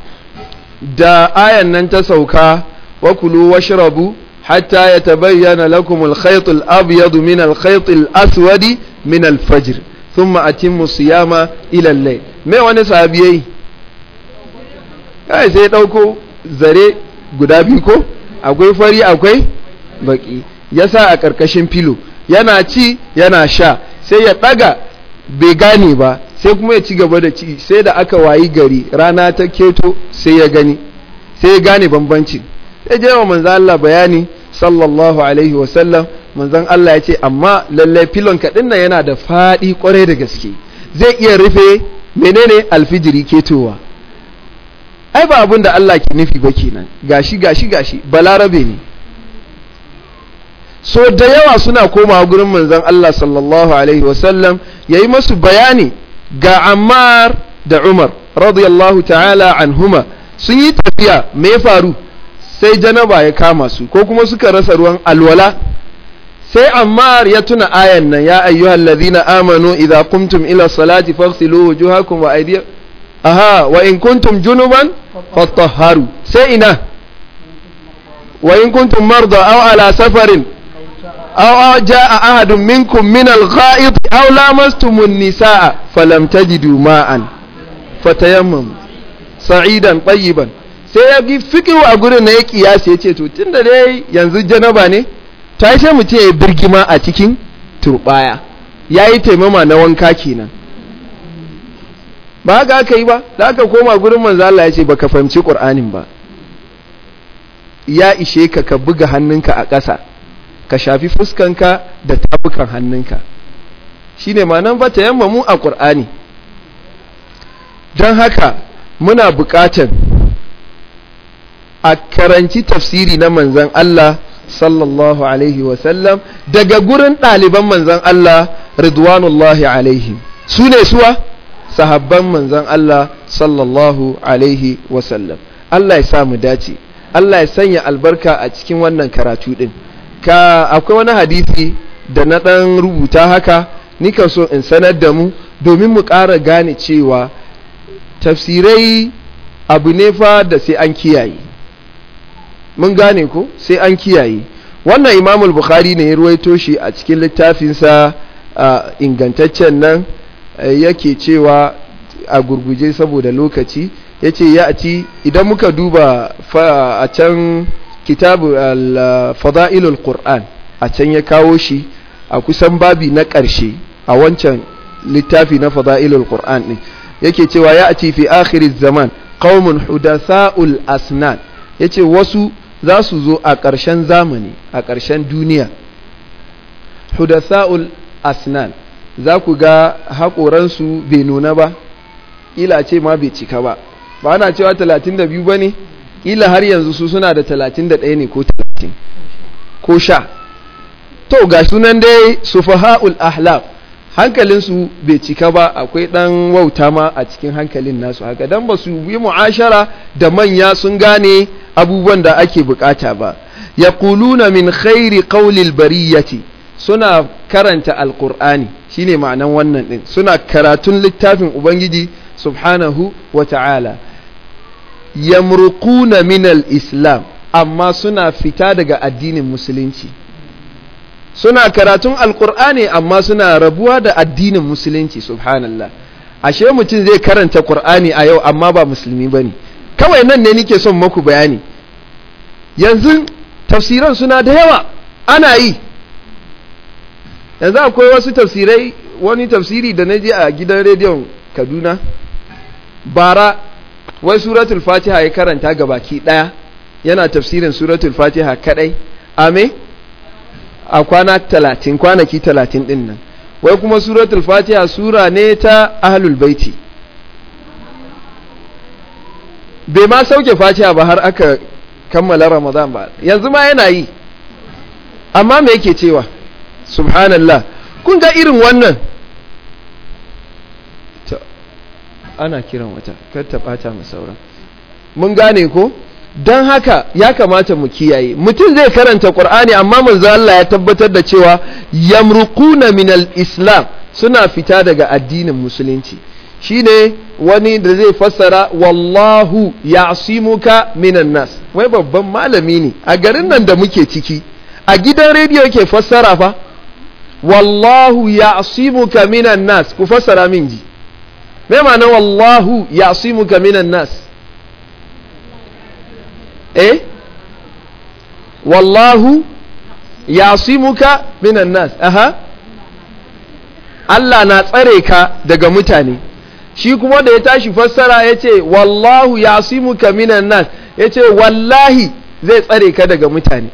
da ayan nan ta sauka wa kulu shirabu hatta ya ta bayyana khayt al abiyadu min alkhaitul aswadi min al sun thumma atimmu siyama ila al me wani sahabiyai kai sai dauko zare guda biyu ko akwai fari akwai baki yasa a ƙarƙashin filo yana ci yana sha sai ya daga bai gane ba sai kuma ya ci gaba da ci sai da aka wayi gari rana ta keto sai ya gani sai ya gane bambanci sai je wa manzan Allah bayani sallallahu alaihi wasallam manzan Allah ya ce amma lallai filon kaɗin nan yana da faɗi kwarai da gaske zai iya rufe menene alfijiri ketowa ai ba abin Allah ke nufi ba kenan gashi gashi gashi balarabe ne so da yawa suna komawa gurin manzon Allah sallallahu alaihi wasallam yi masu bayani ga Ammar da Umar radiyallahu ta'ala anhuma sun yi tafiya me faru sai janaba ya kama su ko kuma suka rasa ruwan alwala sai Ammar ya tuna ayan nan ya ayyuhal ladina amanu idza kumtum ila salati faghsilu wujuhakum wa aydiyakum aha wa in kuntum junuban fatahharu sai ina wa in kuntum marda aw ala safarin aw a ahadin minkum min al-gha'id aw lamastumun nisaa falam tajidu ma'an fatayammam sa'idan sai ya fi fikiru a gurin na ya kiyasi ya ce to tunda dai yanzu janaba ne ta sai mu ce ya birgima a cikin turbaya yi taimama na wanka kenan ba haka aka yi ba da aka koma gurin manzo Allah ya ce baka fahimci Qur'anin ba ya ishe ka ka buga hannunka a ƙasa ka shafi fuskanka da tafukan hannunka shi ne manan ba ta yamma mu a ƙur'ani don haka muna buƙatar a karanci tafsiri na manzan Allah sallallahu alaihi wasallam daga gurin ɗaliban manzan Allah ridwanullahi alaihi su ne suwa sahabban manzan Allah sallallahu alaihi wasallam Allah ya samu dace Allah ya sanya albarka a cikin wannan karatu ɗin ka akwai wani hadisi da na dan rubuta haka nika so in sanar da mu domin mu ƙara gane cewa tafsirai abu ne fa da sai an kiyaye mun gane ko sai an kiyaye wannan imamul bukhari ne ya ruwaito shi a cikin littafinsa ingantaccen nan yake cewa a gurguje saboda lokaci ya ce ya ci idan muka duba a can kitabu al-fada'ilul qur'an a can ya kawo shi a kusan babi na ƙarshe a wancan littafi na fada'ilul qur'an din yake cewa ya ati fi akhiriz zaman qaumun hudasa'ul asnan yace wasu za su zo a ƙarshen zamani a ƙarshen duniya hudasa'ul asnan za ku ga su bai nuna ba ila ce ma bai cika ba ba ana cewa 32 ba ne kila har yanzu su suna da talatin da ɗaya ne ko talatin ko sha to ga sunan dai sufaha'ul ahlab hankalinsu bai cika ba akwai ɗan wauta ma a cikin hankalin nasu haka don ba su yi mu'ashara da manya sun gane abubuwan da ake bukata ba ya kuluna min khairi ƙaulil bariyati suna karanta alkur'ani shine ma'anan wannan ɗin suna karatun littafin ubangiji subhanahu wa ta'ala yamruquna al islam amma suna fita daga addinin musulunci suna karatun alkur'ani amma suna rabuwa da addinin musulunci subhanallah ashe mutum zai karanta qur'ani a yau amma ba musulmi bane kawai nan ne nike son maku bayani yanzu tafsiran suna da yawa ana yi yanzu akwai wasu tafsirai wani tafsiri da na je a gidan rediyon kaduna bara wai suratul fatiha ya karanta ga baki ɗaya yana tafsirin suratul fatiha kaɗai ame a kwana talatin kwanaki talatin ɗin nan wai kuma suratul fatiha sura ne ta ahalul baiti bai ma sauke fatiha ba har aka kammala ramadan ba yanzu ma yana yi amma me yake cewa subhanallah kun ga irin wannan ana kiran wata kar ta bata mu sauran mun gane ko don haka ya kamata mu kiyaye mutum zai karanta qur'ani amma manzo Allah ya tabbatar da cewa yamruquna minal islam suna fita daga addinin musulunci shine wani da zai fassara wallahu ya'simuka minan nas wai babban malami ne a garin nan da muke ciki a gidan rediyo ke fassara fa wallahu ya'simuka minan nas ku fassara min ji me ma'ana wallahu ya asimuka minan nas eh wallahu ya minan nas aha Allah na tsare ka daga mutane shi kuma da ya tashi fassara ya ce wallahu ya asimuka minan nas ya ce wallahi zai tsare ka daga mutane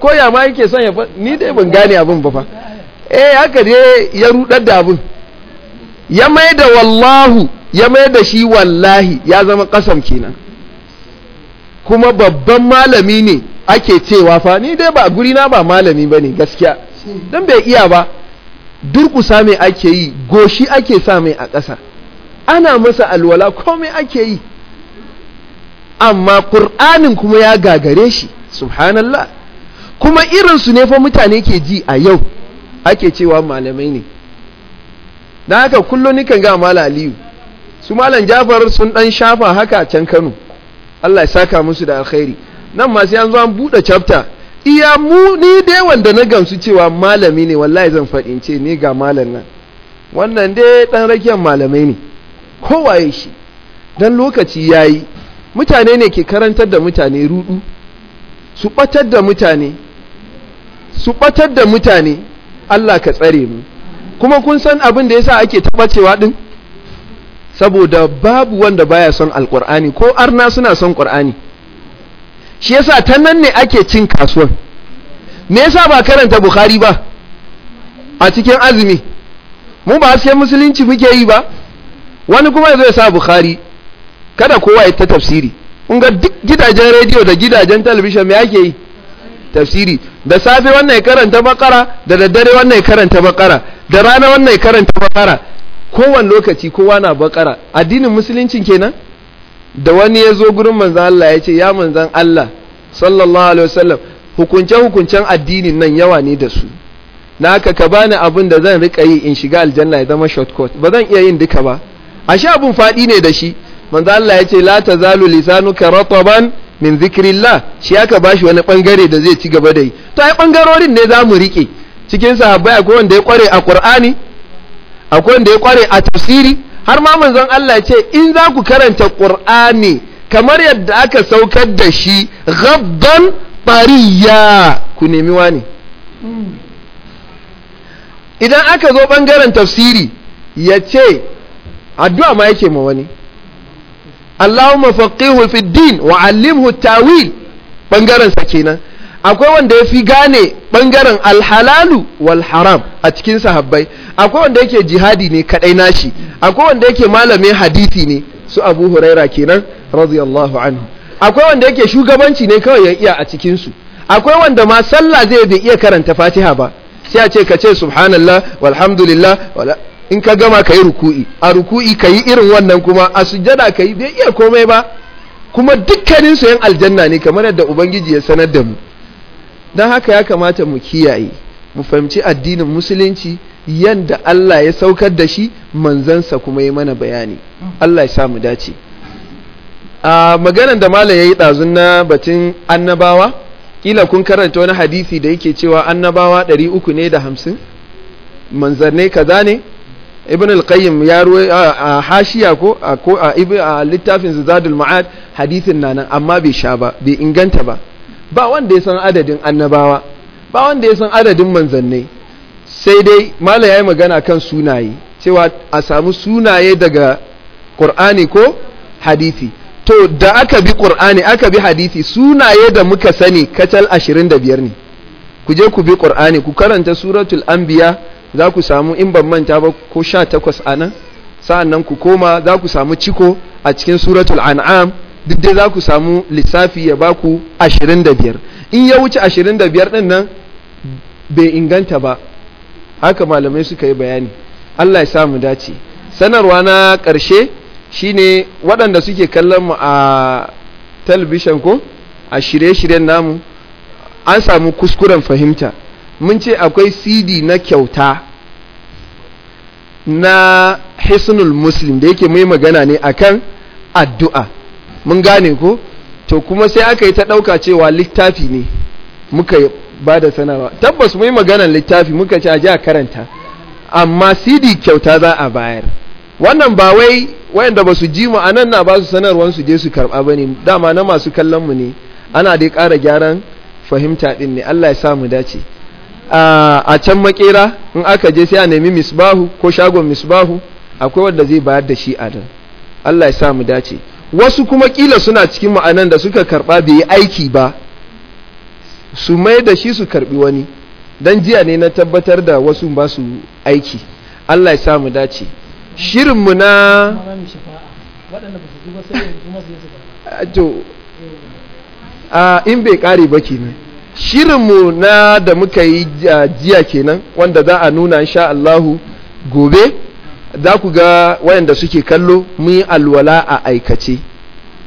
ko ya ma yake son ya ni dai ban gane abin ba fa eh haka dai ya rudar da abin ya mai da wallahu ya mai da shi wallahi ya zama kasam kenan kuma babban malami ne ake cewa fa ni dai ba guri na ba malami ba ne gaskiya don bai iya ba durkusa mai ake yi goshi ake sa mai a ƙasa ana masa alwala komai ake yi amma ƙur'anin kuma ya gagare shi subhanallah kuma irin su ne fa mutane ke ji a yau ake cewa malamai ne Da haka kullum nikan ga mala aliyu su malam jafar sun dan shafa haka can kano allah ya saka musu da alkhairi nan masu yanzu an buɗe cafta iya mu ni dai wanda na gamsu cewa malami ne wallahi zan faɗin ce ni ga malam nan wannan dai ɗan rakiyar malamai ne kowaye shi don lokaci ya yi mutane ne ke karantar da mutane rudu su ɓatar da mutane su ɓatar da mutane allah ka tsare mu kuma kun san abin da yasa ake tabacewa din saboda babu wanda baya son alkur'ani ko arna suna son qur'ani shi yasa ta nan ne ake cin kasuwan me yasa ba karanta bukhari ba a cikin azumi mu ba sai musulunci muke yi ba wani kuma zai sa bukhari kada kowa ya ta tafsiri kun ga duk gidajen rediyo da gidajen talabishin me ake yi tafsiri da safe wannan ya karanta bakara da daddare wannan ya karanta bakara da rana wannan ya karanta bakara kowane lokaci kowa na bakara addinin musuluncin kenan da wani ya zo gurin manzan Allah ya ce ya manzan Allah sallallahu alaihi wasallam hukunce hukuncen addinin nan yawa ne da su na haka ka bani abin da zan rika yi in shiga aljanna ya zama shortcut ba zan iya yin duka ba ashe abun faɗi ne da shi manzan Allah ya ce la tazalu lisanuka rataban min zikirillah shi aka bashi wani bangare da zai ci gaba da yi to ai bangarorin ne zamu rike cikin sahabbai akwai wanda ya kware a Qur'ani akwai wanda ya kware a tafsiri har ma manzon Allah ya ce in za ku karanta Qur'ani kamar yadda aka saukar da shi rabban bariya ku nemi wani idan aka zo bangaren tafsiri ya ce addu'a ma yake ma wani Allahumma faqihu fi din wa allimhu tawil bangaren sa kenan akwai wanda ya fi gane bangaren alhalalu wal haram a cikin sahabbai akwai wanda yake jihadi ne kadai nashi akwai wanda yake malamin hadisi ne su abu huraira kenan radiyallahu anhu akwai wanda yake shugabanci ne kawai ya iya a cikin su akwai wanda ma sallah zai bai iya karanta fatiha ba sai a ce ka ce subhanallah walhamdulillah wala in ka gama ka yi ruku'i a ruku'i ka yi irin wannan kuma a sujada ka yi bai iya komai ba kuma dukkanin su yan aljanna ne kamar yadda ubangiji ya sanar da mu don haka ya kamata mu kiyaye mu fahimci addinin musulunci yanda Allah ya saukar da shi manzansa kuma ya mana bayani Allah ya sa dace a maganar da malam ya yi ɗazun na batun annabawa kila kun karanta wani hadisi da yake cewa annabawa ɗari uku ne da hamsin manzannai kaza ne ibn al-qayyim ya ruwa a hashiya ko a littafin zadul ma'ad hadithin na nan amma bai sha ba bai inganta ba ba wanda ya san adadin annabawa ba wanda ya san adadin manzannai sai dai mala ya yi magana kan sunaye cewa a samu sunaye daga ƙur'ani ko hadisi to da aka bi ƙur'ani aka bi hadisi sunaye da muka sani kacal 25 ne ku je ku bi ƙur'ani ku karanta suratul anbiya za ku samu in ban manta ba ko sha takwas a nan sa'annan ku koma za ku samu ciko a cikin suratul an'am duk dai za ku samu lissafi ya baku ashirin da biyar in ya wuce ashirin da biyar ɗin nan bai inganta ba haka malamai suka yi bayani allah ya samu dace sanarwa na ƙarshe shine waɗanda suke kallon mu a talbishan ko a shirye-shiryen namu an samu kuskuren fahimta mun ce akwai cd na kyauta na hisnul muslim da yake mai magana ne akan addu'a mun gane ko to kuma sai aka yi ta ɗauka cewa littafi ne muka ba da sanawa tabbas mai maganan littafi muka ce a ji a karanta amma cd kyauta za a bayar wannan ba wai wayanda ba su ji mu anan na ba su sanarwar su je su karba ba ne dama na masu kallon mu ne ana dai ƙara gyaran fahimta ɗin ne allah ya sa mu dace a can makera in aka je sai a nemi misbahu ko shagon misbahu akwai wanda zai bayar da shi a nan Allah ya sa mu dace wasu kuma kila suna cikin ma'anan da suka karba bai yi aiki ba su mai da shi su karbi wani dan jiya ne na tabbatar da wasu ba su aiki Allah ya sa mu dace shirinmu na in bai kare ba kenan shirinmu na da muka yi jiya kenan wanda za a nuna insha Allahu gobe za ku ga wayanda suke kallo mun yi alwala a aikace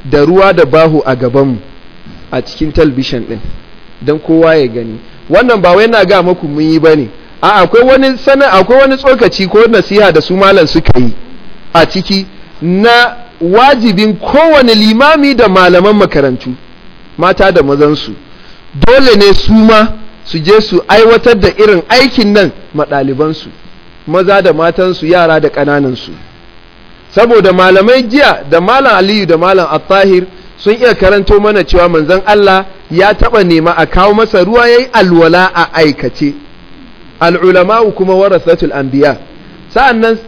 da ruwa da bahu a gabanmu a cikin talbishin din don kowa ya gani wannan ba wai na ga muku mun yi bane a akwai wani sana akwai wani tsokaci ko nasiha da su malam suka yi a ciki na wajibin kowane limami da malaman makarantu mata da mazansu su dole ne su ma su je su aiwatar da irin aikin nan maɗalibansu maza da matansu yara da ƙananansu saboda malamai jiya da malam aliyu da malam attahir sun iya karanto mana cewa manzon Allah ya taɓa nema a kawo masa ruwa ya yi alwala a aikace al'ulama'u kuma warasatul anbiya sa'an nan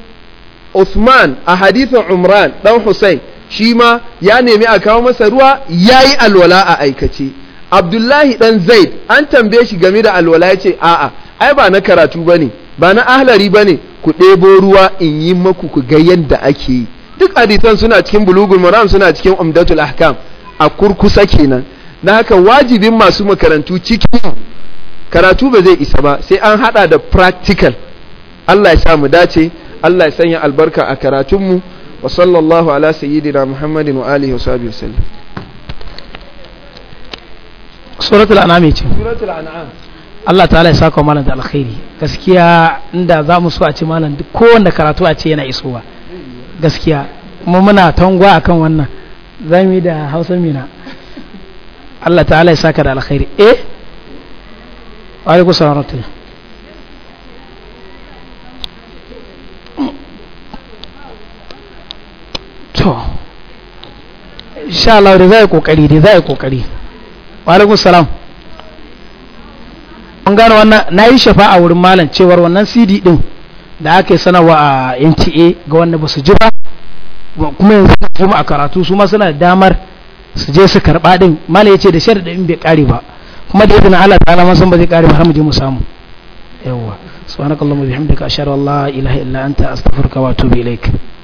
Usman a hadithin Umran ɗan Hussein shi ma ya nemi a kawo masa ruwa ya yi alwala a aikace abdullahi ɗan zaid an tambaye shi game da alwala ya ce a'a ai ba na karatu ba ne ba na ahlari ba ne ku ɗebo ruwa in yi maku ku ga yadda ake yi duk hadisan suna cikin bulugul maram suna cikin umdatul ahkam a kurkusa kenan na haka wajibin masu makarantu ciki karatu ba zai isa ba sai an haɗa da practical Allah ya sa mu dace Allah ya sanya albarka a karatunmu wa sallallahu ala sayyidina Muhammadin wa alihi wa sahbihi wasallam suratul an'am ce suratul an'am Allah ta'ala ya saka malam da alkhairi gaskiya inda za mu so a ce malam duk kowanne karatu a ce yana isowa gaskiya kuma muna tangwa akan wannan za mu yi da hausa mina Allah ta'ala ya saka da alkhairi eh wa alaikum salam to insha Allah da za a yi kokari da za a yi kokari walaikun salam an gano wannan na yi shafa a wurin malam cewar wannan cd din da ake sanarwa a nta ga wanda ba su ji ba kuma yanzu kuma a karatu su ma suna da damar su je su karba din malam ya ce da shar in bai kare ba kuma da yadda ala ta man sun ba zai kare ba har mu je mu samu yawwa subhanakallahumma bihamdika ashhadu an la ilaha illa anta astaghfiruka wa atubu ilaik